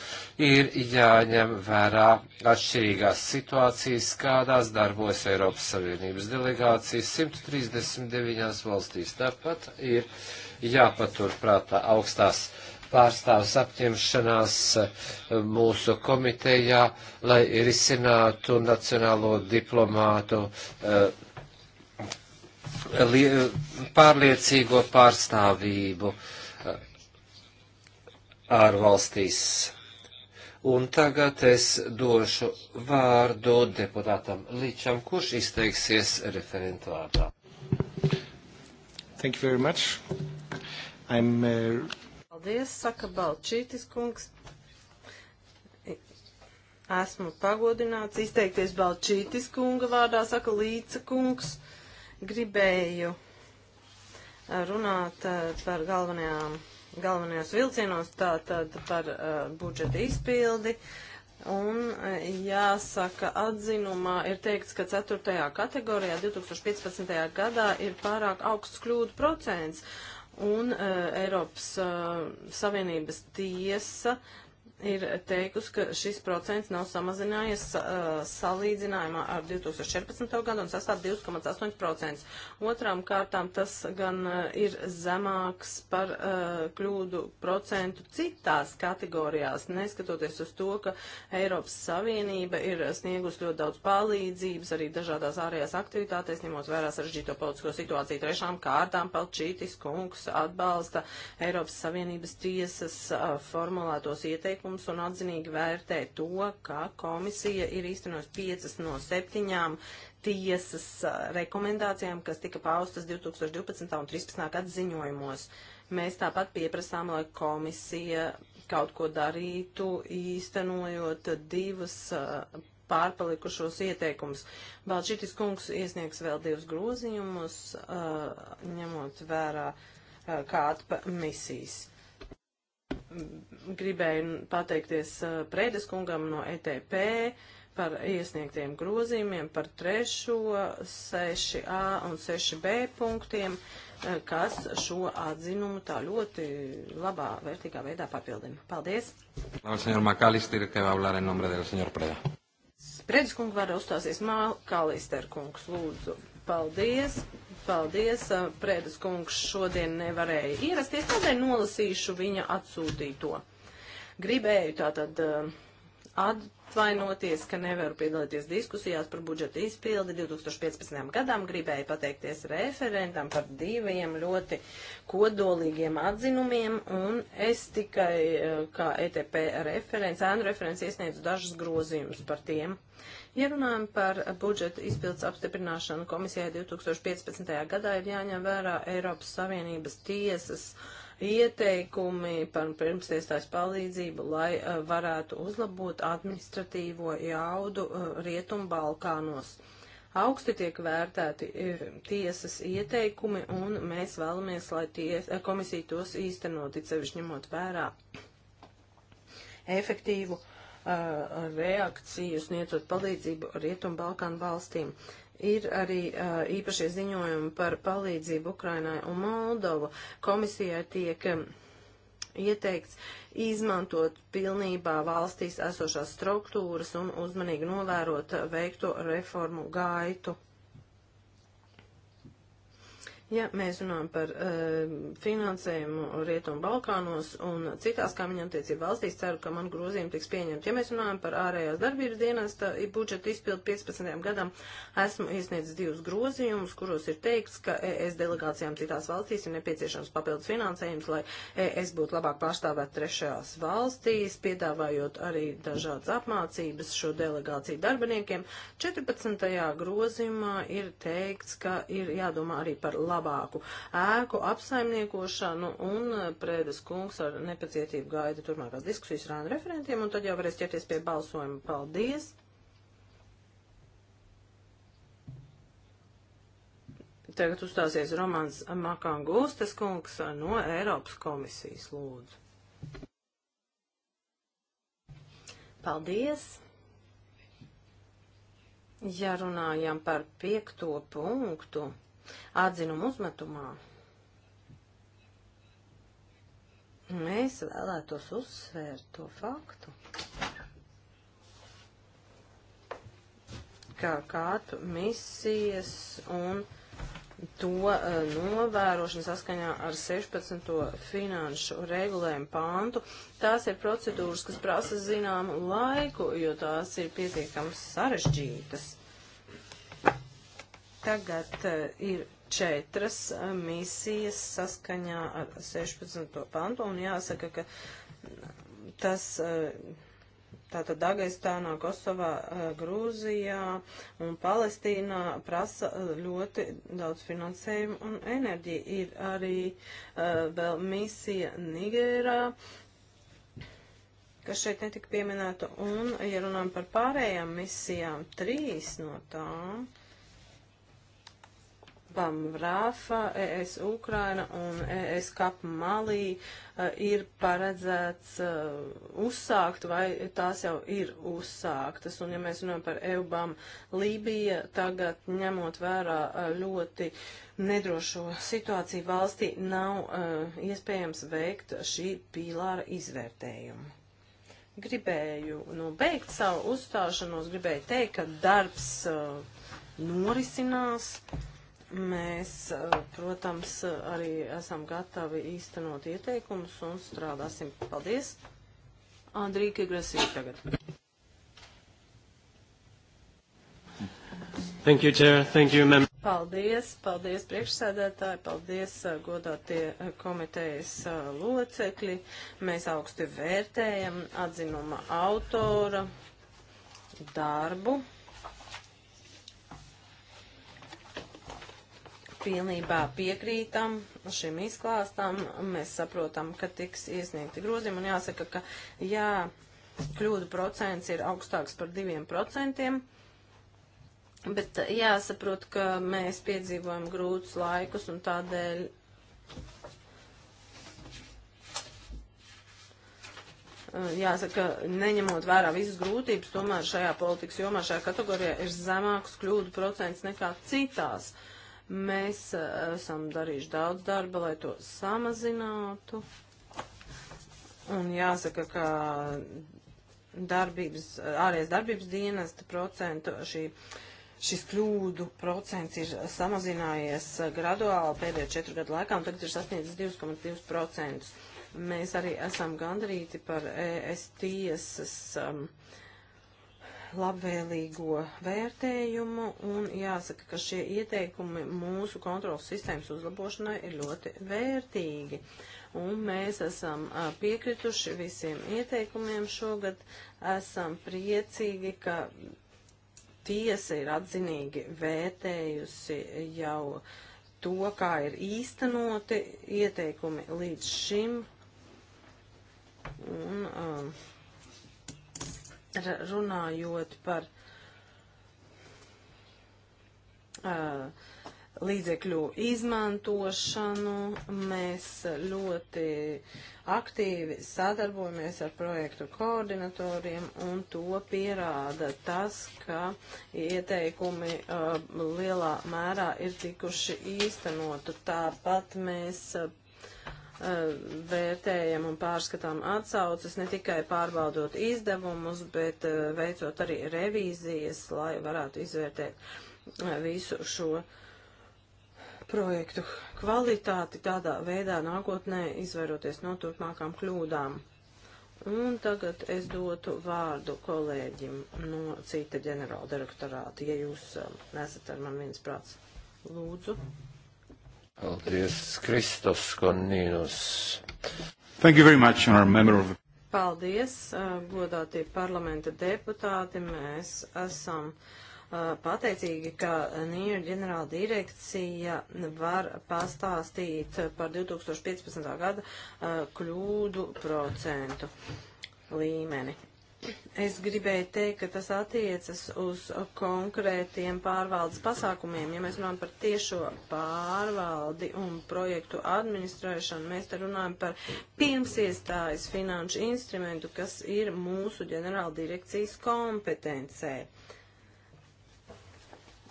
ir jāņem vērā atšķirīgās situācijas, kādās darbojas Eiropas Savienības delegācijas 139 valstīs. Tāpat ir jāpaturprātā augstās pārstāvs apņemšanās eh, mūsu komitejā, lai risinātu nacionālo diplomātu eh, pārliecīgo pārstāvību eh, ārvalstīs. Un tagad es došu vārdu deputātam Līčam, kurš izteiksies referentu vārdā. Thank you very much. I'm uh, Paldies, saka Balčītis kungs. Esmu pagodināts izteikties Balčītis kunga vārdā, saka Līca kungs. Gribēju runāt eh, par galvenajām, galvenajos vilcienos, tātad par uh, budžeta izpildi. Un eh, jāsaka, atzinumā ir teikts, ka 4. kategorijā 2015. gadā ir pārāk augsts kļūdu procents. Uh, Un uh, Eiropas uh, Savienības tiesa uh, ir teikusi, ka šis procents nav samazinājies uh, salīdzinājumā ar 2014. gadu un sastāv 2,8%. Otrām kārtām tas gan uh, ir zemāks par uh, kļūdu procentu citās kategorijās, neskatoties uz to, ka Eiropas Savienība ir sniegus ļoti daudz palīdzības arī dažādās ārējās aktivitātēs, ņemot vērā sarežģīto politisko situāciju. Trešām kārtām Palčītis kungs atbalsta Eiropas Savienības tiesas uh, formulētos ieteikumus priekšlikums un atzinīgi vērtē to, ka komisija ir īstenojis piecas no septiņām tiesas uh, rekomendācijām, kas tika paustas 2012. un 2013. gada ziņojumos. Mēs tāpat pieprasām, lai komisija kaut ko darītu, īstenojot divas uh, pārpalikušos ieteikumus. Balčītis kungs iesniegs vēl divus groziņumus, uh, ņemot vērā kāda misijas gribēju pateikties uh, Prēdes kungam no ETP par iesniegtiem grozījumiem, par trešo 6a un 6b punktiem, uh, kas šo atzinumu tā ļoti labā, vērtīgā veidā papildina. Paldies! Prēdes kungu var uzstāsies Mākalister kungs, lūdzu. Paldies! paldies. Uh, Prēdas kungs šodien nevarēja ierasties, tādēļ nolasīšu viņa atsūtīto. Gribēju tātad eh, atvainoties, ka nevaru piedalīties diskusijās par budžeta izpildi 2015. gadam. Gribēju pateikties referentam par diviem ļoti kodolīgiem atzinumiem, un es tikai eh, kā ETP referents, ēnu referents iesniedzu dažus grozījumus par tiem. Ja runājam par budžeta izpildes apstiprināšanu komisijai 2015. gadā, ir jāņem vērā Eiropas Savienības tiesas uh, ieteikumi par pirmstiestājas palīdzību, lai uh, varētu uzlabot administratīvo jaudu uh, Rietumbalkānos. Augsti tiek vērtēti uh, tiesas ieteikumi, un mēs vēlamies, lai ties, uh, komisija tos īstenot, it sevišķi ņemot vērā efektīvu uh, reakciju sniedzot palīdzību Rietumbalkānu valstīm. Uh, Ir arī uh, īpašie ziņojumi par palīdzību Ukrainai un Moldovu. Komisijai tiek um, ieteikts izmantot pilnībā valstīs esošās struktūras un uzmanīgi novērot veikto reformu gaitu. Ja mēs runājam par uh, finansējumu Rietumu Balkānos un citās kaimiņattiecību valstīs, ceru, ka man grozījumi tiks pieņemti. Ja mēs runājam par ārējās darbības dienas budžetu izpildu 15. gadam, esmu iesniedzis divus grozījumus, kuros ir teikts, ka ES delegācijām citās valstīs ir nepieciešams papildus finansējums, lai ES būtu labāk pārstāvēt trešajās valstīs, piedāvājot arī dažādas apmācības šo delegāciju darbiniekiem. 14. grozījumā ir teikts, ka ir jādomā arī par labu labāku ēku apsaimniekošanu un eh, prēdas kungs ar nepacietību gaida turmākās diskusijas ar ānu referentiem un tad jau varēs ķerties pie balsojuma. Paldies! Tagad uzstāsies Romans Makangūstas kungs no Eiropas komisijas lūdzu. Paldies! Ja runājam par piekto punktu, atzinumu uzmetumā mēs vēlētos uzsvērt to faktu, ka kādu misijas un to uh, eh, novērošanu saskaņā ar 16. finanšu regulējumu pāntu. Tās ir procedūras, kas prasa zināmu laiku, jo tās ir pietiekami sarežģītas. Tagad e, ir četras e, misijas saskaņā ar 16. pantu, un jāsaka, ka tas e, tātad Dagestānā, Kosovā, Grūzijā un Palestīnā prasa ļoti daudz finansējumu un enerģiju. Ir arī uh, vēl misija Nigērā, kas šeit netika pieminēta, un, ja runājam par pārējām misijām, trīs no tām Pam Rāfa, ES Ukraina un ES Kap Malī e, ir paredzēts e, uzsākt vai tās jau ir uzsāktas. Un ja mēs runājam par EUBAM Lībija, tagad ņemot vērā e, ļoti nedrošo situāciju valstī, nav iespējams veikt šī pīlāra izvērtējumu. Gribēju nobeigt nu, savu uzstāšanos, gribēju teikt, ka darbs norisinās. Mēs, eh, protams, arī esam gatavi īstenot ieteikumus un strādāsim. Paldies! Andrīka Grasī tagad. Thank you, Chair. Thank you, Mem. Paldies, paldies priekšsēdētāji, paldies eh, godātie eh, komitejas locekļi. Mēs augsti vērtējam atzinuma autora darbu. pilnībā piekrītam šim izklāstam. Mēs saprotam, ka tiks iesniegti grozījumi un jāsaka, ka jā, kļūdu procents ir augstāks par diviem procentiem. Bet jāsaprot, ka mēs piedzīvojam grūtus laikus un tādēļ jāsaka, neņemot vērā visas grūtības, tomēr šajā politikas jomā, šajā kategorijā ir zemāks kļūdu procents nekā citās. Uh, Mēs uh, esam darījuši daudz darba, lai to samazinātu. Un jāsaka, ka darbības, ārējais darbības dienesta procentu šī, šis kļūdu procents ir samazinājies uh, graduāli pēdējo četru gadu laikā un tagad ir sasniedzis 2,2%. Mēs arī esam gandrīti par ES tiesas um, uh, labvēlīgo vērtējumu, un jāsaka, ka šie ieteikumi mūsu kontrolas sistēmas uzlabošanai ir ļoti vērtīgi. Un mēs esam piekrituši visiem ieteikumiem šogad, esam priecīgi, ka tiesa ir atzinīgi vērtējusi jau to, kā ir īstenoti ieteikumi līdz šim. Un, uh, runājot par uh, līdzekļu izmantošanu, mēs ļoti aktīvi sadarbojamies ar projektu koordinatoriem, un to pierāda tas, ka ieteikumi uh, lielā mērā ir tikuši īstenota. Tāpat mēs uh, Eh, vērtējam un pārskatām atsaucas, ne tikai pārbaudot izdevumus, bet eh, veicot arī revīzijas, lai varētu izvērtēt eh, visu šo projektu kvalitāti tādā veidā nākotnē, izvairoties no turpmākām kļūdām. Un tagad es dotu vārdu kolēģim no cita ģenerāla direktorāta, ja jūs esat ar man viens prāts. Lūdzu. Mm -hmm. Paldies, Kristos Konīnos. Thank you very much, our member of the... Paldies, uh, godātie parlamenta deputāti. Mēs esam uh, pateicīgi, ka NIR ģenerāla direkcija var pastāstīt par 2015. gada uh, kļūdu procentu līmeni. Es gribēju teikt, ka tas attiecas uz konkrētiem pārvaldes pasākumiem. Ja mēs runājam par tiešo pārvaldi un projektu administrēšanu, mēs te runājam par pirms iestājas finanšu instrumentu, kas ir mūsu ģenerāldirekcijas kompetencē.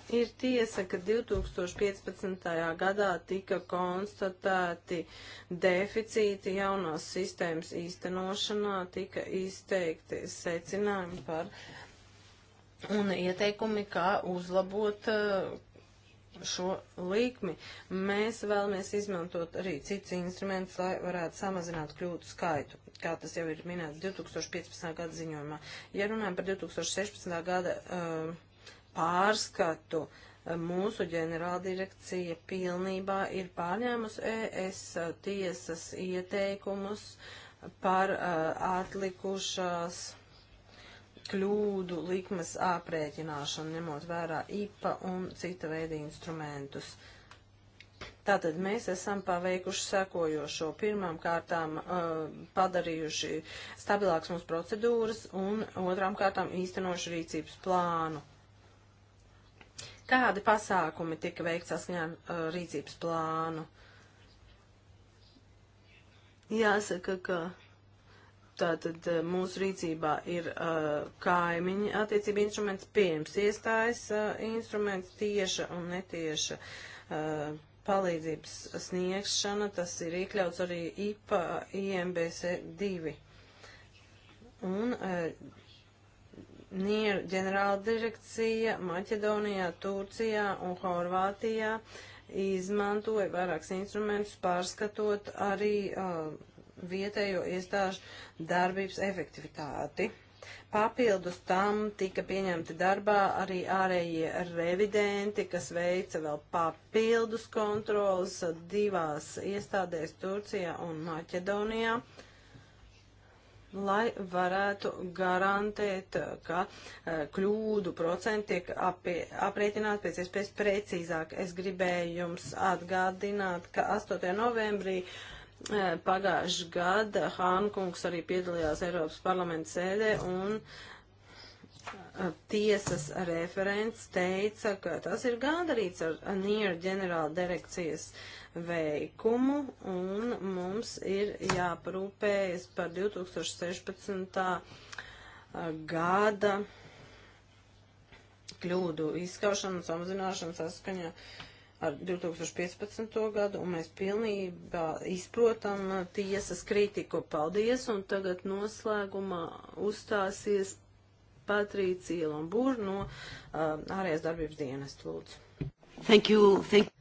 Ir tiesa, ka 2015. gadā tika konstatēti deficīti jaunās sistēmas īstenošanā, tika izteikti secinājumi par un ieteikumi, kā uzlabot uh, šo likmi. Mēs vēlamies izmantot arī cits instruments, lai varētu samazināt kļūtu skaitu, kā tas jau ir minēts 2015. gada ziņojumā. Ja runājam par 2016. gada uh, pārskatu. Mūsu ģenerāldirekcija pilnībā ir pārņēmusi ES tiesas ieteikumus par uh, atlikušās kļūdu likmes aprēķināšanu, ņemot vērā IPA un cita veida instrumentus. Tātad mēs esam paveikuši sekojošo. Pirmām kārtām uh, padarījuši stabilāks mūsu procedūras un otrām kārtām īstenojuši rīcības plānu. Kādi pasākumi tika veikts saskaņā ar uh, rīcības plānu? Jāsaka, ka tātad uh, mūsu rīcībā ir uh, kaimiņa attiecība instruments, pirms iestājas uh, instruments, tieša un netieša uh, palīdzības sniegšana, tas ir iekļauts arī IPA IMBC 2. Un uh, NIR ģenerāldirekcija Maķedonijā, Turcijā un Horvātijā izmantoja vairākus instrumentus, pārskatot arī uh, vietējo iestāžu darbības efektivitāti. Papildus tam tika pieņemti darbā arī ārējie revidenti, kas veica vēl papildus kontrolas divās iestādēs Turcijā un Maķedonijā. Uh, lai varētu garantēt, ka e, kļūdu procenti tiek apie, aprēķināti pēc iespējas precīzāk. Es gribēju jums atgādināt, ka 8. novembrī e, pagājuši gada Hānkungs arī piedalījās Eiropas parlamenta sēdē un e, tiesas referents teica, ka tas ir gandarīts ar NIR ģenerāla direkcijas uh, veikumu un mums ir jāparūpējas par 2016. gada kļūdu izskaušanu un samazināšanu saskaņā ar 2015. gadu, un mēs pilnībā izprotam tiesas kritiku. Paldies, un tagad noslēgumā uzstāsies Patrīcija Lambūra no uh, ārējās darbības dienestu. Lūdzu. Thank you. Thank you.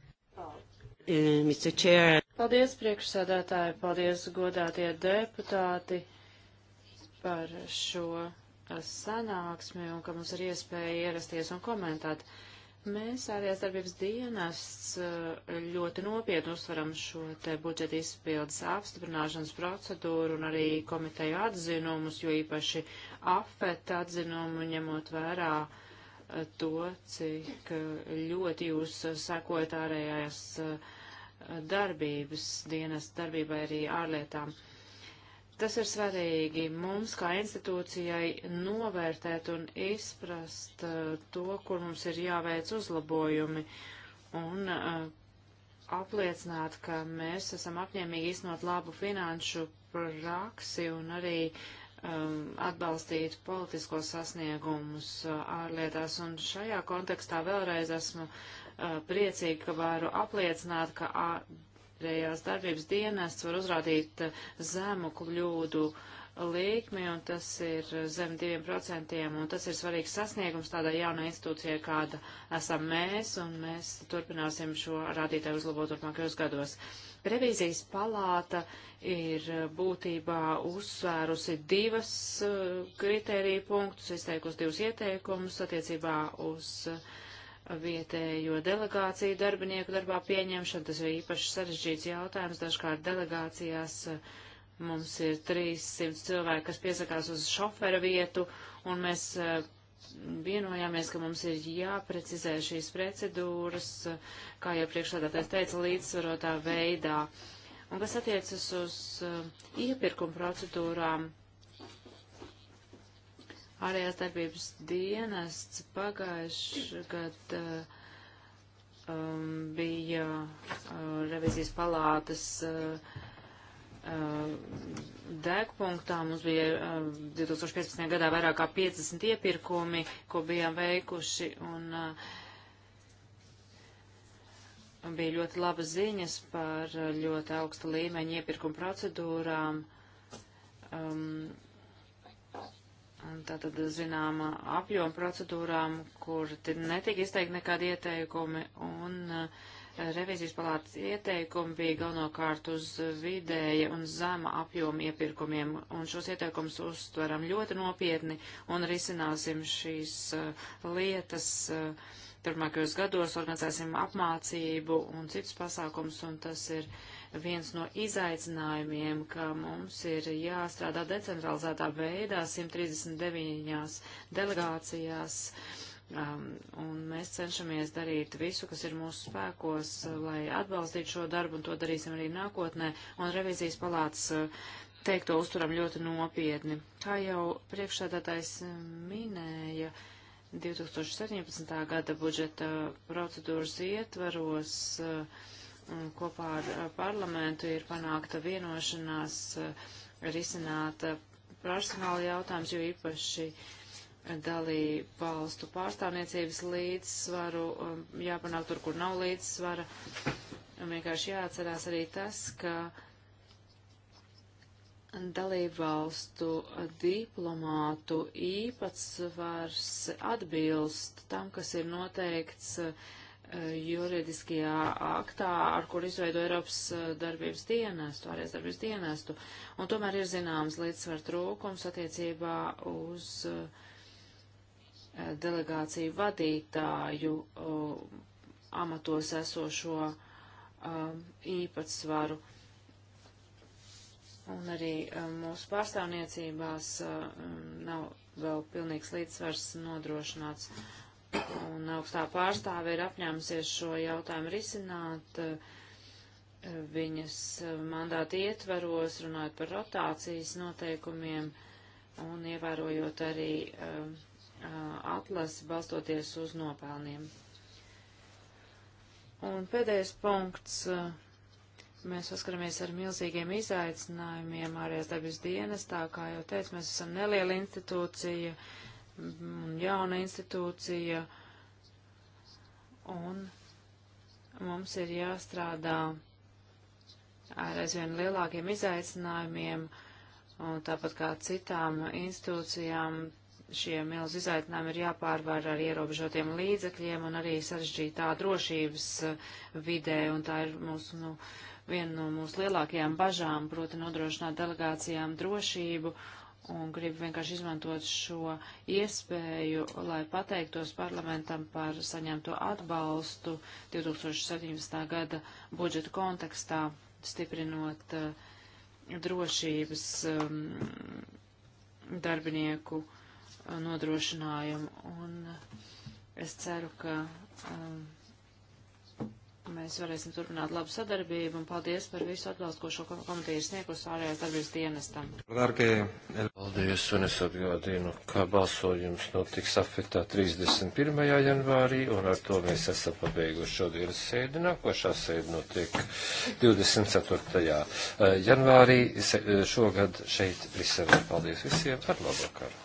Uh, Mr. Chair. Paldies, priekšsēdētāji, paldies, godātie deputāti, par šo uh, sanāksmi un ka mums ir iespēja ierasties un komentēt. Mēs ārējās darbības dienests uh, ļoti nopietni uztveram šo te budžeta izpildes apstiprināšanas procedūru un arī komiteju atzinumus, jo īpaši afet atzinumu ņemot vērā to, cik ļoti jūs sekojat ārējās darbības darbības dienas darbībai arī ārlietām. Tas ir svarīgi mums kā institūcijai novērtēt un izprast uh, to, kur mums ir jāveic uzlabojumi un uh, apliecināt, ka mēs esam apņēmīgi iznot labu finanšu praksi un arī um, atbalstīt politiskos sasniegumus uh, ārlietās. Un šajā kontekstā vēlreiz esmu uh, Eh, priecīgi, ka varu apliecināt, ka ārējās darbības dienests var uzrādīt eh, zemu kļūdu līkmi, un tas ir zem diviem procentiem, un tas ir svarīgs sasniegums tādai jaunai institūcijai, kāda esam mēs, un mēs turpināsim šo rādītāju uzlabot turpmākajos gados. Revīzijas palāta ir eh, būtībā uzsvērusi divas uh, kritērija punktus, izteikusi divus ieteikumus attiecībā uz uh, vietējo delegāciju darbinieku darbā pieņemšanu. Tas bija īpaši sarežģīts jautājums. Dažkārt delegācijās eh, mums ir 300 cilvēki, kas piesakās uz šofera vietu, un mēs eh, vienojāmies, ka mums ir jāprecizē šīs procedūras, eh, kā jau priekšsādātājs teica, līdzsvarotā veidā. Un kas attiecas uz iepirkuma procedūrām, Ārējās darbības dienests pagājuši gad uh, um, bija uh, revizijas palātas uh, uh, degpunktā. Mums bija uh, 2015. gadā vairāk kā 50 iepirkumi, ko bijām veikuši. Un, uh, bija ļoti laba ziņas par ļoti augsta līmeņa iepirkuma procedūrām. Um, tātad zināma apjoma procedūrām, kur netika izteikti nekādi ieteikumi, un eh, revizijas palātas ieteikumi bija galvenokārt uz vidēja un zema apjoma iepirkumiem, un šos ieteikumus uztveram ļoti nopietni un risināsim šīs eh, lietas. Eh, Turmākajos gados organizēsim apmācību un citus pasākumus, un tas ir uh, viens no izaicinājumiem, ka mums ir jāstrādā decentralizētā veidā 139 delegācijās. Um, un mēs cenšamies darīt visu, kas ir mūsu spēkos, lai atbalstītu šo darbu, un to darīsim arī nākotnē. Un revizijas palāts uh, teikto uzturam ļoti nopietni. Kā jau priekšsēdētājs uh, minēja, 2017. gada budžeta procedūras ietvaros uh, kopā ar eh, parlamentu ir panākta vienošanās eh, risināt eh, personāla jautājums, jo īpaši dalīja valstu pārstāvniecības līdzsvaru, jāpanāk tur, kur nav līdzsvara. Vienkārši jāatcerās arī tas, ka dalību valstu diplomātu īpatsvars atbilst tam, kas ir noteikts uh, Eh, juridiskajā aktā, ar kur izveido Eiropas eh, darbības dienestu, ārējais darbības dienestu. Un tomēr ir zināms līdzsvar trūkums attiecībā uz eh, delegāciju vadītāju amatos esošo īpatsvaru. Un arī mūsu pārstāvniecībās nav vēl pilnīgs līdzsvars nodrošināts un augstā pārstāve ir apņēmusies šo jautājumu risināt eh, viņas eh, mandāta ietvaros, runājot par rotācijas noteikumiem un ievērojot arī eh, atlasi balstoties uz nopelniem. Un pēdējais punkts. Mēs saskaramies ar milzīgiem izaicinājumiem ārējās dabas dienestā, kā jau teicu, mēs esam neliela institūcija, uh, jauna institūcija, un mums ir jāstrādā ar aizvien lielākiem izaicinājumiem, un tāpat kā citām institūcijām, šie milz izaicinājumi ir jāpārvar ar ierobežotiem līdzekļiem un arī sarežģītā drošības eh, vidē, un tā ir mūsu, nu, viena no mūsu lielākajām bažām, proti nodrošināt delegācijām drošību. Uh, un gribu vienkārši izmantot šo iespēju, lai pateiktos parlamentam par saņemto atbalstu 2017. gada budžeta kontekstā, stiprinot uh, drošības um, darbinieku uh, nodrošinājumu. Un eh, es ceru, ka um, mēs varēsim turpināt labu sadarbību un paldies par visu atbalstu, ko šo komiteju ir sniegus ārējās darbības dienestam. Paldies, un es atgādinu, ka balsojums notiks afetā 31. janvārī, un ar to mēs esam pabeiguši šodienas sēdi. Nākošā sēdi notiek 24. Eh, janvārī eh, šogad šeit Briselē. Paldies visiem, ar labu vakaru!